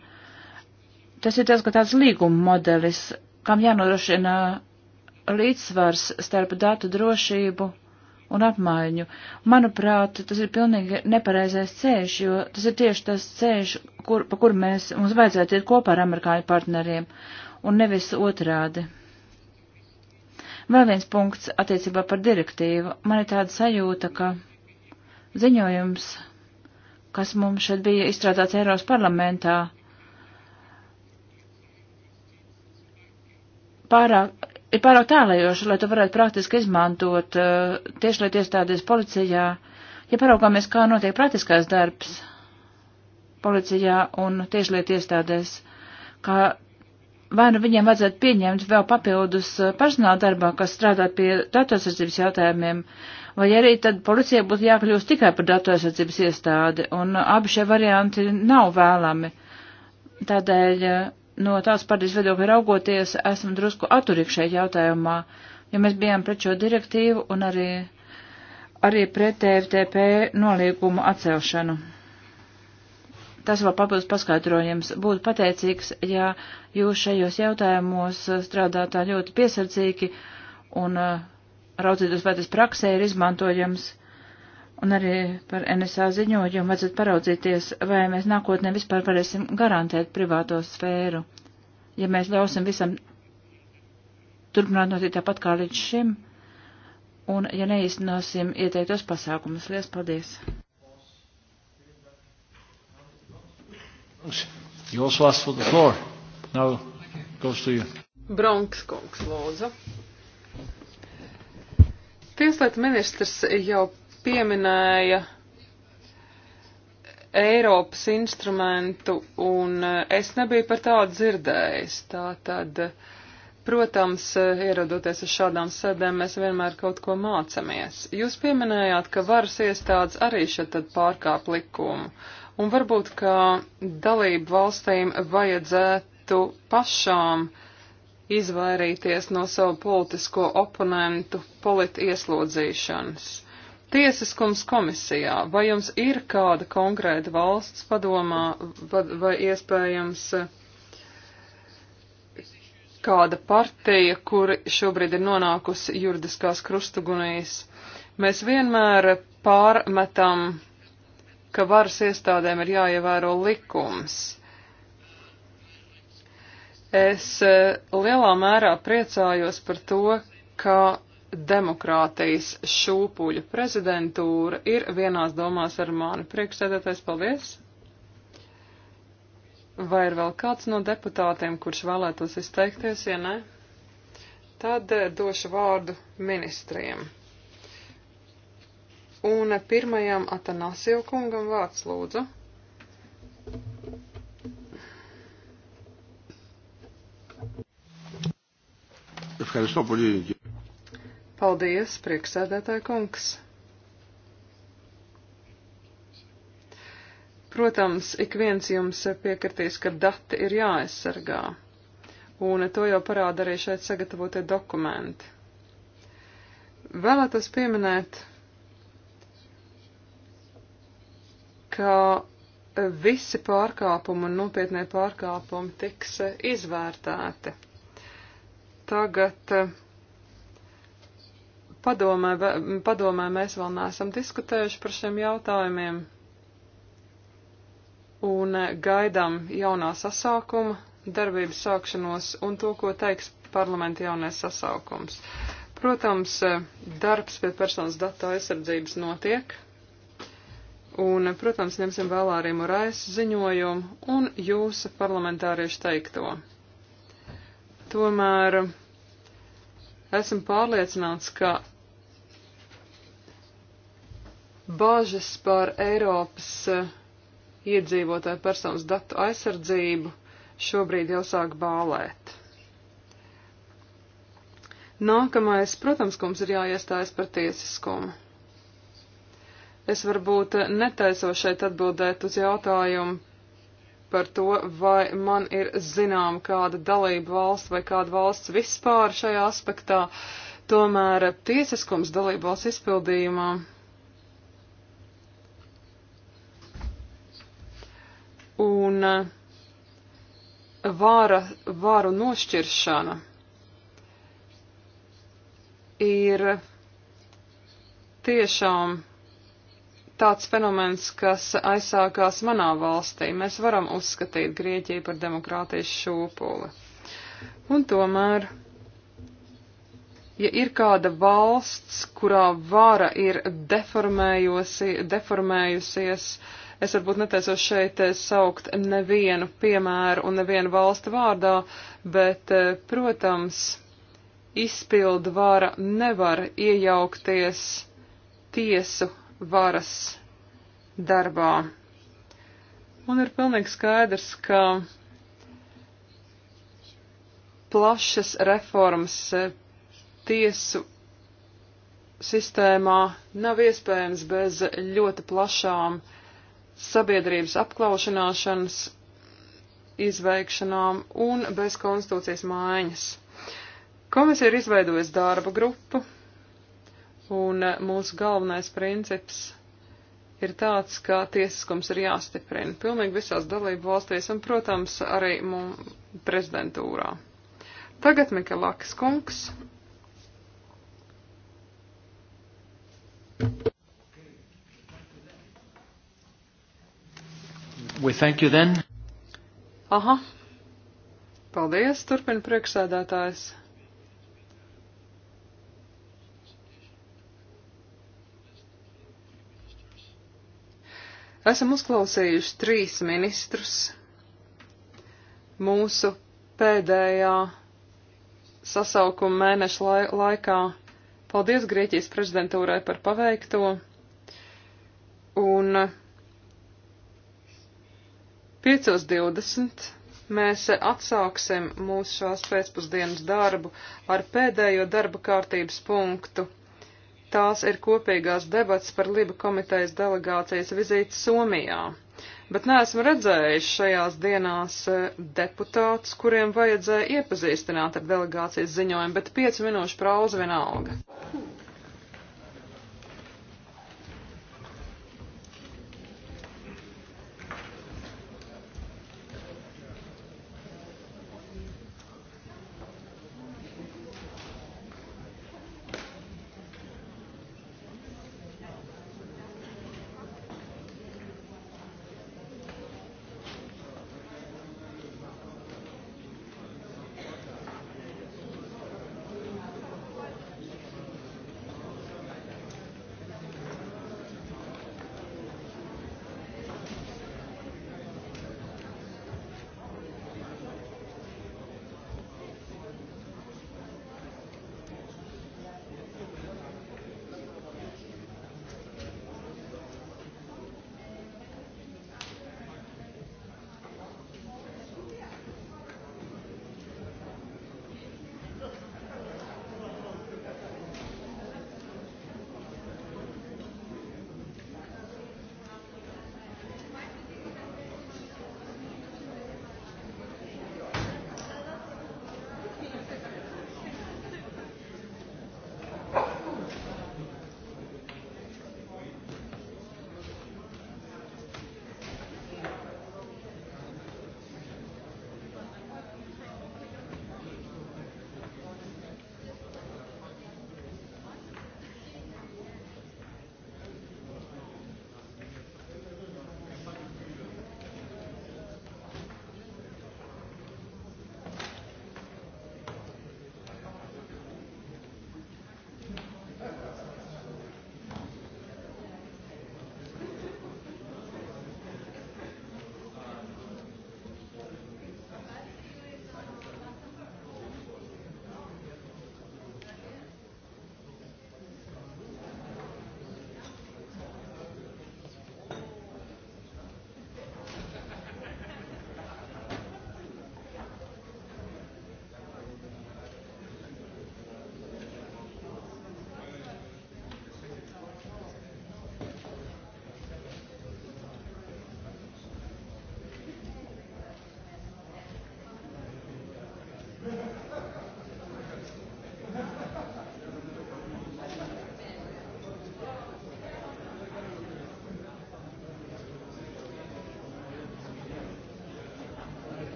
tas ir tas, ka tāds līguma modelis, kam jānodrošina līdzsvars starp datu drošību un apmaiņu. Manuprāt, tas ir pilnīgi nepareizais ceļš, jo tas ir tieši tas ceļš, kur, pa kur mēs, mums vajadzētu iet kopā ar amerikāņu partneriem, un nevis otrādi. Vēl viens punkts attiecībā par direktīvu. Man ir tāda sajūta, ka ziņojums, kas mums šeit bija izstrādāts Eiropas parlamentā, pārāk, ir pārāk tālajoši, lai to varētu praktiski izmantot uh, eh, tiešlietu iestādes policijā. Ja paraugāmies, kā notiek praktiskais darbs policijā un tiešlietu iestādēs, kā vai nu viņiem vajadzētu pieņemt vēl papildus eh, personāla darbā, kas strādā pie datorsardzības jautājumiem, vai arī tad policija būtu jākļūst tikai par datorsardzības iestādi, un abi šie varianti nav vēlami. Tādēļ eh, no tās partijas viedokļa raugoties, esam drusku atturīgi šajā jautājumā, jo mēs bijām pret šo direktīvu un arī, arī pret TFTP nolīgumu atcelšanu. Tas vēl papildus paskaidrojums. Būtu pateicīgs, ja jūs šajos jautājumos strādātā ļoti piesardzīgi un eh, raudzītos, vai tas praksē ir izmantojams. Uh, un arī par NSA ziņojumu vajadzētu paraudzīties, vai mēs nākotnē vispār varēsim garantēt privāto sfēru, ja mēs ļausim visam turpināt notikt tāpat kā līdz šim, un ja neiznosim ieteiktos pasākumus. Lies paldies! You also asked for the floor. Now goes to you. Bronks kungs lūdzu. Tieslietu ministrs jau pieminēja Eiropas instrumentu, un eh, es nebiju par tādu dzirdējis. Tā tad, protams, eh, ierodoties uz šādām sēdēm, mēs vienmēr kaut ko mācamies. Jūs pieminējāt, ka varas iestādes arī šeit tad pārkāp likumu, un varbūt, ka dalību valstīm vajadzētu pašām izvairīties no savu politisko oponentu politi ieslodzīšanas Tiesiskums komisijā, vai jums ir kāda konkrēta valsts padomā vai iespējams eh, kāda partija, kuri šobrīd ir nonākusi juridiskās krustugunīs? Mēs vienmēr pārmetam, ka varas iestādēm ir jāievēro likums. Es eh, lielā mērā priecājos par to, ka demokrātijas šūpuļu prezidentūra ir vienās domās ar mani. Priekšsēdētais, paldies! Vai ir vēl kāds no deputātiem, kurš vēlētos izteikties, ja ne? Tad eh, došu vārdu ministriem. Un eh, pirmajam Atanasiju kungam vārds lūdzu. Ευχαριστώ πολύ. Paldies, prieksēdētāja kungs! Protams, ik viens jums piekritīs, ka dati ir jāaizsargā, un to jau parāda arī šeit sagatavotie dokumenti. Vēlētos pieminēt, ka visi pārkāpumi un nopietnie pārkāpumi tiks izvērtēti. Tagad padomē, padomē mēs vēl neesam diskutējuši par šiem jautājumiem un eh, gaidām jaunā sasākuma darbības sākšanos un to, ko teiks parlamenta jaunais sasaukums. Protams, eh, darbs pie personas datu aizsardzības notiek. Un, eh, protams, ņemsim vērā arī Murais ziņojumu un jūsu parlamentāriešu teikto. Tomēr esmu pārliecināts, ka Bāžas par Eiropas eh, iedzīvotāju personas datu aizsardzību šobrīd jau sāk bālēt. Nākamais, protams, ka mums ir jāiestājas par tiesiskumu. Es varbūt netaisos šeit atbildēt uz jautājumu par to, vai man ir zinām kāda dalība valsts vai kāda valsts vispār šajā aspektā, tomēr tiesiskums dalība valsts izpildījumā un eh, vāra, vāru nošķiršana ir tiešām tāds fenomens, kas aizsākās manā valstī. Mēs varam uzskatīt Grieķiju par demokrātijas šūpuli. Un tomēr, ja ir kāda valsts, kurā vara ir deformējusies, Es varbūt netaisos šeit eh, saukt nevienu piemēru un nevienu valstu vārdā, bet, eh, protams, izpildu vara nevar iejaukties tiesu varas darbā. Un ir pilnīgi skaidrs, ka plašas reformas eh, tiesu sistēmā nav iespējams bez ļoti plašām uh, sabiedrības apklaušanāšanas izveikšanām un bez konstitūcijas mājas. Komisija ir izveidojusi darba grupu, un mūsu galvenais princips ir tāds, ka tiesiskums ir jāstiprina pilnīgi visās dalību valstīs un, protams, arī mums prezidentūrā. Tagad Mikelakis kungs. We thank you then. Aha. Paldies, turpina priekšsēdētājs. Esam uzklausījuši trīs ministrus. Mūsu pēdējā sasaukuma mēneša lai laikā paldies Grieķijas prezidentūrai par paveikto. Un 5.20 mēs atsāksim mūsu šās pēcpusdienas darbu ar pēdējo darba kārtības punktu. Tās ir kopīgās debats par Liba komitejas delegācijas vizīti Somijā. Bet neesmu redzējuši šajās dienās eh, deputātus, kuriem vajadzēja iepazīstināt ar delegācijas ziņojumu, bet 5 minūšu prauza vienalga.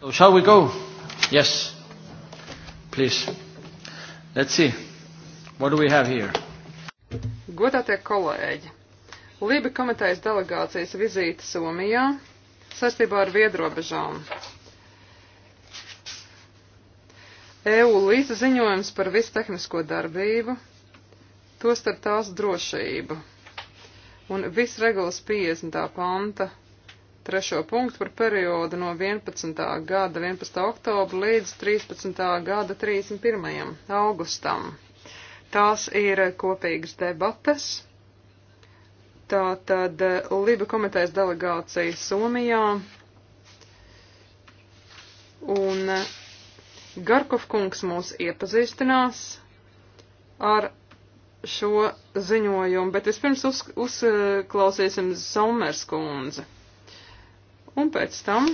So shall we go? Yes. Please. Let's see. What do we have here? Godātie kolēģi, Lība komitejas delegācijas vizīte Somijā saistībā ar viedrobežām. EU līdz ziņojums par visu tehnisko darbību, tostarp tās drošību un visu regulas 50. panta trešo punktu par periodu no 11. gada 11. oktobra līdz 13. gada 31. augustam. Tās ir kopīgas debates. Tātad eh, Liba komitejas delegācija Somijā un eh, Garkov kungs mūs iepazīstinās ar šo ziņojumu, bet vispirms uz, uzklausīsim Somers kundzi. Un pēc tam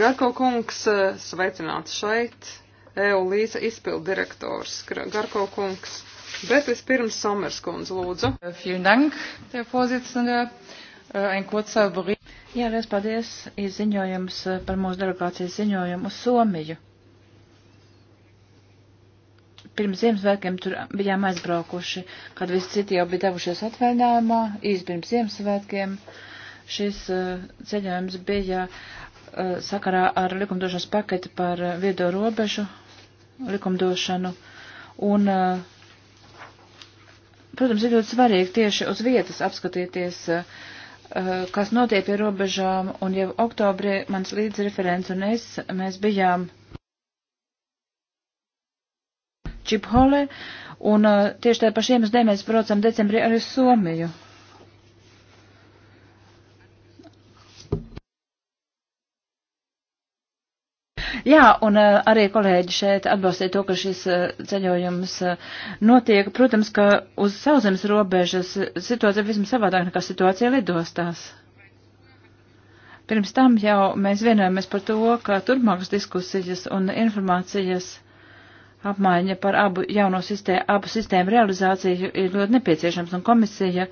Garko kungs eh, sveicināts šeit, EU Līza izpildu direktors Garko kungs. Bet vispirms Somers kundze lūdzu. Vielen Dank, Herr Vorsitzender. Äh, ein kurzer Bericht. Jā, liels paldies. Ir ziņojums äh, par mūsu delegācijas ziņojumu uz Somiju. Pirms Ziemassvētkiem tur bijām aizbraukuši, kad visi citi jau bija devušies atvaļinājumā, īsti pirms Ziemassvētkiem. Uh, Šis uh, ceļojums bija uh, sakarā ar likumdošanas paketi par uh, viedo robežu likumdošanu. Un, protams, ir ļoti svarīgi tieši uz vietas apskatīties, kas notiek pie robežām. Un jau oktobrī mans līdzreferents un es, mēs bijām Čiphole, un tieši tā pašiem iemeslu dēļ mēs braucam decembrī arī uz Somiju. Jā, un eh, arī kolēģi šeit atbalstīja to, ka šis eh, ceļojums eh, notiek. Protams, ka uz sauzemes robežas situācija vismaz savādāk nekā situācija lidostās. Pirms tam jau mēs vienojamies par to, ka turpmākas diskusijas un informācijas apmaiņa par abu jauno sistēmu, abu sistēmu realizāciju ir ļoti nepieciešams, un komisija,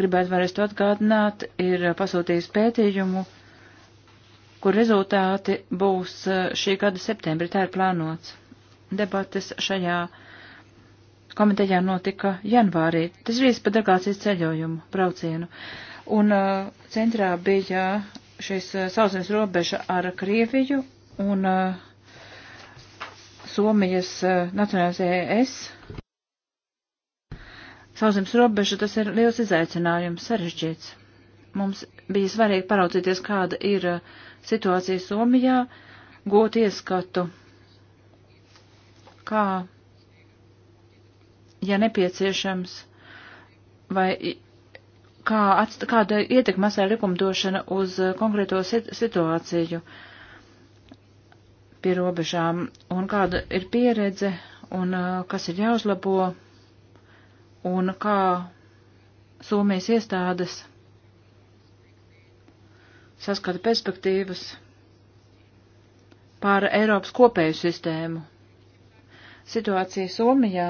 gribētu vēlreiz to atgādināt, ir pasūtījusi pētījumu kur rezultāti būs eh, šī gada septembrī, tā ir plānots. Debates šajā komitejā notika janvārī. Tas viss par delegācijas ceļojumu, braucienu. Un uh, centrā bija šis uh, sauszemes robeža ar Krieviju un uh, Somijas uh, nacionālās ES. Sauszemes robeža tas ir liels izaicinājums, sarežģīts. Mums bija svarīgi paraudzīties, kāda ir uh, situāciju Somijā, gūt ieskatu, kā, ja nepieciešams, vai kā, atst, kāda ietekma asē likumdošana uz uh, konkrēto situāciju pie robežām, un kāda ir pieredze, un uh, kas ir jāuzlabo, un kā Somijas iestādes saskata perspektīvas pār Eiropas kopēju sistēmu. Situācija Somijā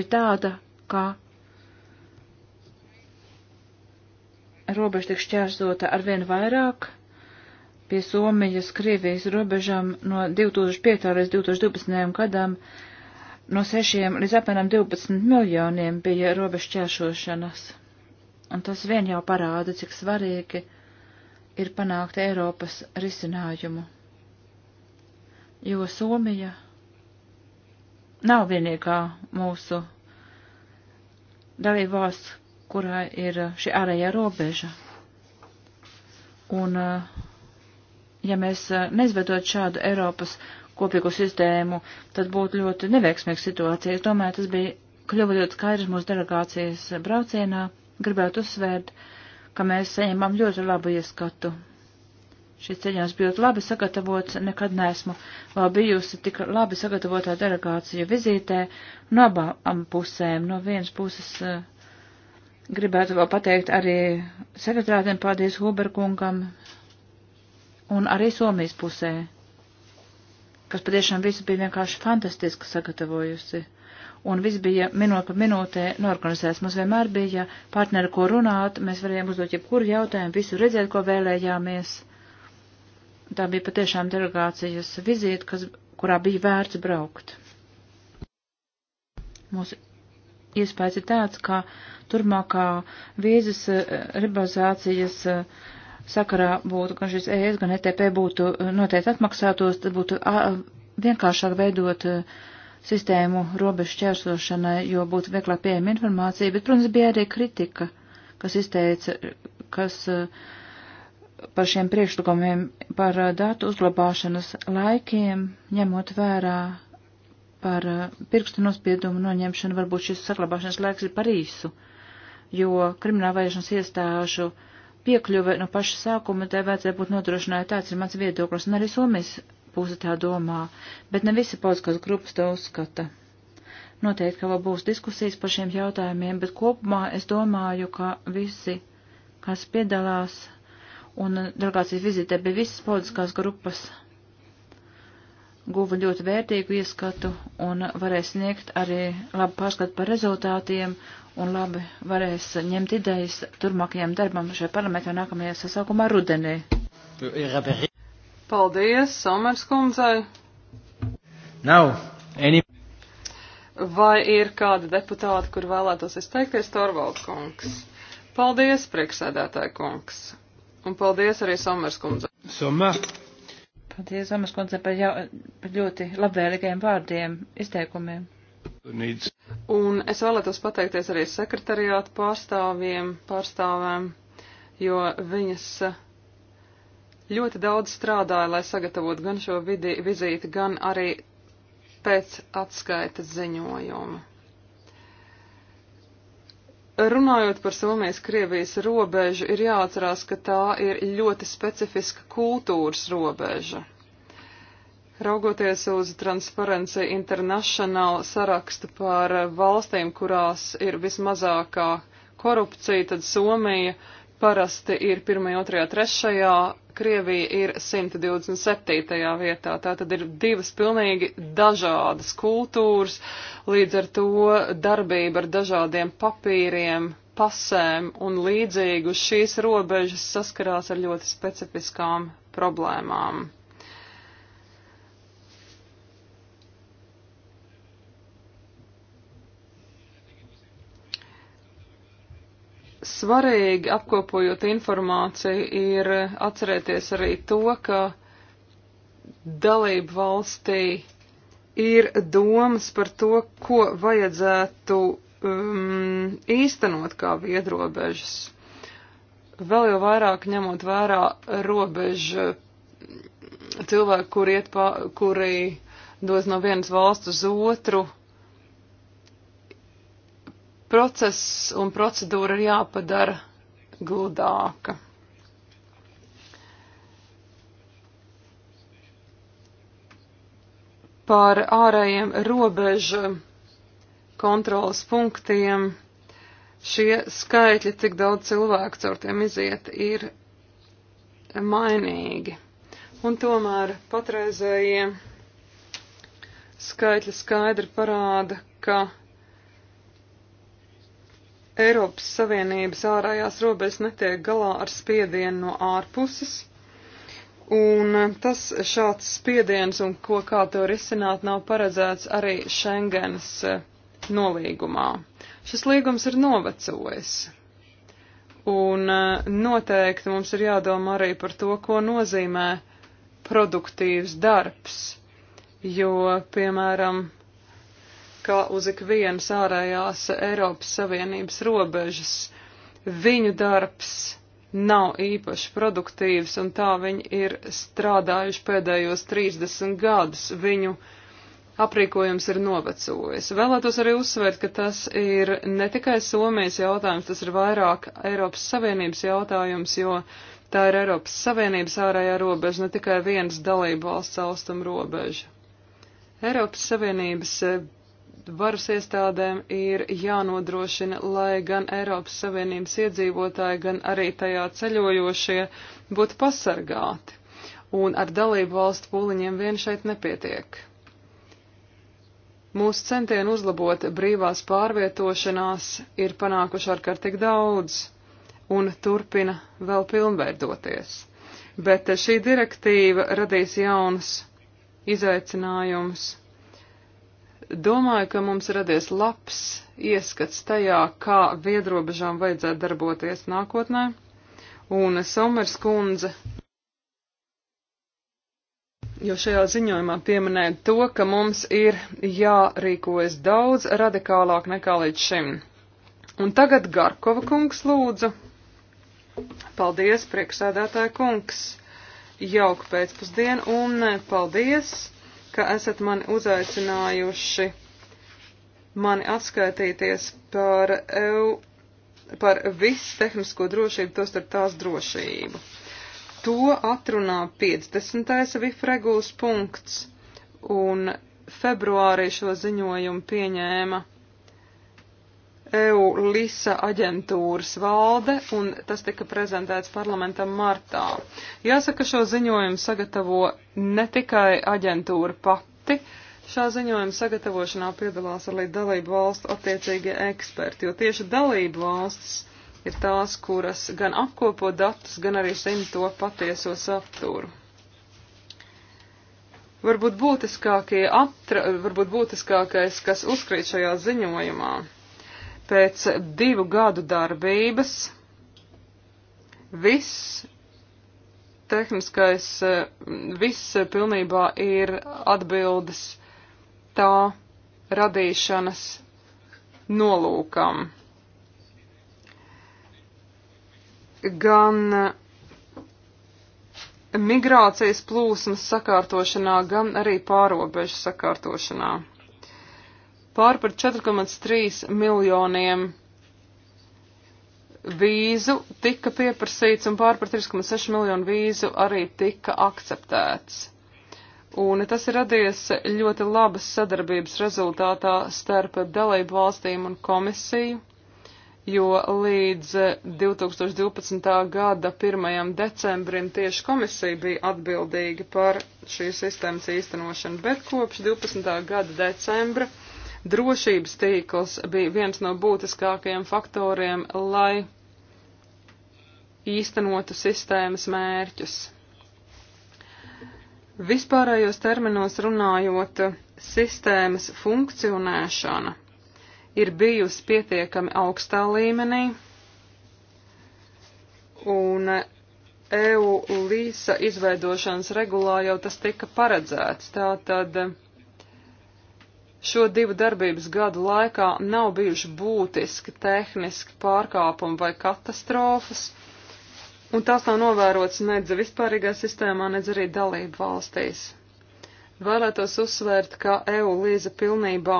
ir tāda, ka robeža tiek šķērsota ar vien vairāk pie Somijas, Krievijas robežām no 2005. līdz 2012. gadam no 6 līdz apmēram 12 miljoniem bija robeža šķēršošanas. Un tas vien jau parāda, cik svarīgi ir ir panākt Eiropas risinājumu, jo Somija nav vienīgā mūsu dalībvalsts, kurā ir šī ārējā robeža. Un, eh, ja mēs eh, neizvedot šādu Eiropas kopīgu sistēmu, tad būtu ļoti neveiksmīga situācija. Es domāju, tas bija kļuva ļoti skaidrs mūsu delegācijas braucienā. Gribētu uzsvērt, uh, ka mēs saņemam ļoti labu ieskatu. Šis ceļojums bija ļoti labi sagatavots, nekad neesmu vēl bijusi tik labi sagatavotā delegācija vizītē no abām pusēm. No vienas puses eh, gribētu vēl pateikt arī sekretāriem paldies Huberkungam un arī Somijas pusē, kas patiešām visu bija vienkārši fantastiski sagatavojusi un viss bija minūte pa minūtē norganizēts. Mums vienmēr bija partneri, ko runāt, mēs varējām uzdot jebkuru jautājumu, visu redzēt, ko vēlējāmies. Tā bija patiešām delegācijas vizīte, kas, kurā bija vērts braukt. Mūsu iespējas ir tāds, ka turmākā vīzas eh, liberalizācijas eh, sakarā būtu, gan šis ES, gan ETP būtu eh, noteikti atmaksātos, tad būtu vienkāršāk veidot uh, sistēmu robežu čērsošanai, jo būtu vieglāk pieejama informācija, bet, protams, bija arī kritika, kas izteica, kas eh, par šiem priekšlikumiem par eh, datu uzglabāšanas laikiem, ņemot vērā par eh, pirkstu nospiedumu noņemšanu, varbūt šis saglabāšanas laiks ir par īsu, jo kriminālvajāšanas iestāžu piekļuve no paša sākuma tai vajadzēja būt nodrošināja, tāds ir mans viedoklis, un arī Somijas puse tā domā, bet ne visi politiskās grupas to uzskata. Noteikti, ka vēl būs diskusijas par šiem jautājumiem, bet kopumā es domāju, ka visi, kas piedalās un delegācijas vizitē bija visas politiskās grupas, guva ļoti vērtīgu ieskatu un varēs sniegt arī labu pārskatu par rezultātiem un labi varēs ņemt idejas turmākajam darbam šajā parlamentā nākamajā sasaukumā rudenī. Paldies, Somers kundzei. Nav. Any... Vai ir kāda deputāta, kur vēlētos izteikties, Torvalds kungs? Paldies, priekšsēdētāja kungs. Un paldies arī Somers kundzei. Sommer. Paldies, Somers kundze, par, jau, par ļoti labvēlīgiem vārdiem, izteikumiem. Needs. Un es vēlētos pateikties arī sekretariātu pārstāvjiem, pārstāvēm, jo viņas ļoti daudz strādāja, lai sagatavotu gan šo vidi, vizīti, gan arī pēc atskaitas ziņojumu. Runājot par Somijas-Krievijas robežu, ir jāatcerās, ka tā ir ļoti specifiska kultūras robeža. Raugoties uz Transparency International sarakstu par valstīm, kurās ir vismazākā korupcija, tad Somija parasti ir 1, 2, 3. Krievija ir 127. vietā. Tā tad ir divas pilnīgi dažādas kultūras, līdz ar to darbība ar dažādiem papīriem, pasēm un līdzīgi uz šīs robežas saskarās ar ļoti specifiskām problēmām. svarīgi, apkopojot informāciju, ir atcerēties arī to, ka dalību valstī ir domas par to, ko vajadzētu um, īstenot kā viedrobežas. Vēl jau vairāk ņemot vērā robežu cilvēku, kur iet pa, kuri dodas no vienas valsts uz otru, process un procedūra ir jāpadara gludāka. Par ārējiem robežu kontrolas punktiem šie skaitļi, cik daudz cilvēku caur tiem iziet, ir mainīgi. Un tomēr patreizējie skaitļi skaidri parāda, ka Eiropas Savienības ārējās robežas netiek galā ar spiedienu no ārpuses. Un tas šāds spiediens un ko kā to risināt nav paredzēts arī Schengens eh, nolīgumā. Šis līgums ir novecojis. Un eh, noteikti mums ir jādomā arī par to, ko nozīmē produktīvs darbs. Jo, piemēram, ka uz ikvienas ārējās Eiropas Savienības robežas viņu darbs nav īpaši produktīvs, un tā viņi ir strādājuši pēdējos 30 gadus. Viņu aprīkojums ir novecojis. Vēlētos arī uzsvērt, ka tas ir ne tikai Somijas jautājums, tas ir vairāk Eiropas Savienības jautājums, jo tā ir Eiropas Savienības ārējā robeža, ne tikai vienas dalību valsts austrumu robeža. Eiropas Savienības varas iestādēm ir jānodrošina, lai gan Eiropas Savienības iedzīvotāji, gan arī tajā ceļojošie būtu pasargāti. Un ar dalību valstu pūliņiem vien šeit nepietiek. Mūsu centieni uzlabot brīvās pārvietošanās ir panākuši ārkārtīgi daudz un turpina vēl pilnveidoties. Bet šī direktīva radīs jaunas izaicinājumus Domāju, ka mums radies labs ieskats tajā, kā viedrobežām vajadzētu darboties nākotnē. Un Somers kundze, jo šajā ziņojumā pieminēja to, ka mums ir jārīkojas daudz radikālāk nekā līdz šim. Un tagad Garkova kungs lūdzu. Paldies, priekšsēdētāja kungs. Jauka pēcpusdiena un paldies ka esat mani uzaicinājuši mani atskaitīties par, EU, par visu tehnisko drošību, tostarp tās drošību. To atrunā 50. VIF regulas punkts, un februārī šo ziņojumu pieņēma EU Lisa aģentūras valde, un tas tika prezentēts parlamentam martā. Jāsaka, šo ziņojumu sagatavo ne tikai aģentūra pati, šā ziņojuma sagatavošanā piedalās arī dalību valstu attiecīgie eksperti, jo tieši dalību valstis ir tās, kuras gan apkopo datus, gan arī zina to patieso saturu. Varbūt būtiskākie atra, varbūt būtiskākais, kas uzkrīt šajā ziņojumā, Pēc divu gadu darbības viss tehniskais, viss pilnībā ir atbildes tā radīšanas nolūkam. Gan migrācijas plūsmas sakārtošanā, gan arī pārobežu sakārtošanā pār par 4,3 miljoniem vīzu tika pieprasīts un pār par 3,6 miljonu vīzu arī tika akceptēts. Un tas ir radies ļoti labas sadarbības rezultātā starp dalību valstīm un komisiju, jo līdz 2012. gada 1. decembrim tieši komisija bija atbildīga par šīs sistēmas īstenošanu, bet kopš 12. gada decembra drošības tīkls bija viens no būtiskākajiem faktoriem, lai īstenotu sistēmas mērķus. Vispārējos terminos runājot, sistēmas funkcionēšana ir bijusi pietiekami augstā līmenī, un EU līsa izveidošanas regulā jau tas tika paredzēts. Tātad šo divu darbības gadu laikā nav bijuši būtiski tehniski pārkāpumi vai katastrofas, un tās nav novērots nedz vispārīgā sistēmā, nedz arī dalību valstīs. Vēlētos uzsvērt, ka EU līza pilnībā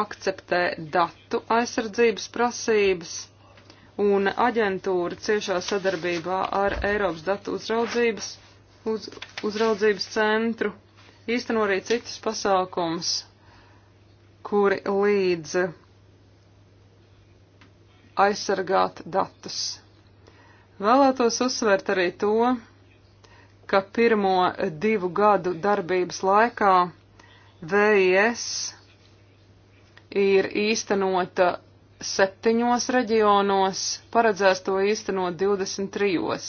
akceptē datu aizsardzības prasības, un aģentūra ciešā sadarbībā ar Eiropas datu uzraudzības, uz, uzraudzības centru īsteno arī citus pasākumus, kuri līdz aizsargāt datus. Vēlētos uzsvērt arī to, ka pirmo divu gadu darbības laikā VIS ir īstenota septiņos reģionos, paredzēs to īstenot 23.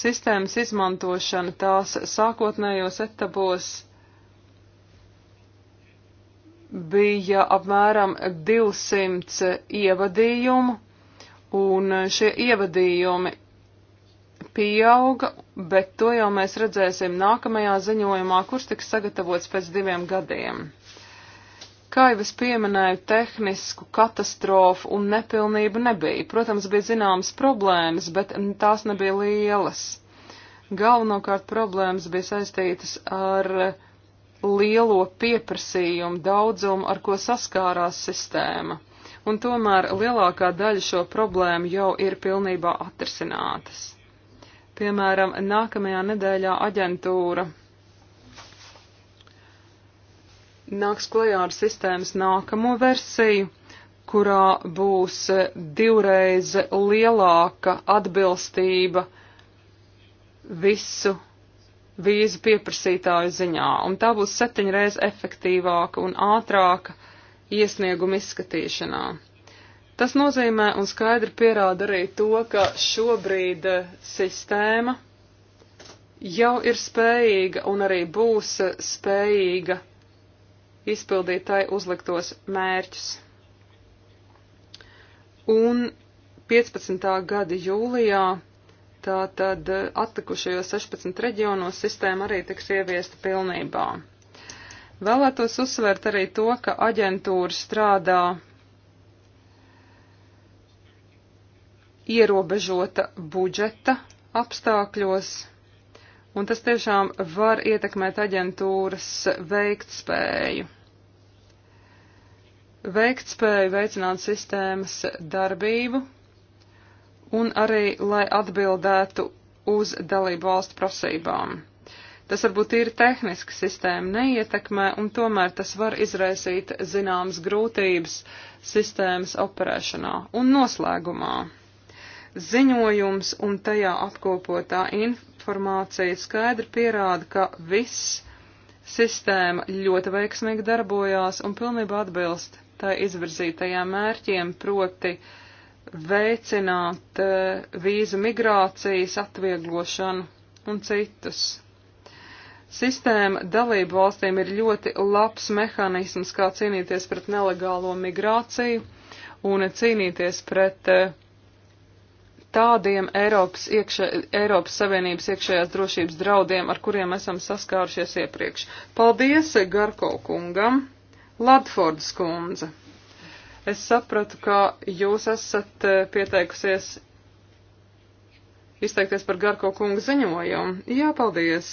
Sistēmas izmantošana tās sākotnējos etapos bija apmēram 200 ievadījumu, un šie ievadījumi pieauga, bet to jau mēs redzēsim nākamajā ziņojumā, kurš tiks sagatavots pēc diviem gadiem. Kā jau es pieminēju, tehnisku katastrofu un nepilnību nebija. Protams, bija zināmas problēmas, bet tās nebija lielas. Galvenokārt problēmas bija saistītas ar uh, lielo pieprasījumu daudzumu, ar ko saskārās sistēma. Un tomēr lielākā daļa šo problēmu jau ir pilnībā atrisinātas. Piemēram, nākamajā nedēļā aģentūra nāks klajā ar sistēmas nākamo versiju, kurā būs divreiz lielāka atbilstība visu vīzu pieprasītāju ziņā, un tā būs septiņreiz efektīvāka un ātrāka iesnieguma izskatīšanā. Tas nozīmē un skaidri pierāda arī to, ka šobrīd eh, sistēma jau ir spējīga un arī būs eh, spējīga izpildīt tai uzliktos mērķus. Un 15. gada jūlijā Tātad eh, atlikušajos 16 reģionos sistēma arī tiks ieviesta pilnībā. Vēlētos uzsvērt arī to, ka aģentūra strādā ierobežota budžeta apstākļos, un tas tiešām var ietekmēt aģentūras veiktspēju. Veiktspēju veicināt sistēmas darbību un arī, lai atbildētu uz dalību valstu prasībām. Tas varbūt ir tehniski sistēma neietekmē, un tomēr tas var izraisīt zināmas grūtības sistēmas operēšanā un noslēgumā. Ziņojums un tajā apkopotā informācija skaidri pierāda, ka viss sistēma ļoti veiksmīgi darbojās un pilnībā atbilst tā izvirzītajām mērķiem, proti uh, veicināt eh, vīzu migrācijas atvieglošanu un citus. Sistēma dalību valstīm ir ļoti labs mehānisms, kā cīnīties pret nelegālo migrāciju un cīnīties pret eh, tādiem Eiropas, iekšē, Eiropas Savienības iekšējās drošības draudiem, ar kuriem esam saskārušies iepriekš. Paldies Garko kungam, Ladfordas kundze. Es sapratu, ka jūs esat eh, pieteikusies izteikties par Garko kungu ziņojumu. Jā, paldies.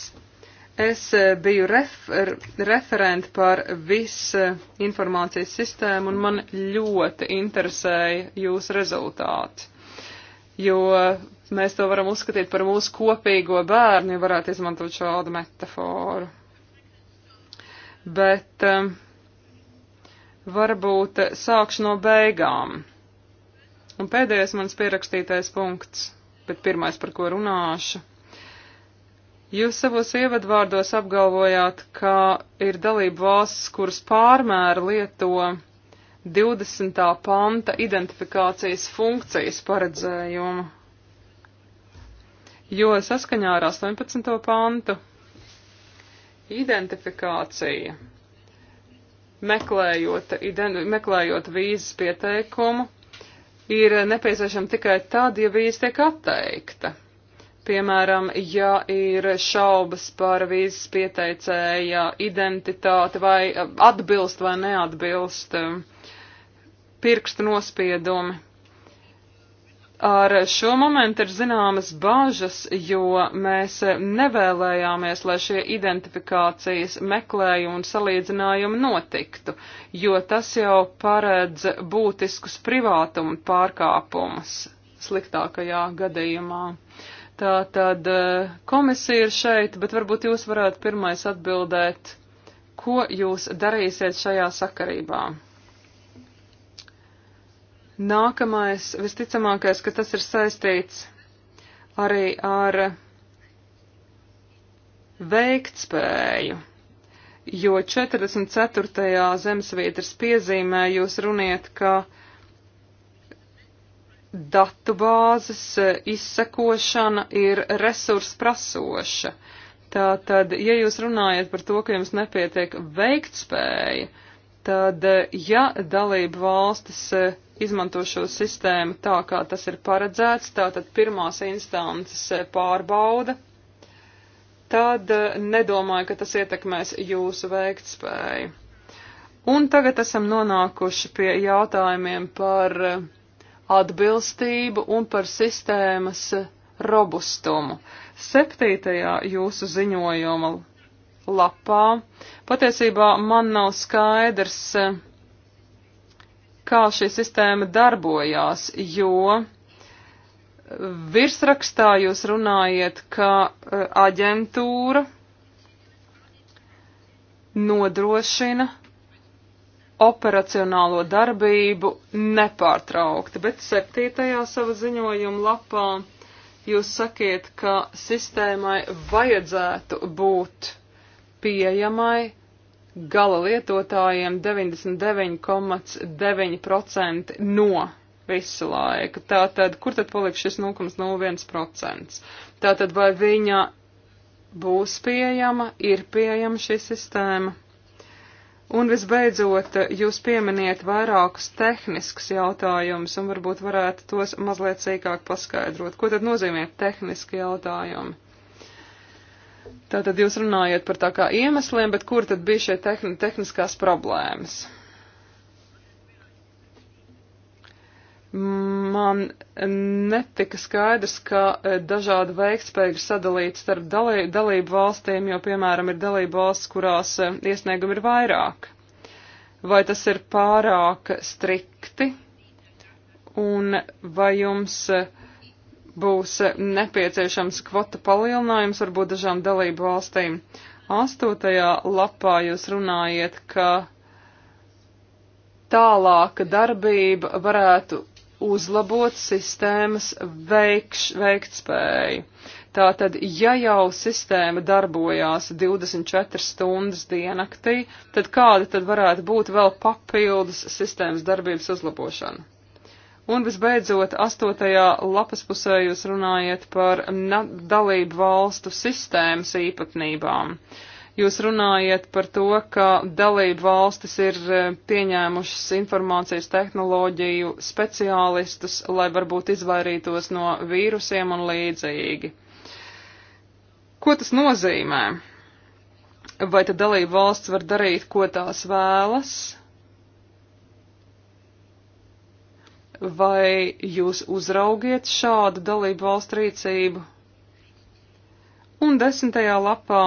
Es eh, biju refer, referenti par visu eh, informācijas sistēmu un man ļoti interesēja jūsu rezultāti. Jo mēs to varam uzskatīt par mūsu kopīgo bērnu, ja varētu izmantot šādu metaforu. Bet um, varbūt eh, sākšu no beigām. Un pēdējais mans pierakstītais punkts, bet pirmais, par ko runāšu. Jūs savos ievadvārdos apgalvojāt, ka ir dalību valsts, kuras pārmēra lieto 20. panta identifikācijas funkcijas paredzējumu, jo saskaņā ar 18. pantu identifikācija meklējot, ident, meklējot vīzas pieteikumu, ir nepieciešama tikai tad, ja vīza tiek atteikta. Piemēram, ja ir šaubas par vīzas pieteicēja identitāti vai atbilst vai neatbilst um, pirkstu nospiedumi. Ar šo momentu ir zināmas bažas, jo mēs nevēlējāmies, lai šie identifikācijas meklējumi un salīdzinājumi notiktu, jo tas jau paredz būtiskus privātumu pārkāpumus sliktākajā gadījumā. Tā tad eh, komisija ir šeit, bet varbūt jūs varētu pirmais atbildēt, ko jūs darīsiet šajā sakarībā. Nākamais, visticamākais, ka tas ir saistīts arī ar veiktspēju, jo 44. zemesvietas piezīmē jūs runiet, ka datubāzes izsekošana ir resursu prasoša. Tātad, ja jūs runājat par to, ka jums nepietiek veiktspēja, tad, ja dalību valstis izmanto šo sistēmu tā, kā tas ir paredzēts, tātad pirmās instances eh, pārbauda, tad eh, nedomāju, ka tas ietekmēs jūsu veiktspēju. Un tagad esam nonākuši pie jautājumiem par eh, atbilstību un par sistēmas robustumu. Septītajā jūsu ziņojuma lapā patiesībā man nav skaidrs, kā šī sistēma darbojās, jo virsrakstā jūs runājat, ka e, aģentūra nodrošina operacionālo darbību nepārtraukti, bet septītajā sava ziņojuma lapā jūs sakiet, ka sistēmai vajadzētu būt pieejamai gala lietotājiem 99,9% no visu laiku. Tātad, kur tad paliks šis 0,01%? Tātad, vai viņa būs pieejama, ir pieejama šī sistēma? Un visbeidzot, jūs pieminiet vairākus tehniskus jautājumus un varbūt varētu tos mazliet sīkāk paskaidrot. Ko tad nozīmē tehniski jautājumi? Tātad jūs runājat par tā kā iemesliem, bet kur tad bija šie tehn tehniskās problēmas? Man netika skaidrs, ka e, dažādi veiktspēju sadalīts starp dalī, dalību valstīm, jo, piemēram, ir dalību valsts, kurās e, iesniegumi ir vairāk. Vai tas ir pārāk strikti? Un vai jums uh, būs nepieciešams kvota palielinājums varbūt dažām dalību valstīm. Astotajā lapā jūs runājiet, ka tālāka darbība varētu uzlabot sistēmas veikš, veiktspēju. Tātad, ja jau sistēma darbojās 24 stundas dienaktī, tad kāda tad varētu būt vēl papildus sistēmas darbības uzlabošana? Un visbeidzot, astotajā lapas pusē jūs runājat par dalību valstu sistēmas īpatnībām. Jūs runājat par to, ka dalību valstis ir e, pieņēmušas informācijas tehnoloģiju speciālistus, lai varbūt izvairītos no vīrusiem un līdzīgi. Ko tas nozīmē? Vai tad dalību valsts var darīt, ko tās vēlas, Vai jūs uzraugiet šādu dalību valstu rīcību? Un desmitajā lapā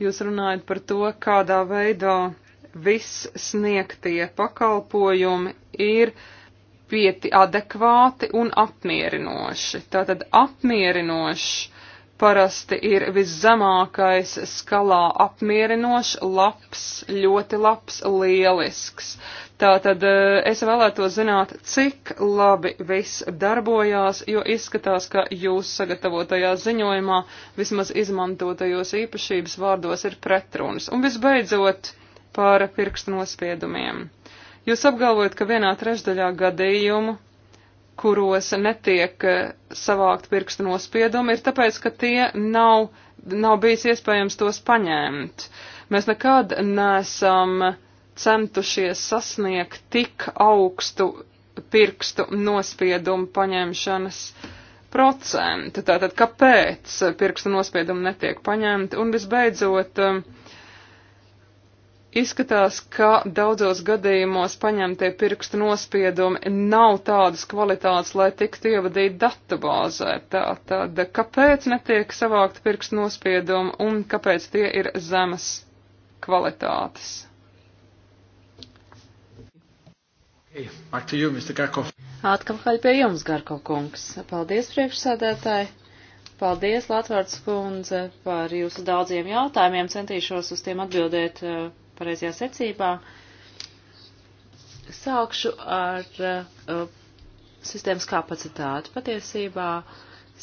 jūs runājat par to, kādā veidā viss sniegtie pakalpojumi ir pieti adekvāti un apmierinoši. Tātad apmierinošs parasti ir viszemākais skalā apmierinošs, labs, ļoti labs, lielisks. Tātad eh, es vēlētos zināt, cik labi viss darbojās, jo izskatās, ka jūs sagatavotajā ziņojumā vismaz izmantotajos īpašības vārdos ir pretrunas. Un visbeidzot par pirkstu nospiedumiem. Jūs apgalvojat, ka vienā trešdaļā gadījumu, kuros netiek eh, savākt pirkstu nospiedumi, ir tāpēc, ka tie nav, nav bijis iespējams tos paņemt. Mēs nekad nesam. Uh, centušies sasniegt tik augstu pirkstu nospiedumu paņemšanas procentu. Tātad, kāpēc pirkstu nospiedumi netiek paņemti? Un visbeidzot, um, izskatās, ka daudzos gadījumos paņemtie pirkstu nospiedumi nav tādas kvalitātes, lai tiktu ievadīti datubāzē. Tātad, kāpēc netiek savākt pirkstu nospiedumi un kāpēc tie ir zemes kvalitātes? You, Atkamkaļ pie jums, Garko kungs. Paldies, priekšsēdētāji. Paldies, Latvārds kundze, par jūsu daudziem jautājumiem. Centīšos uz tiem atbildēt uh, pareizajā secībā. Sākšu ar uh, sistēmas kapacitāti. Patiesībā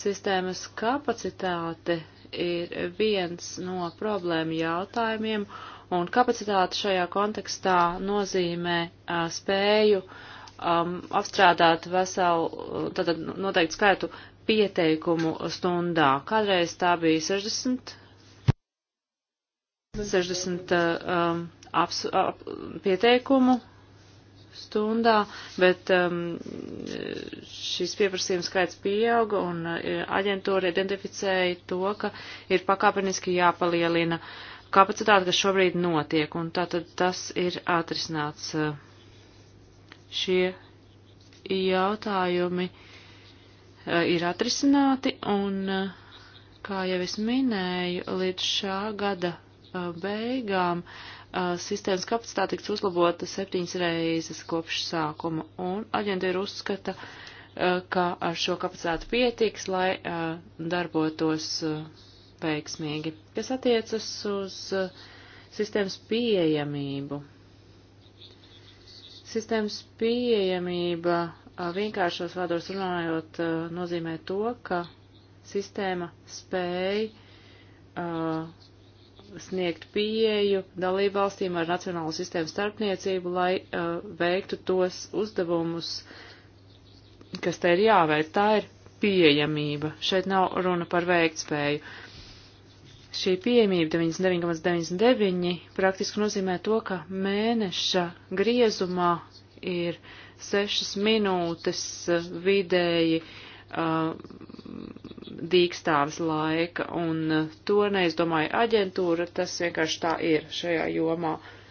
sistēmas kapacitāte ir viens no problēma jautājumiem, Un kapacitāte šajā kontekstā nozīmē uh, spēju um, apstrādāt veselu, tātad noteikti skaitu pieteikumu stundā. Kādreiz tā bija 60, 60 um, aps, ap, pieteikumu stundā, bet um, šis pieprasījums skaits pieauga un uh, aģentūra identificēja to, ka ir pakāpeniski jāpalielina uh, kapacitāti, kas šobrīd notiek, un tātad tas ir atrisināts šie jautājumi e, ir atrisināti, un, e, kā jau es minēju, līdz šā gada e, beigām sistēmas kapacitāte tiks uzlabota septiņas reizes kopš sākuma, un aģentūra uzskata, ka ar šo kapacitāti pietiks, lai darbotos veiksmīgi. Kas attiecas uz uh, sistēmas pieejamību? Sistēmas pieejamība uh, vienkāršos vārdos runājot uh, nozīmē to, ka sistēma spēj uh, sniegt pieeju dalību valstīm ar nacionālu sistēmu starpniecību, lai uh, veiktu tos uzdevumus, kas te ir jāveic. Tā ir pieejamība. Šeit nav runa par veiktspēju. Šī pieejamība 99,99 praktiski nozīmē to, ka mēneša griezumā ir 6 minūtes eh, vidēji uh, dīkstāves laika, un eh, to neizdomāja aģentūra, tas vienkārši tā ir šajā jomā. Uh,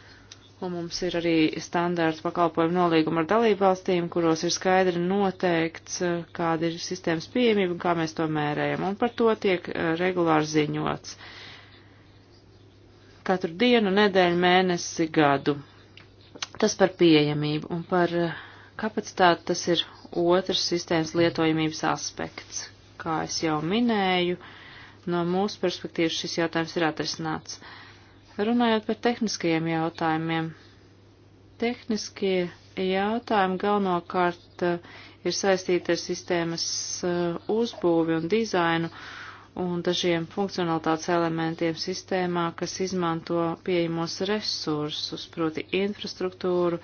Un mums ir arī standārts pakalpojumu nolīguma ar dalību valstīm, kuros ir skaidri noteikts, eh, kāda ir sistēmas pieejamība un kā mēs to mērējam. Un par to tiek eh, regulāri ziņots. Katru dienu, nedēļu, mēnesi, gadu. Tas par pieejamību un par eh, kapacitāti tas ir otrs sistēmas lietojamības aspekts. Kā es jau minēju, no mūsu perspektīvas šis jautājums ir atrisināts. Uh, Runājot par tehniskajiem jautājumiem. Tehniskie jautājumi galvenokārt eh, ir saistīti ar sistēmas eh, uzbūvi un dizainu un dažiem funkcionalitātes elementiem sistēmā, kas izmanto pieejamos resursus, proti infrastruktūru,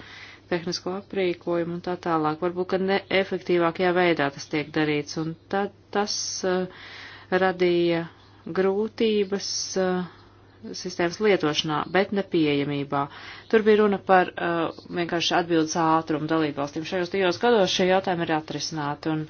tehnisko aprīkojumu un tā tālāk. Varbūt, ka neefektīvākajā veidā tas tiek darīts, un tad tas uh, radīja grūtības uh, sistēmas lietošanā, bet nepieejamībā. Tur bija runa par uh, vienkārši atbildes ātrumu dalībvalstīm. Šajos divos gados šie jautājumi ir atrisināti, un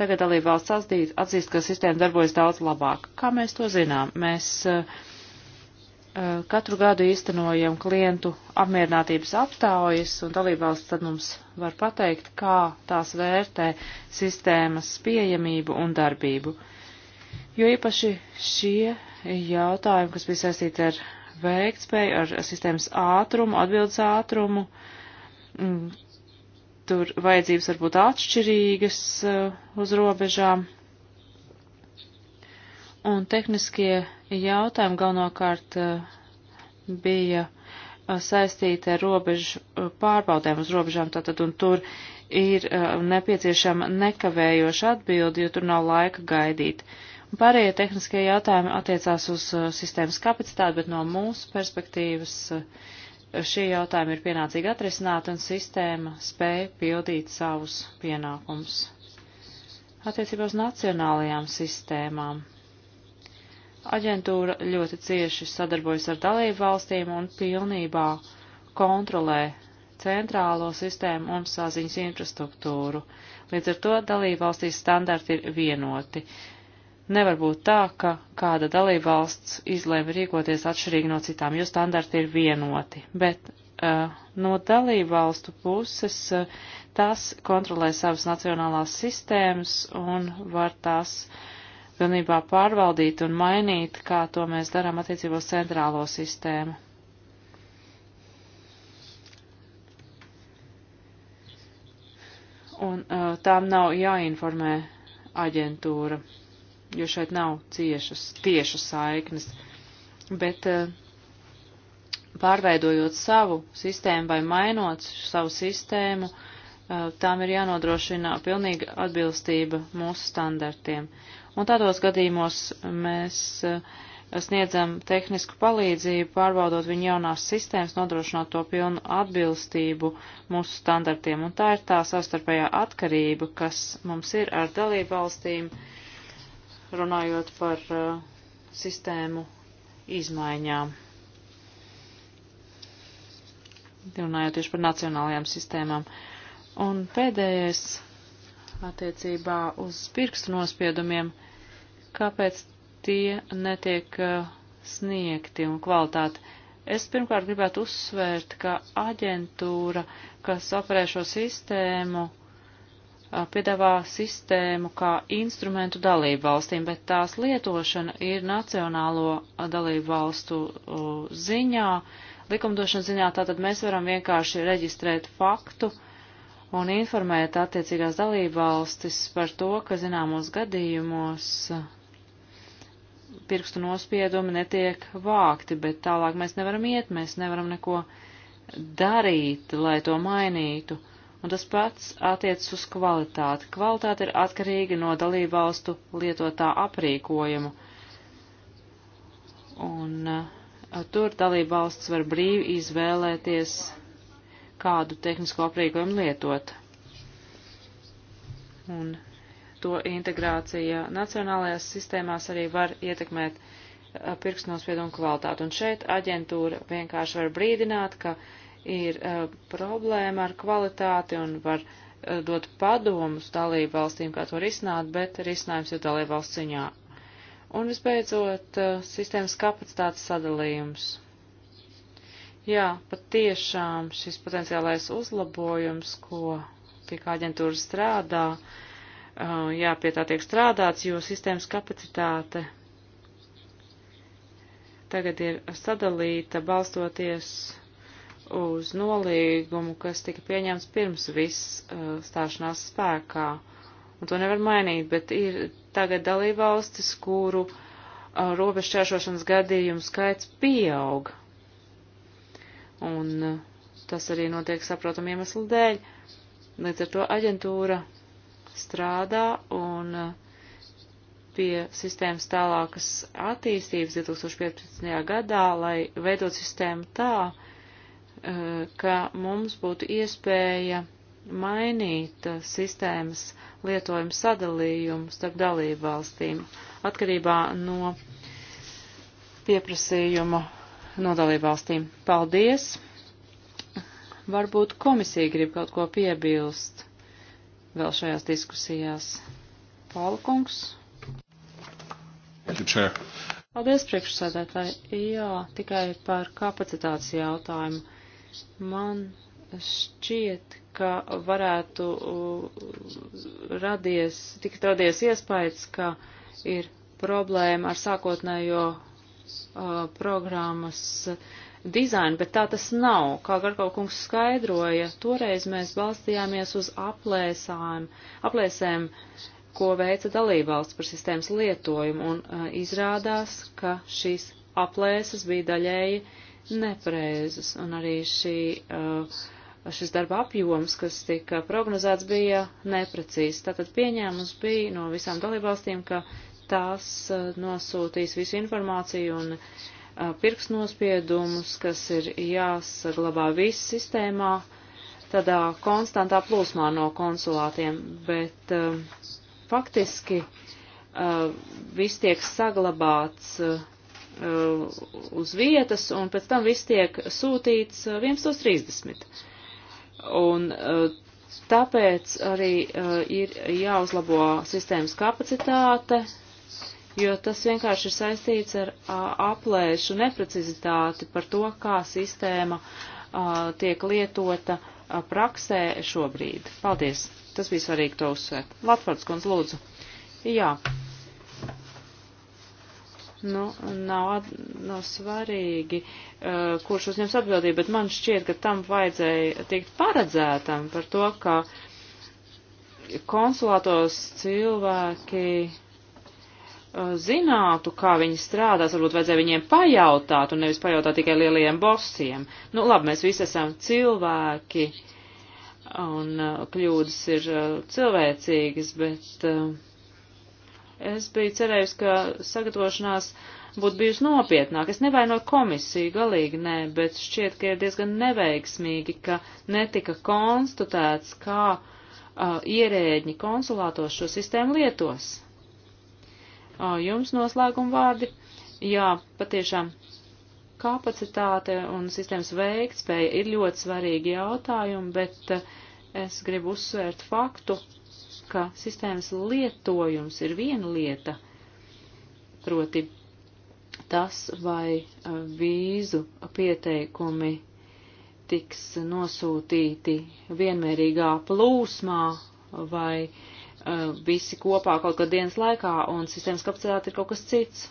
tagad dalībvalsts atzīst, atzīst, ka sistēma darbojas daudz labāk. Kā mēs to zinām? Mēs uh, uh, katru gadu īstenojam klientu apmierinātības aptaujas, un dalībvalsts tad mums var pateikt, kā tās vērtē sistēmas pieejamību un darbību. Jo īpaši šie jautājumu, kas bija saistīti ar veiktspēju, ar sistēmas ātrumu, atbildes ātrumu. Mm, tur vajadzības var būt atšķirīgas eh, uz robežām. Un tehniskie jautājumi galvenokārt eh, bija eh, saistīti ar robežu pārbaudēm uz robežām, tātad un tur ir nepieciešama nekavējoša atbildi, jo tur nav laika gaidīt. Uh, Pārējie tehniskie jautājumi attiecās uz uh, sistēmas kapacitāti, bet no mūsu perspektīvas uh, šie jautājumi ir pienācīgi atrisināti un sistēma spēja pildīt savus pienākumus. Attiecībā uz nacionālajām sistēmām. Aģentūra ļoti cieši sadarbojas ar dalību valstīm un pilnībā kontrolē centrālo sistēmu un saziņas infrastruktūru. Līdz ar to dalību valstīs standarti ir vienoti. Nevar būt tā, ka kāda dalībvalsts izlēma rīkoties atšķirīgi no citām, jo standarti ir vienoti, bet uh, no dalībvalstu puses uh, tās kontrolē savas nacionālās sistēmas un var tās pilnībā pārvaldīt un mainīt, kā to mēs darām attiecībos centrālo sistēmu. Un uh, tām nav jāinformē aģentūra jo šeit nav ciešas, tiešas saiknes. Bet eh, pārveidojot savu sistēmu vai mainot savu sistēmu, eh, tām ir jānodrošina pilnīga atbilstība mūsu standartiem. Un tādos gadījumos mēs eh, sniedzam tehnisku palīdzību, pārbaudot viņu jaunās sistēmas, nodrošinot to pilnu atbilstību mūsu standartiem. Un tā ir tā savstarpējā atkarība, kas mums ir ar dalību valstīm. Uh, runājot par uh, sistēmu izmaiņām. Runājot tieši par nacionālajām sistēmām. Un pēdējais attiecībā uz pirkstu nospiedumiem, kāpēc tie netiek uh, sniegti un kvalitāti. Es pirmkārt gribētu uzsvērt, ka aģentūra, kas operē šo sistēmu, uh, piedāvā sistēmu kā instrumentu dalību valstīm, bet tās lietošana ir nacionālo dalību valstu ziņā, likumdošanas ziņā, tātad mēs varam vienkārši reģistrēt faktu un informēt attiecīgās dalību valstis par to, ka zināmos gadījumos pirkstu nospiedumi netiek vākti, bet tālāk mēs nevaram iet, mēs nevaram neko darīt, lai to mainītu. Uh, un tas pats attiecas uz kvalitāti. Kvalitāte ir atkarīga no dalībvalstu lietotā aprīkojuma, un uh, tur dalībvalsts var brīvi izvēlēties, kādu tehnisko aprīkojumu lietot. Un to integrācija nacionālajās sistēmās arī var ietekmēt eh, pirkstnospiedumu kvalitāti. Un šeit aģentūra vienkārši var brīdināt, ka uh, ir uh, problēma ar kvalitāti un var uh, dot padomus dalību valstīm, kā to risināt, bet risinājums ir dalību valsts ziņā. Un visbeidzot, uh, sistēmas kapacitātes sadalījums. Jā, pat tiešām šis potenciālais uzlabojums, ko pie kā aģentūra strādā, jā, pie tā tiek strādāts, jo sistēmas kapacitāte tagad ir sadalīta balstoties uz nolīgumu, kas tika pieņemts pirms viss uh, stāšanās spēkā. Un to nevar mainīt, bet ir tagad dalībvalstis, kuru uh, robežšķēršošanas gadījumu skaits pieaug. Un uh, tas arī notiek saprotam iemeslu dēļ. Līdz ar to aģentūra strādā un uh, pie sistēmas tālākas attīstības 2015. gadā, lai veidot sistēmu tā, uh, Eh, ka mums būtu iespēja mainīt eh, sistēmas lietojumu sadalījumu starp dalību valstīm atkarībā no pieprasījumu no dalību valstīm. Paldies! Varbūt komisija grib kaut ko piebilst vēl šajās diskusijās. Paula kungs. Paldies, priekšsēdētāji. Jā, tikai par kapacitātes jautājumu. Man šķiet, ka varētu uh, radies, tikt radies iespējas, ka ir problēma ar sākotnējo uh, programmas dizainu, bet tā tas nav. Kā Garkau kungs skaidroja, toreiz mēs balstījāmies uz aplēsām, aplēsēm, ko veica dalībvalsts par sistēmas lietojumu, un uh, izrādās, ka šīs aplēses bija daļēji uh, nepareizas, un arī šī, uh, šis darba apjoms, kas tika prognozēts, bija neprecīzs. Tātad pieņēmums bija no visām dalībvalstīm, ka tās uh, nosūtīs visu informāciju un uh, pirksnospiedumus, kas ir jāsaglabā viss sistēmā, tādā konstantā plūsmā no konsulātiem, bet uh, faktiski uh, viss tiek saglabāts uh, Uh, uz vietas, un pēc tam viss tiek sūtīts 11.30. Uh, un uh, tāpēc arī ir jāuzlabo sistēmas kapacitāte, jo tas vienkārši ir saistīts ar aplēšu neprecizitāti par to, kā sistēma tiek lietota praksē šobrīd. Paldies! Tas bija svarīgi to uzsvērt. Latvārds kundz, lūdzu. Jā nu, nav, nav svarīgi, uh, kurš uzņems atbildību, bet man šķiet, ka tam vajadzēja tikt paredzētam par to, ka konsulātos cilvēki uh, zinātu, kā viņi strādās, varbūt vajadzēja viņiem pajautāt un nevis pajautāt tikai lielajiem bosiem. Nu, labi, mēs visi esam cilvēki un uh, kļūdas ir cilvēcīgas, bet Es biju cerējusi, ka sagatavošanās būtu bijusi nopietnāk. Es nevainoju komisiju, galīgi nē, bet šķiet, ka ir diezgan neveiksmīgi, ka netika konstatēts, kā uh, ierēģi konsulātos šo sistēmu lietos. Uh, jums noslēguma vārdi? Jā, patiešām kapacitāte un sistēmas veiktspēja ir ļoti svarīgi jautājumi, bet es gribu uzsvērt faktu, ka sistēmas lietojums ir viena lieta, proti tas, vai vīzu pieteikumi tiks nosūtīti vienmērīgā plūsmā vai visi kopā kaut kad dienas laikā, un sistēmas kapacitāte ir kaut kas cits.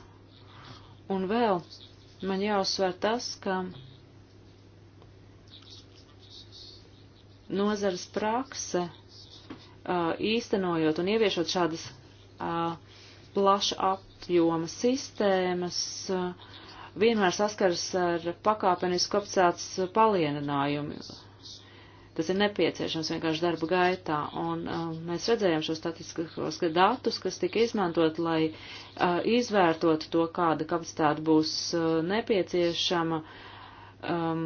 Un vēl man jāuzsver tas, ka nozares prakse Uh, īstenojot un ieviešot šādas uh, plaša apjoma sistēmas, uh, vienmēr saskaras ar pakāpenisku kapacitātes palieninājumu. Tas ir nepieciešams vienkārši darba gaitā, un uh, mēs redzējām šo statistiskos datus, kas tika izmantot, lai uh, izvērtotu to, kāda kapacitāte būs uh, nepieciešama uh, um,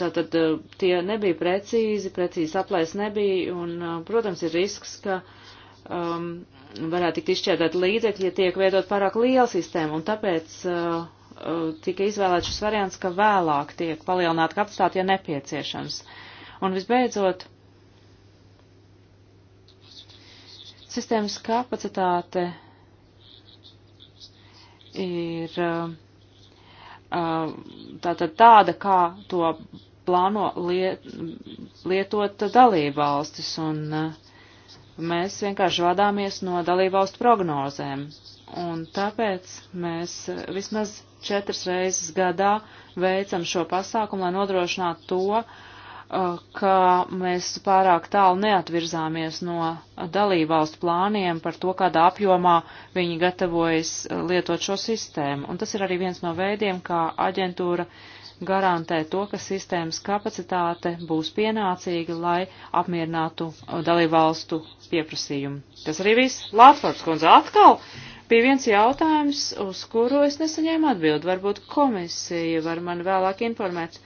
tātad uh, tie nebija precīzi, precīzi aplēs nebija, un, uh, protams, ir risks, ka um, varētu tikt izšķērdēt līdzekļi, ja tiek veidot pārāk liela sistēma, un tāpēc uh, uh, tika izvēlēts šis variants, ka vēlāk tiek palielināta kapacitāte, ja nepieciešams. Un visbeidzot, sistēmas kapacitāte ir. Uh, Um, tātad tāda, kā to plāno liet, lietot dalībvalstis, un uh, mēs vienkārši vadāmies no dalībvalstu prognozēm. Un tāpēc mēs uh, vismaz četras reizes gadā veicam šo pasākumu, lai nodrošinātu to, ka mēs pārāk tālu neatvirzāmies no dalībvalstu plāniem par to, kādā apjomā viņi gatavojas eh, lietot šo sistēmu. Un tas ir arī viens no veidiem, kā aģentūra garantē to, ka sistēmas kapacitāte būs pienācīga, lai apmierinātu eh, dalībvalstu pieprasījumu. Tas arī viss. Latvārds kundze atkal bija viens jautājums, uz kuru es nesaņēmu atbildi. Varbūt komisija var man vēlāk informēt.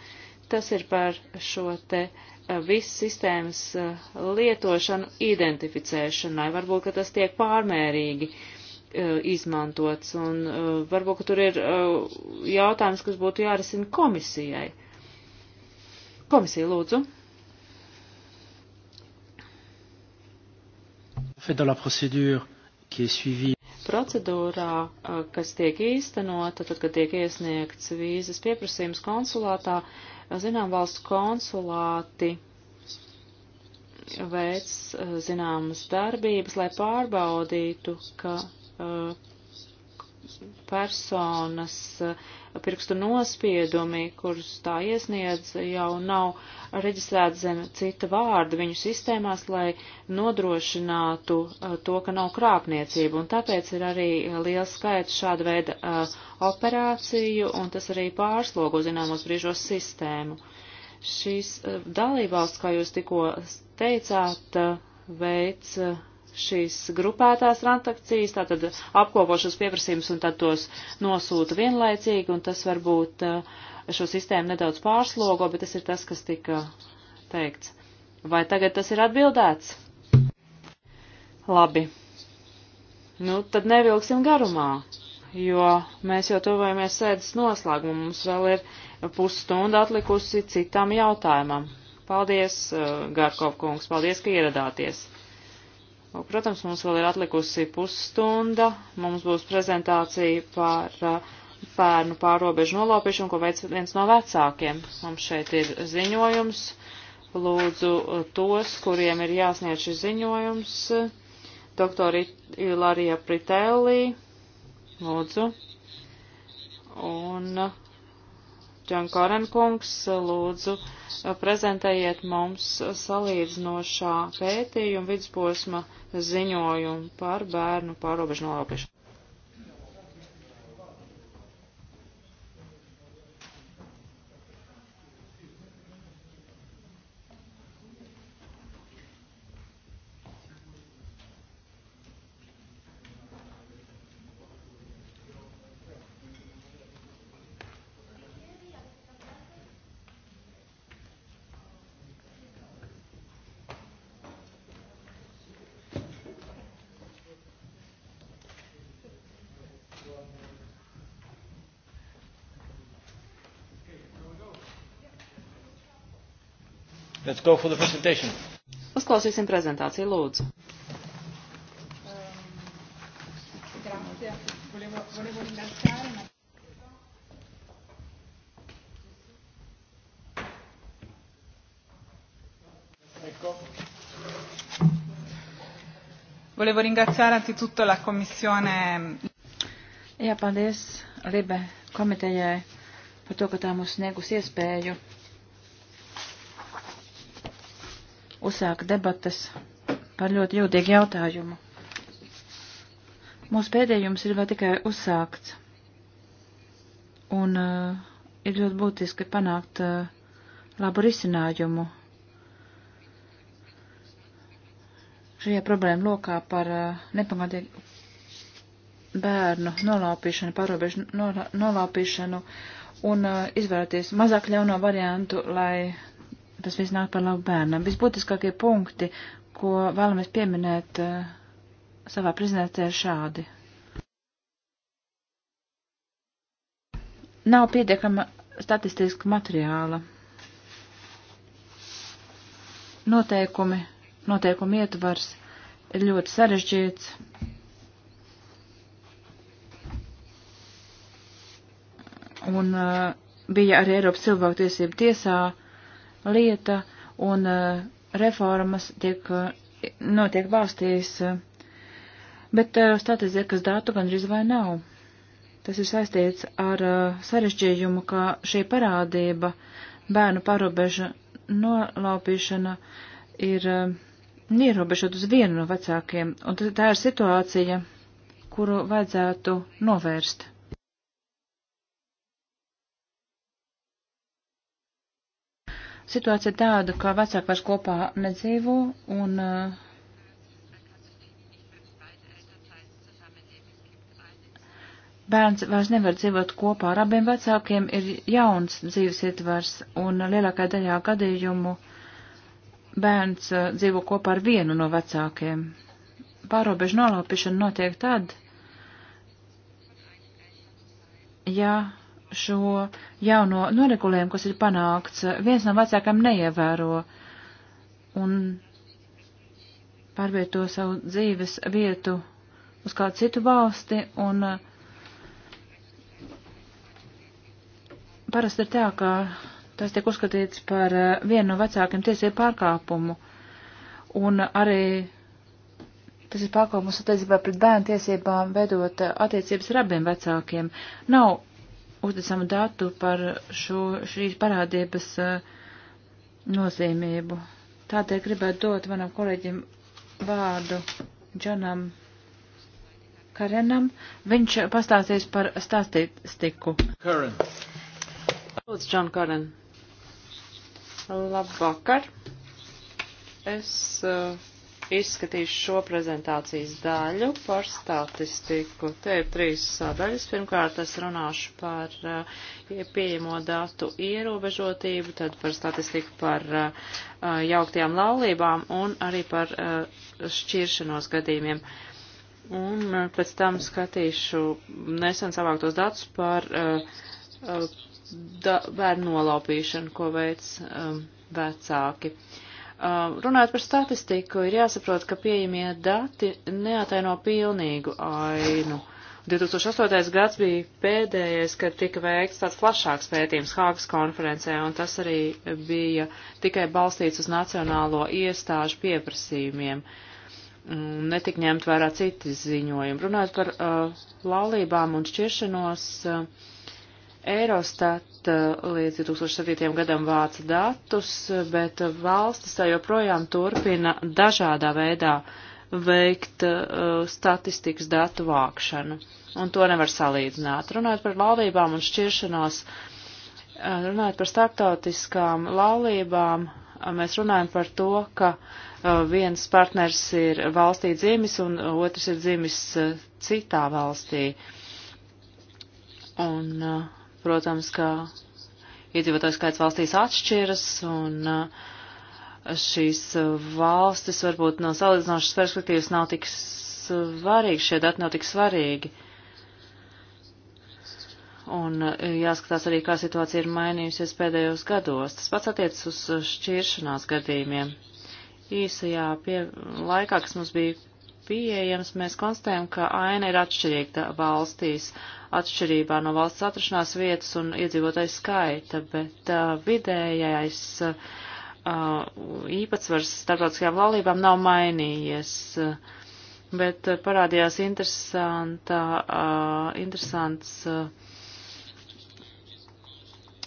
Tas ir par šo te eh, visu sistēmas eh, lietošanu identificēšanai. Varbūt, ka tas tiek pārmērīgi eh, izmantots, un varbūt, ka tur ir jautājums, kas būtu jārisina komisijai. Komisija, lūdzu. Dans la procédure qui est suivie procedūrā, kas tiek īstenota, tad, kad tiek iesniegts vīzas pieprasījums konsulātā, Zinām, valsts konsulāti veic eh, zināmas darbības, lai pārbaudītu, ka eh, personas eh, pirkstu nospiedumi, kurus tā iesniedz, jau nav reģistrēti zem cita vārda viņu sistēmās, lai nodrošinātu uh, to, ka nav krāpniecība. Un tāpēc ir arī liels skaits šāda veida uh, operāciju, un tas arī pārslogo zināmos brīžos sistēmu. Šīs uh, dalībvalsts, kā jūs tikko teicāt, veids šīs grupētās transakcijas, tātad apkopo šos pieprasījumus un tad tos nosūta vienlaicīgi, un tas varbūt eh, šo sistēmu nedaudz pārslogo, bet tas ir tas, kas tika teikts. Vai tagad tas ir atbildēts? Labi. Nu, tad nevilksim garumā, jo mēs jau tuvojamies sēdes noslēgumu, mums vēl ir pusstunda atlikusi citam jautājumam. Paldies, eh, Gārkov kungs, paldies, ka ieradāties! Nu, protams, mums vēl ir atlikusi pusstunda. Mums būs prezentācija par bērnu uh, pārobežu nolaupīšanu, ko veids viens no vecākiem. Mums šeit ir ziņojums. Lūdzu uh, tos, kuriem ir jāsniedz šis ziņojums. Doktori Ilarija Pritēlī. Lūdzu. Un uh, Džankoren kungs, lūdzu, prezentējiet mums salīdzinošā pētījuma vidusposma ziņojumu par bērnu pārobežu nolaupīšanu. Let's go for the presentation. Uzklausīsim prezentāciju, lūdzu. Volevo ringraziare anzitutto la Commissione. Jā, paldies Libe komitejai par to, ka tā mums sniegus iespēju uzsāka debatas par ļoti jūtīgu jautājumu. Mūsu pēdējums ir vēl tikai uzsākts, un uh, ir ļoti būtiski panākt uh, labu risinājumu šajā problēma lokā par uh, nepamatīgu bērnu nolaupīšanu, pārobežu nolā, nolaupīšanu un uh, izvēlēties mazāk ļauno variantu, lai tas viss nāk par labu bērnam. Visbūtiskākie punkti, ko vēlamies pieminēt eh, savā prezentācijā, ir šādi. Nav pietiekama statistiska materiāla. Noteikumi, noteikumi ietvars ir ļoti sarežģīts. Un uh, bija arī Eiropas cilvēktiesību tiesā uh, lieta, un eh, reformas tiek, eh, notiek valstīs, eh, bet statistikas datu gandrīz vai nav. Tas ir saistīts ar sarežģījumu, ka šī parādība, bērnu parobeža nolaupīšana ir ierobežot uz vienu no vecākiem, un tā ir situācija, kuru vajadzētu novērst. Situācija ir tāda, ka vecāki vairs kopā nedzīvo un uh, Bērns vairs nevar dzīvot kopā ar abiem vecākiem, ir jauns dzīves ietvars, un lielākajā daļā gadījumu bērns eh, dzīvo kopā ar vienu no vecākiem. Pārobežu nolaupīšana notiek tad, ja šo jauno noregulējumu, kas ir panākts, viens no vecākiem neievēro un pārvieto savu dzīves vietu uz kādu citu valsti, un uh, parasti ir tā, ka tas tiek uzskatīts par uh, vienu no vecākiem tiesību pārkāpumu, un arī tas ir pārkāpums attiecībā pret bērnu tiesībām veidot uh, attiecības ar abiem vecākiem. Nav uzticamu datu par šo, šīs parādības uh, nozīmību. Tādēļ gribētu dot manam kolēģim vārdu Džanam Karenam. Viņš pastāstīs par statistiku. Karen. Lūdzu, Džan Karen. Labvakar. Es uh, izskatīšu šo prezentācijas daļu par statistiku. Te ir trīs sadaļas. Pirmkārt, es runāšu par uh, pieejamo datu ierobežotību, tad par statistiku par uh, jauktajām laulībām un arī par uh, šķiršanos gadījumiem. Un uh, pēc tam skatīšu nesen savāktos datus par uh, uh, da, bērnu nolaupīšanu, ko veic um, vecāki. Uh, Uh, runājot par statistiku, ir jāsaprot, ka pieejamie dati neataino pilnīgu ainu. 2008. gads bija pēdējais, kad tika veikts tāds plašāks pētījums Hāgas konferencē, un tas arī bija tikai balstīts uz nacionālo iestāžu pieprasījumiem. Mm, netik ņemt vērā citi ziņojumi. Runājot par uh, laulībām un šķiršanos, uh, Eurostat eh, līdz 2007. gadam vāca datus, bet valstis tā joprojām turpina dažādā veidā veikt uh, statistikas datu vākšanu, un to nevar salīdzināt. Runājot par laulībām un šķiršanos, eh, runājot par starptautiskām laulībām, mēs runājam par to, ka uh, viens partners ir valstī dzimis un otrs ir dzimis uh, citā valstī. Un uh, Protams, ka iedzīvotājs skaits valstīs atšķiras un uh, šīs uh, valstis varbūt no salīdzinošas perspektīvas nav tik svarīgi, šie dati nav tik svarīgi. Un uh, jāskatās arī, kā situācija ir mainījusies pēdējos gados. Tas pats attiecas uz šķiršanās gadījumiem. Īsajā pie, laikā, kas mums bija pieejams, mēs konstatējam, ka aina ir atšķirīga valstīs, atšķirībā no valsts atrašanās vietas un iedzīvotājs skaita, bet uh, vidējais uh, īpatsvars starptautiskajām laulībām nav mainījies. Uh, bet uh, parādījās interesanta, uh, interesants uh,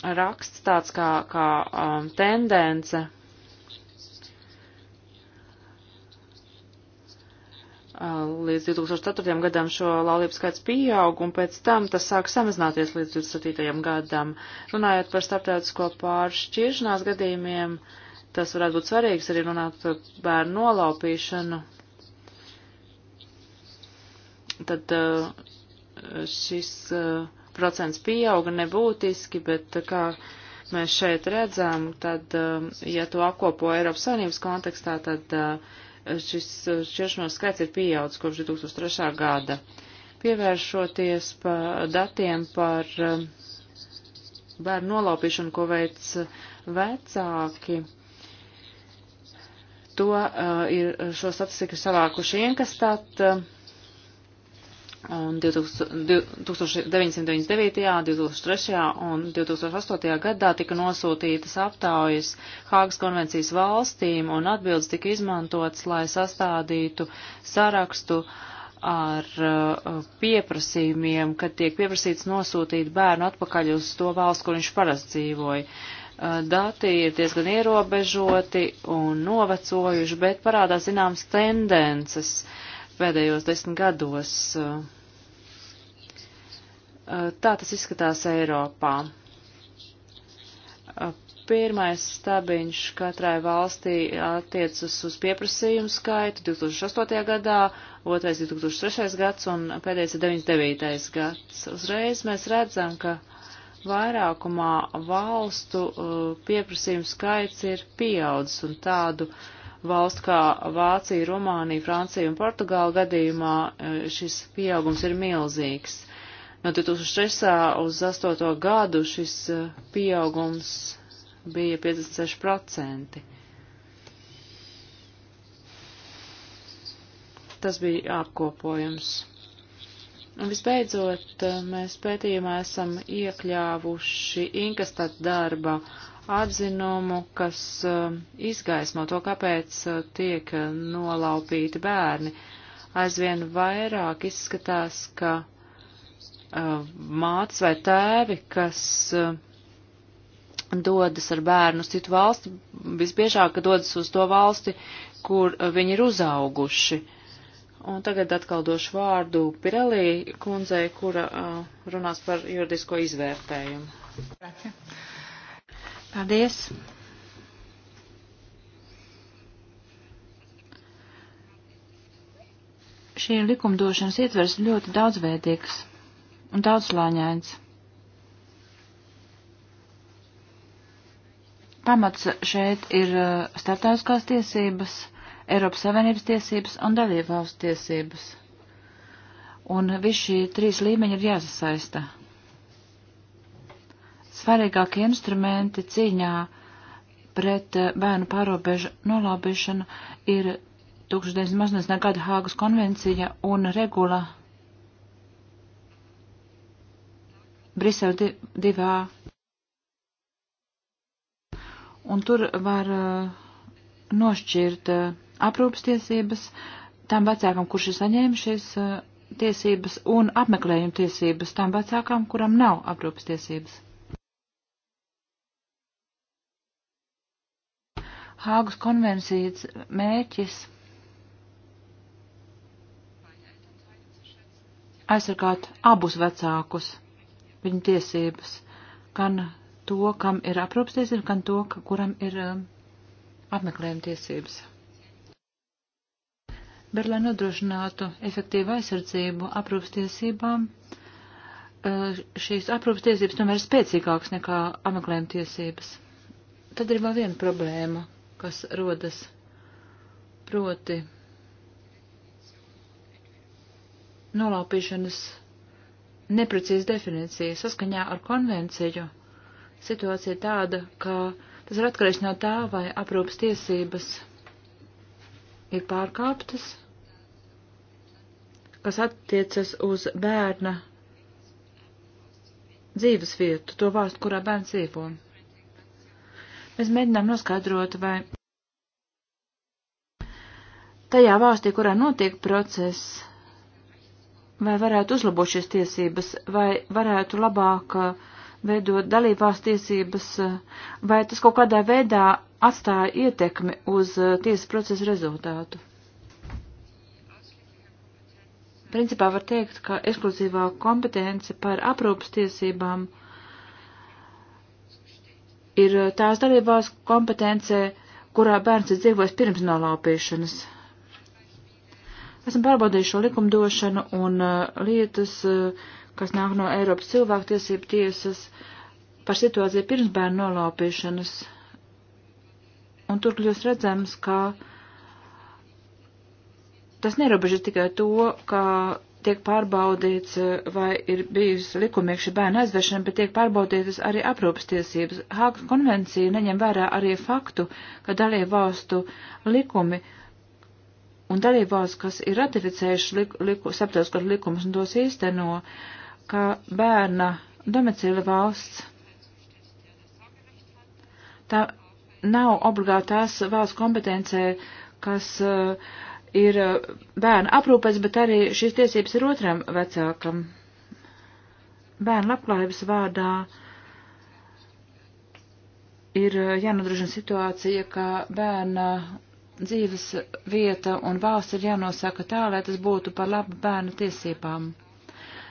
raksts, tāds kā, kā um, tendence Uh, līdz 2004. gadam šo laulību skaits pieaug, un pēc tam tas sāk samazināties līdz 27. gadam. Runājot par starptautisko pāršķiršanās gadījumiem, tas varētu būt svarīgs arī runāt par bērnu nolaupīšanu. Tad uh, šis uh, procents pieauga nebūtiski, bet kā mēs šeit redzam, tad, um, ja to apkopo Eiropas Savienības kontekstā, tad šis šķiršanās skaits ir pieaudzis kopš 2003. gada. Pievēršoties pa datiem par um, bērnu nolaupīšanu, ko veic uh, vecāki, to uh, ir uh, šo statistiku savākuši inkastāt. Uh, un 1999., 2003. un 2008. gadā tika nosūtītas aptaujas Hāgas konvencijas valstīm, un atbildes tika izmantotas, lai sastādītu sarakstu ar uh, pieprasījumiem, kad tiek pieprasīts nosūtīt bērnu atpakaļ uz to valsts, kur viņš parasti dzīvoja. Uh, dati ir diezgan ierobežoti un novecojuši, bet parādās zināmas tendences. Uh, pēdējos desmit gados. Tā tas izskatās Eiropā. Pirmais stabiņš katrai valstī attiecas uz pieprasījumu skaitu 2008. gadā, otrais 2003. gads un pēdējais ir 99. gads. Uzreiz mēs redzam, ka vairākumā valstu uh, pieprasījumu skaits ir pieaudzis un tādu uh, valsts kā Vācija, Rumānija, Francija un Portugāla gadījumā e, šis pieaugums ir milzīgs. No 2006. uz 2008. gadu šis e, pieaugums bija 56%. Tas bija apkopojums. Un visbeidzot, e, mēs pētījumā esam iekļāvuši inkastāt darba uh, atzinumu, kas eh, izgaismo to, kāpēc eh, tiek eh, nolaupīti bērni. Aizvien vairāk izskatās, ka mātes vai tēvi, kas dodas ar bērnu uz citu valsti, visbiežāk dodas uz to valsti, kur viņi ir uzauguši. Un tagad atkal došu vārdu Pirelī kundzei, kura uh, runās par juridisko izvērtējumu. Grazie. Paldies! Šī likumdošanas ietvers ļoti daudzveidīgs un daudzslāņains. pamats šeit ir uh, starptautiskās tiesības, Eiropas Savienības tiesības un dalībvalstu tiesības. Un visi šī trīs līmeņi ir jāsasaista svarīgākie instrumenti cīņā pret eh, bērnu pārobežu nolābešanu ir 1980. gada Hāgas konvencija un regula Brisele divā. Un tur var eh, nošķirt eh, aprūpas tiesības tam vecākam, kurš ir saņēmis šīs tiesības, un apmeklējuma tiesības tam vecākam, kuram nav aprūpas tiesības. Hāgas konvencijas mērķis aizsargāt abus vecākus, viņa tiesības, gan to, kam ir aprūpstiesības, gan to, kuram ir um, apmeklējuma tiesības. Bet, lai nodrošinātu efektīvu aizsardzību aprūpstiesībām, uh, šīs aprūpstiesības tomēr ir spēcīgākas nekā apmeklējuma tiesības. Tad ir vēl viena problēma, kas rodas proti nolaupīšanas neprecīza definīcija saskaņā ar konvenciju. Situācija tāda, ka tas ir atkarīgs no tā, vai aprūpas tiesības ir pārkāptas, kas attiecas uz bērna dzīves vietu, to valstu, kurā bērns dzīvo. Mēs mēģinām noskaidrot, vai tajā valstī, kurā notiek process, vai varētu uzlabot šīs tiesības, vai varētu labāk uh, veidot dalībās tiesības, uh, vai tas kaut kādā veidā atstāja ietekmi uz uh, tiesas procesa rezultātu. Principā var teikt, ka ekskluzīvā kompetence par aprūpas tiesībām uh, ir eh, tās dalībās kompetence, kurā bērns ir dzīvojis pirms nolaupīšanas. Esam pārbaudījuši šo likumdošanu un uh, lietas, uh, kas nāk no Eiropas cilvēktiesību tiesas par situāciju pirms bērnu nolaupīšanas. Un tur kļūst redzams, ka tas nerobežas tikai to, ka tiek pārbaudīts, eh, vai ir bijusi likumīgša bērna aizvešana, bet tiek pārbaudītas arī aprūpstiesības. Hāgas konvencija neņem vērā arī faktu, ka dalību valstu likumi un dalību valsts, kas ir ratificējuši liku, liku, starptautiskos likumus un tos īsteno, ka bērna domicila valsts tā nav obligāti tās valsts kompetencē, kas uh, ir eh, bērnu aprūpes, bet arī šīs tiesības ir otram vecākam. Bērnu labklājības vārdā ir eh, jānodrošina situācija, ka bērna dzīves vieta un valsts ir jānosaka tā, lai tas būtu par labu bērnu tiesībām.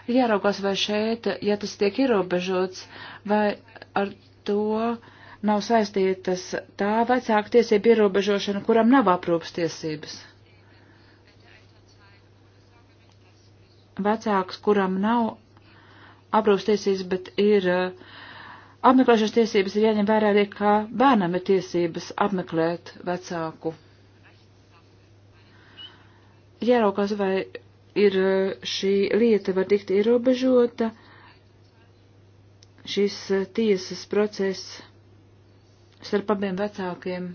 Ir jāraugās, vai šeit, ja tas tiek ierobežots, vai ar to nav saistītas tā vecāka tiesība ierobežošana, kuram nav aprūpas tiesības. vecāks, kuram nav aprūpstiesības, bet ir eh, apmeklēšanas tiesības, ir jāņem vērā arī, kā bērnam ir tiesības apmeklēt vecāku. Jāraukās, vai ir eh, šī lieta var tikt ierobežota, šis eh, tiesas process starp abiem vecākiem.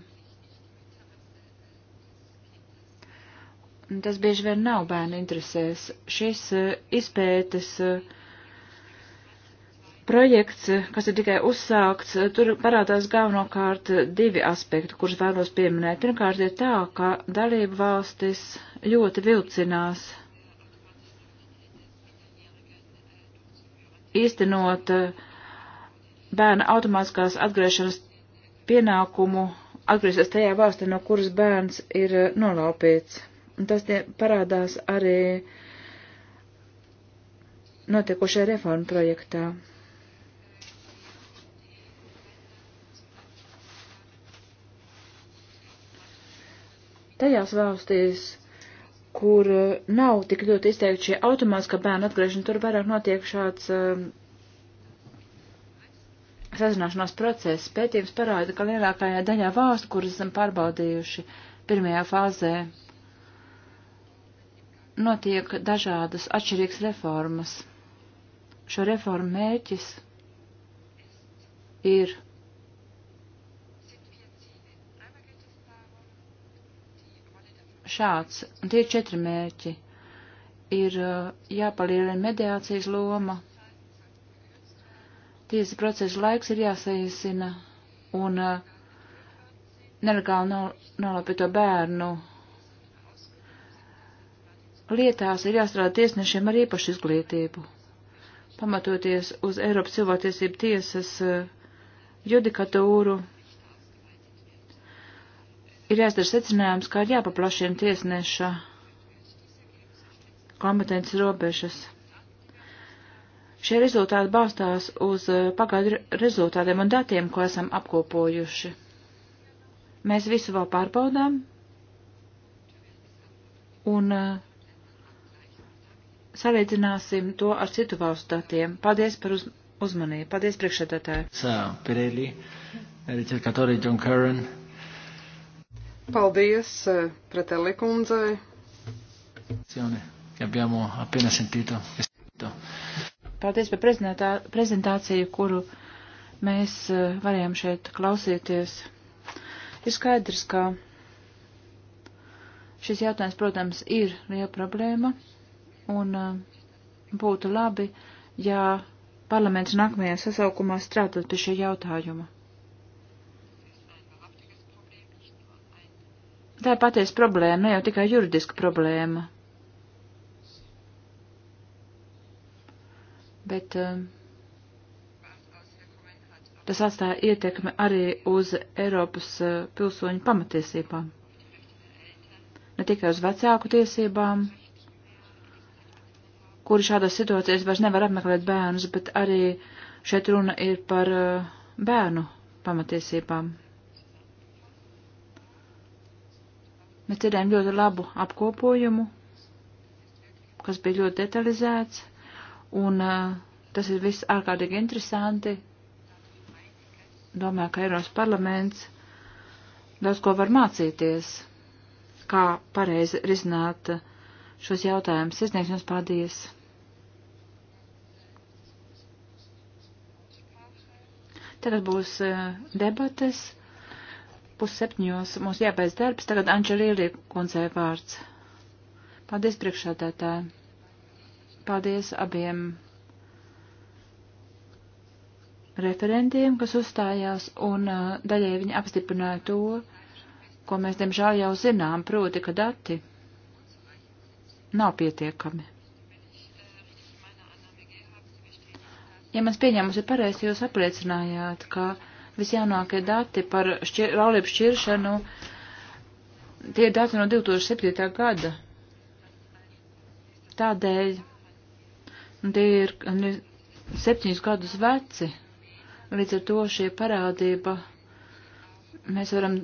tas bieži vien nav bērnu interesēs. Šis eh, izpētes eh, projekts, eh, kas ir tikai uzsākts, tur parādās galvenokārt divi aspekti, kurus vēlos pieminēt. Pirmkārt ir tā, ka dalību valstis ļoti vilcinās īstenot bērna automātiskās atgriešanas pienākumu atgriezties tajā valstī, no kuras bērns ir nolaupīts un tas parādās arī notiekošajā reformu projektā. Tajās valstīs, kur nav tik ļoti izteikti šie automāts, ka bērnu atgriežana, tur vairāk notiek šāds um, sazināšanās process. Pētījums parāda, ka lielākajā daļā valstu, kuras esam pārbaudījuši pirmajā fāzē, notiek dažādas atšķirīgas reformas. Šo reformu mērķis ir šāds, un tie ir četri mērķi. Ir uh, jāpalielina mediācijas loma, tiesa procesa laiks ir jāsaīsina, un uh, nelegāli nolapīto bērnu lietās ir jāstrādā tiesnešiem ar īpašu izglītību, pamatoties uz Eiropas cilvēktiesību tiesas eh, judikatūru. Ir jāizdara secinājums, kā ir jāpaplašina tiesneša kompetences robežas. Šie rezultāti balstās uz eh, pagaidu rezultātiem un datiem, ko esam apkopojuši. Mēs visu vēl pārbaudām, un uh, salīdzināsim to ar citu valstu datiem. Paldies par uz, uzmanību. Paldies priekšsēdētāji. So, Pirelli, ricercatori John Curran. Paldies eh, Pretelli kundzei. Paldies par prezentā, prezentāciju, kuru mēs eh, varējām šeit klausīties. Ir skaidrs, ka šis jautājums, protams, ir liela problēma un eh, būtu labi, ja parlaments nākamajā sasaukumā strādāt pie šī jautājuma. Tā ir paties problēma, ne jau tikai juridiska problēma. Bet eh, tas atstāja ietekmi arī uz Eiropas eh, pilsoņu pamatiesībām. Ne tikai uz vecāku tiesībām, kuri šādās situācijās vairs nevar apmeklēt bērnus, bet arī šeit runa ir par eh, bērnu pamatiesībām. Mēs dzirdējām ļoti labu apkopojumu, kas bija ļoti detalizēts, un uh, tas ir viss ārkārtīgi interesanti. Domāju, ka Eiropas parlaments daudz ko var mācīties, kā pareizi risināt uh, šos jautājumus. Sasniegs jums paldies! Tagad būs eh, debates. Pusseptiņos mums jābeidz darbs. Tagad Anģelīlī kundzē vārds. Paldies priekšādātāji. Paldies abiem referentiem, kas uzstājās, un eh, daļai viņi apstiprināja to, ko mēs, diemžēl, jau zinām, proti, ka dati nav pietiekami. Ja mans pieņēmums ir pareizs, jūs apliecinājāt, ka visjaunākie dati par šķir, laulību šķiršanu, tie ir dati no 2007. gada. Tādēļ, un tie ir septiņus gadus veci, līdz ar to šie parādība, mēs varam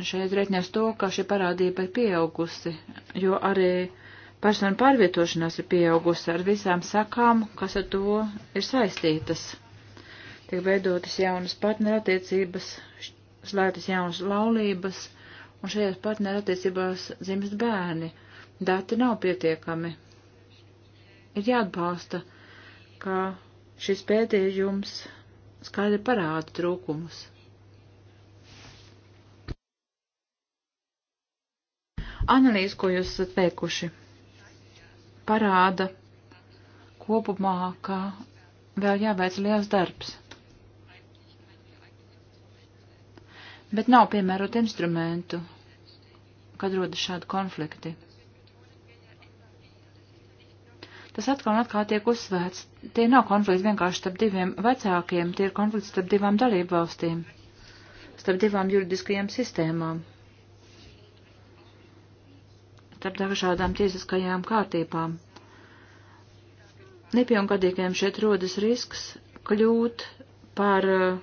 šeit rēķinās to, ka šī parādība ir pieaugusi, jo arī personu pārvietošanās ir pieaugusi ar visām sakām, kas ar to ir saistītas. Tiek veidotas jaunas partnerattiecības, slēgtas jaunas laulības, un šajās partnerattiecībās dzimst bērni. Dati nav pietiekami. Ir jāatbalsta, ka šis pētījums skaidri parāda trūkumus. Analīze, ko jūs esat veikuši parāda kopumā, ka vēl jāveic liels darbs. Bet nav piemērot instrumentu, kad rodas šādi konflikti. Tas atkal un atkal tiek uzsvērts. Tie nav konflikti vienkārši starp diviem vecākiem, tie ir konflikti starp divām dalību valstīm, starp divām juridiskajām sistēmām starp dažādām tiesiskajām kārtībām. Nepilngadīgiem šeit rodas risks kļūt par eh,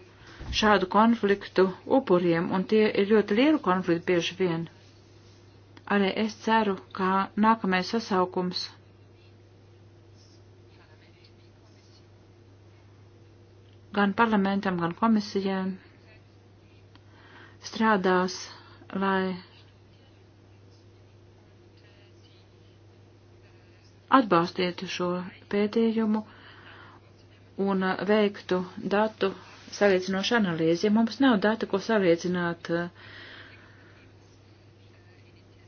šādu konfliktu upuriem, un tie ir ļoti lielu konfliktu bieži vien. Arī es ceru, ka nākamais sasaukums gan parlamentam, gan komisijai strādās, lai atbalstiet šo pētījumu un veiktu datu salīdzinošu analīzi. Ja mums nav data, ko salīdzināt,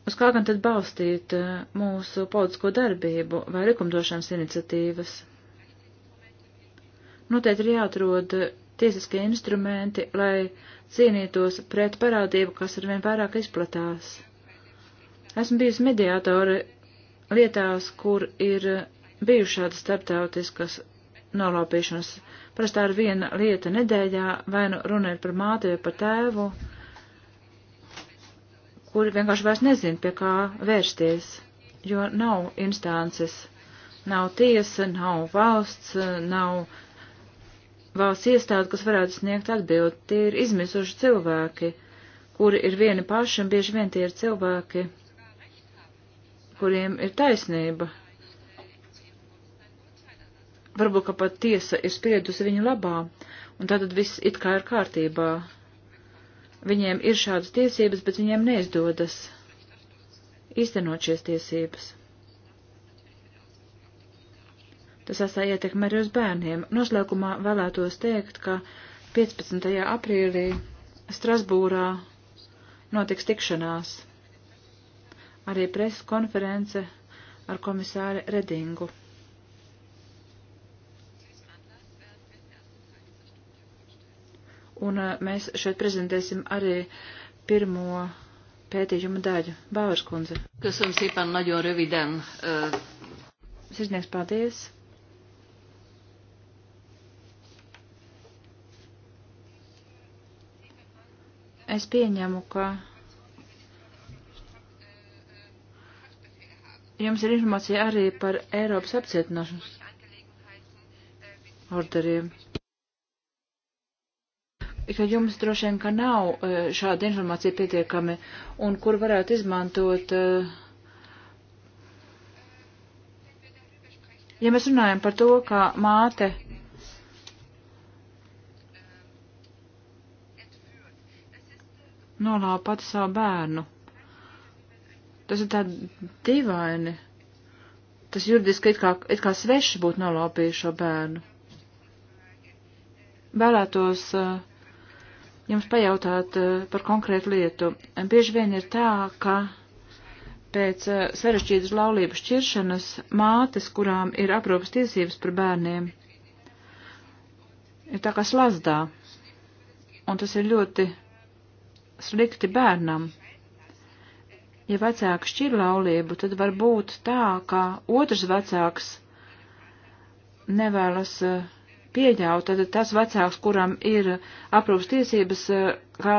uz kā gan tad balstīt mūsu politisko darbību vai likumdošanas iniciatīvas? Noteikti ir jāatrod tiesiskie instrumenti, lai cīnītos pret parādību, kas ar vien vairāk izplatās. Esmu bijusi mediātore lietās, kur ir bijušādas starptautiskas nolaupīšanas. Prastā ir viena lieta nedēļā, vai nu runa ir par māti vai par tēvu, kuri vienkārši vairs nezin, pie kā vērsties, jo nav instances, nav tiesa, nav valsts, nav valsts iestādi, kas varētu sniegt atbildi. Tie ir izmisuši cilvēki, kuri ir vieni paši, un bieži vien tie ir cilvēki, kuriem ir taisnība. Varbūt, ka pat tiesa ir spriedusi viņu labā, un tātad viss it kā ir kārtībā. Viņiem ir šādas tiesības, bet viņiem neizdodas īstenot šīs tiesības. Tas atstāja ietekmi arī uz bērniem. Noslēgumā vēlētos teikt, ka 15. aprīlī Strasbūrā notiks tikšanās arī preses konference ar komisāri Redingu. Un eh, mēs šeit prezentēsim arī pirmo pētījumu daļu. Bāvers kundze. Kas jums īpēr naģo reviden? Uh... Sirdnieks, paldies. Es pieņemu, ka jums ir informācija arī par Eiropas apcietināšanas orderiem. Ka jums droši vien, ka nav e, šāda informācija pietiekami un kur varētu izmantot. E, ja mēs runājam par to, ka māte nolāva pati savu bērnu. Tas ir tā dīvaini. Tas juridiski it kā, it kā sveši būtu nolaupījis šo bērnu. Vēlētos uh, jums pajautāt uh, par konkrētu lietu. Bieži vien ir tā, ka pēc uh, sarežģītas laulības šķiršanas mātes, kurām ir aprūpas tiesības par bērniem, ir tā kā slazdā. Un tas ir ļoti slikti bērnam ja vecāks šķir laulību, tad var būt tā, ka otrs vecāks nevēlas eh, pieļaut, tad tas vecāks, kuram ir aprūpas tiesības, eh, ka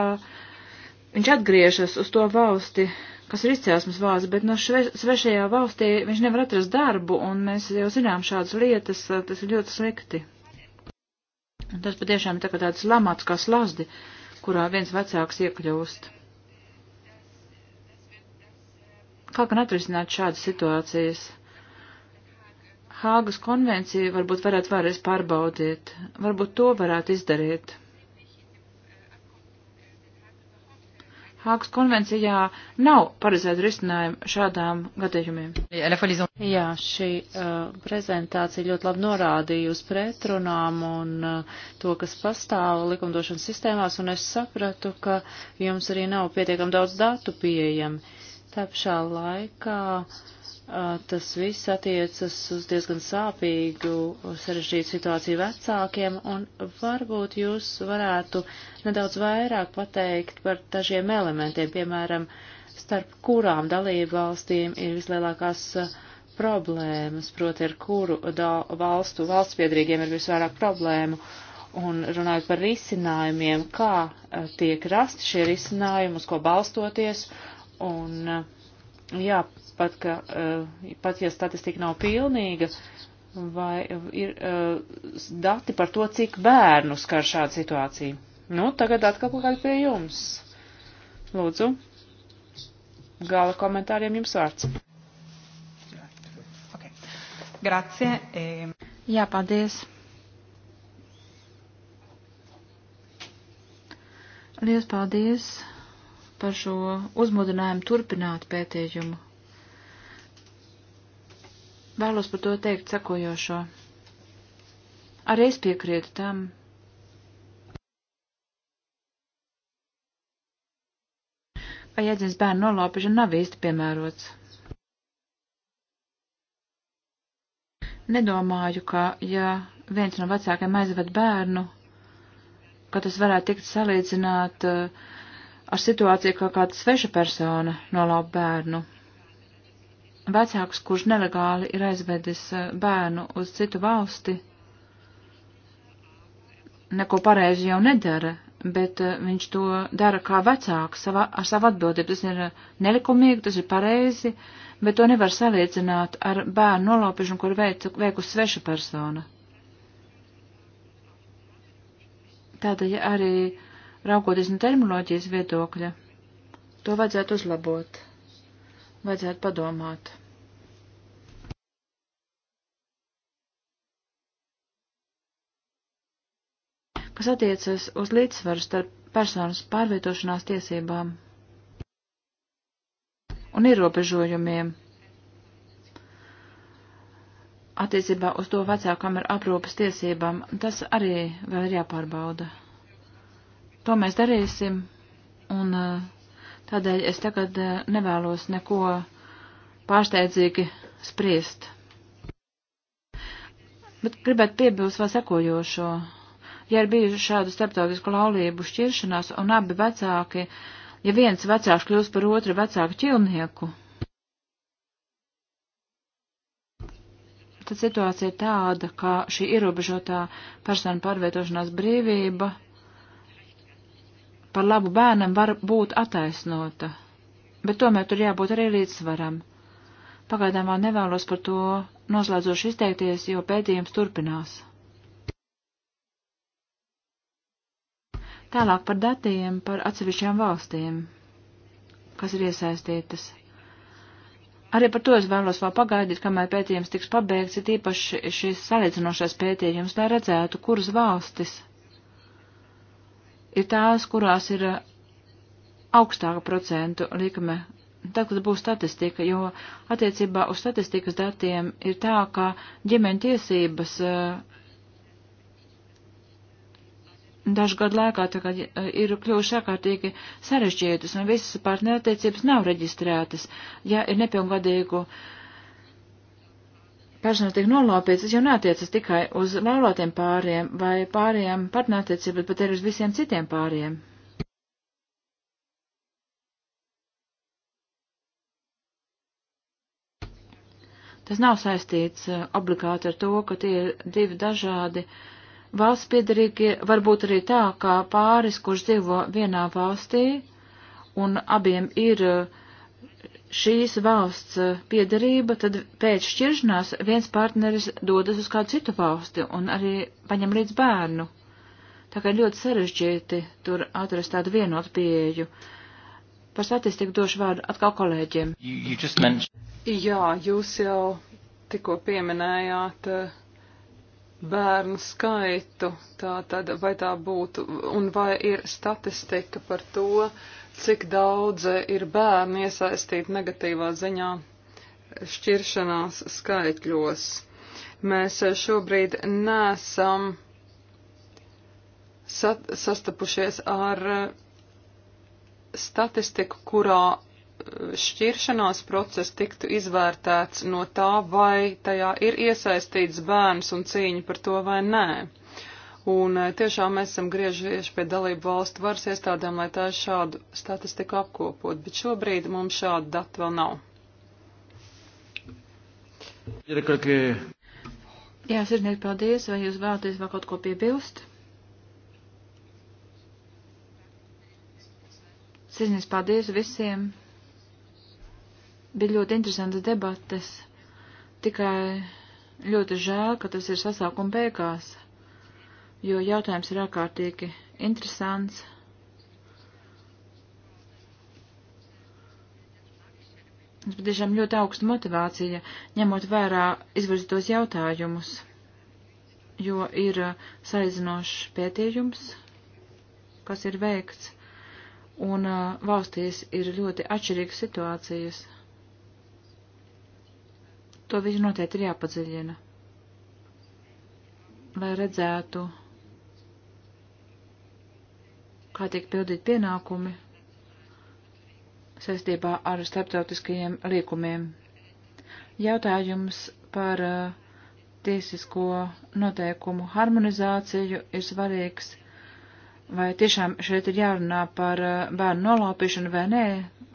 viņš atgriežas uz to valsti, kas ir izcelsmes valsts, bet no svešajā valstī viņš nevar atrast darbu, un mēs jau zinām šādas lietas, eh, tas ir ļoti slikti. Un tas patiešām ir tā kā tāds lamāts kā slazdi, kurā viens vecāks iekļūst. Kā gan atrisināt šādas situācijas? Hāgas konvenciju varbūt varētu vēlreiz pārbaudīt, varbūt to varētu izdarīt. Hāgas konvencijā nav paredzēta risinājuma šādām gadījumiem. Jā, šī uh, prezentācija ļoti labi norādīja uz pretrunām un uh, to, kas pastāv likumdošanas sistēmās, un es sapratu, ka jums arī nav pietiekam daudz datu pieejami. Tā pašā laikā tas viss attiecas uz diezgan sāpīgu sarežģītu situāciju vecākiem, un varbūt jūs varētu nedaudz vairāk pateikt par dažiem elementiem, piemēram, starp kurām dalību valstīm ir vislielākās problēmas, proti ar kuru valstu valstspiedrīgiem ir visvairāk problēmu. Un runājot par risinājumiem, kā tiek rasti šie risinājumi, uz ko balstoties, Un, eh, jā, pat, ka, eh, pat ja statistika nav pilnīga, vai ir eh, dati par to, cik bērnu skar šāda situācija. Nu, tagad atkal kaut kādi pie jums. Lūdzu, gala komentāriem jums vārds. Okay. Grazie. Ehm. Jā, paldies. Liels paldies par šo uzmudinājumu turpināt pētījumu. Vēlos par to teikt sakojošo. Arī es piekrītu tam. Vai jēdziens bērnu nolaupišana nav īsti piemērots? Nedomāju, ka, ja viens no vecākiem aizved bērnu, ka tas varētu tikt salīdzināt uh, ar situāciju, kā kāda sveša persona nolaup bērnu. Vecāks, kurš nelegāli ir aizvedis eh, bērnu uz citu valsti, neko pareizi jau nedara, bet eh, viņš to dara kā vecāks savā, ar savu atbildību. Tas ir eh, nelikumīgi, tas ir pareizi, bet to nevar salīdzināt ar bērnu nolaupīšanu, kur veikusi sveša persona. Tādēļ ja arī raugoties no terminoloģijas viedokļa, to vajadzētu uzlabot, vajadzētu padomāt. Kas attiecas uz līdzsvaru starp personas pārvietošanās tiesībām un ierobežojumiem attiecībā uz to vecākam ar aprūpas tiesībām, tas arī vēl ir jāpārbauda. To mēs darīsim, un eh, tādēļ es tagad eh, nevēlos neko pārsteidzīgi spriest. Bet gribētu piebilst vēl sekojošo. Ja ir bijuši šādu starptautisku laulību šķiršanās un abi vecāki, ja viens vecāks kļūst par otru vecāku ķilnieku, tad situācija ir tāda, ka šī ierobežotā persona pārvietošanās brīvība par labu bērnam var būt attaisnota, bet tomēr tur jābūt arī līdzsvaram. Pagaidām vēl nevēlos par to noslēdzoši izteikties, jo pētījums turpinās. Tālāk par datiem par atsevišķām valstīm, kas ir iesaistītas. Arī par to es vēlos vēl pagaidīt, kamēr pētījums tiks pabeigts, ir īpaši šis salīdzinošais pētījums, lai redzētu, kuras valstis ir tās, kurās ir eh, augstāka procentu likme. Tad, kad būs statistika, jo attiecībā uz statistikas datiem ir tā, ka ģimeņa tiesības eh, dažu gadu laikā tagad eh, ir kļuvuši ārkārtīgi sarežģītas un visas partnerattiecības nav reģistrētas, ja ir nepilngadīgu uh, personas tiek nolaupīts, tas jau neatiecas tikai uz laulātiem pāriem vai pāriem partnerattiecības, bet arī uz visiem citiem pāriem. Tas nav saistīts eh, obligāti ar to, ka tie ir divi dažādi valsts piedarīgie, varbūt arī tā, kā pāris, kurš dzīvo vienā valstī un abiem ir uh, šīs valsts eh, piedarība, tad pēc šķiršanās viens partneris dodas uz kādu citu valsti un arī paņem līdz bērnu. Tā kā ļoti sarežģīti tur atrast tādu vienotu pieeju. Par statistiku došu vārdu atkal kolēģiem. You, you mentioned... Jā, jūs jau tikko pieminējāt eh, bērnu skaitu, tā tad vai tā būtu, un vai ir statistika par to, uh, cik daudz ir bērni iesaistīti negatīvā ziņā šķiršanās skaitļos. Mēs šobrīd nesam sat, sastapušies ar statistiku, kurā e, šķiršanās process tiktu izvērtēts no tā, vai tajā ir iesaistīts bērns un cīņa par to vai nē. Un eh, tiešām mēs esam griežies pie dalību valstu varas iestādēm, lai tā šādu statistiku apkopot, bet šobrīd mums šādu datu vēl nav. Jā, sirdnieki, paldies. Vai jūs vēlaties vēl kaut ko piebilst? Sirdnieks, paldies visiem. Bija ļoti interesantas debates. Tikai ļoti žēl, ka tas ir sasākuma beigās jo jautājums ir ārkārtīgi interesants. Mums patiešām ļoti augsta motivācija, ņemot vērā izvirzītos jautājumus, jo ir uh, saizinošs pētījums, kas ir veikts, un uh, valstīs ir ļoti atšķirīgas situācijas. To visu noteikti ir jāpadziļina, lai redzētu kā tiek pildīt pienākumi saistībā ar starptautiskajiem liekumiem. Jautājums par uh, tiesisko noteikumu harmonizāciju ir svarīgs. Vai tiešām šeit ir jārunā par uh, bērnu nolaupīšanu vai nē?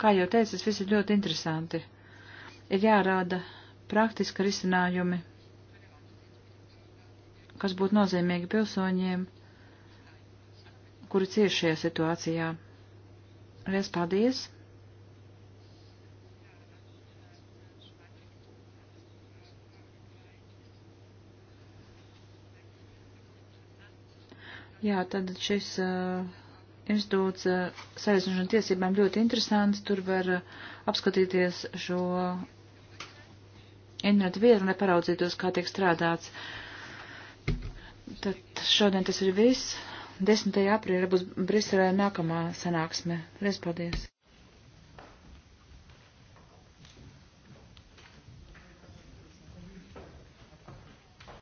Kā jau teicu, tas viss ir ļoti interesanti. Ir jārāda praktiska risinājumi, kas būtu nozīmīgi pilsoņiem kuri cieš šajā situācijā. Lies paldies! Jā, tad šis uh, institūts uh, saistības tiesībām ļoti interesants. Tur var uh, apskatīties šo internetu vietu, lai paraudzītos, kā tiek strādāts. Tad šodien tas ir viss. 10. aprīļa būs Briselē nākamā sanāksme. Lies paldies!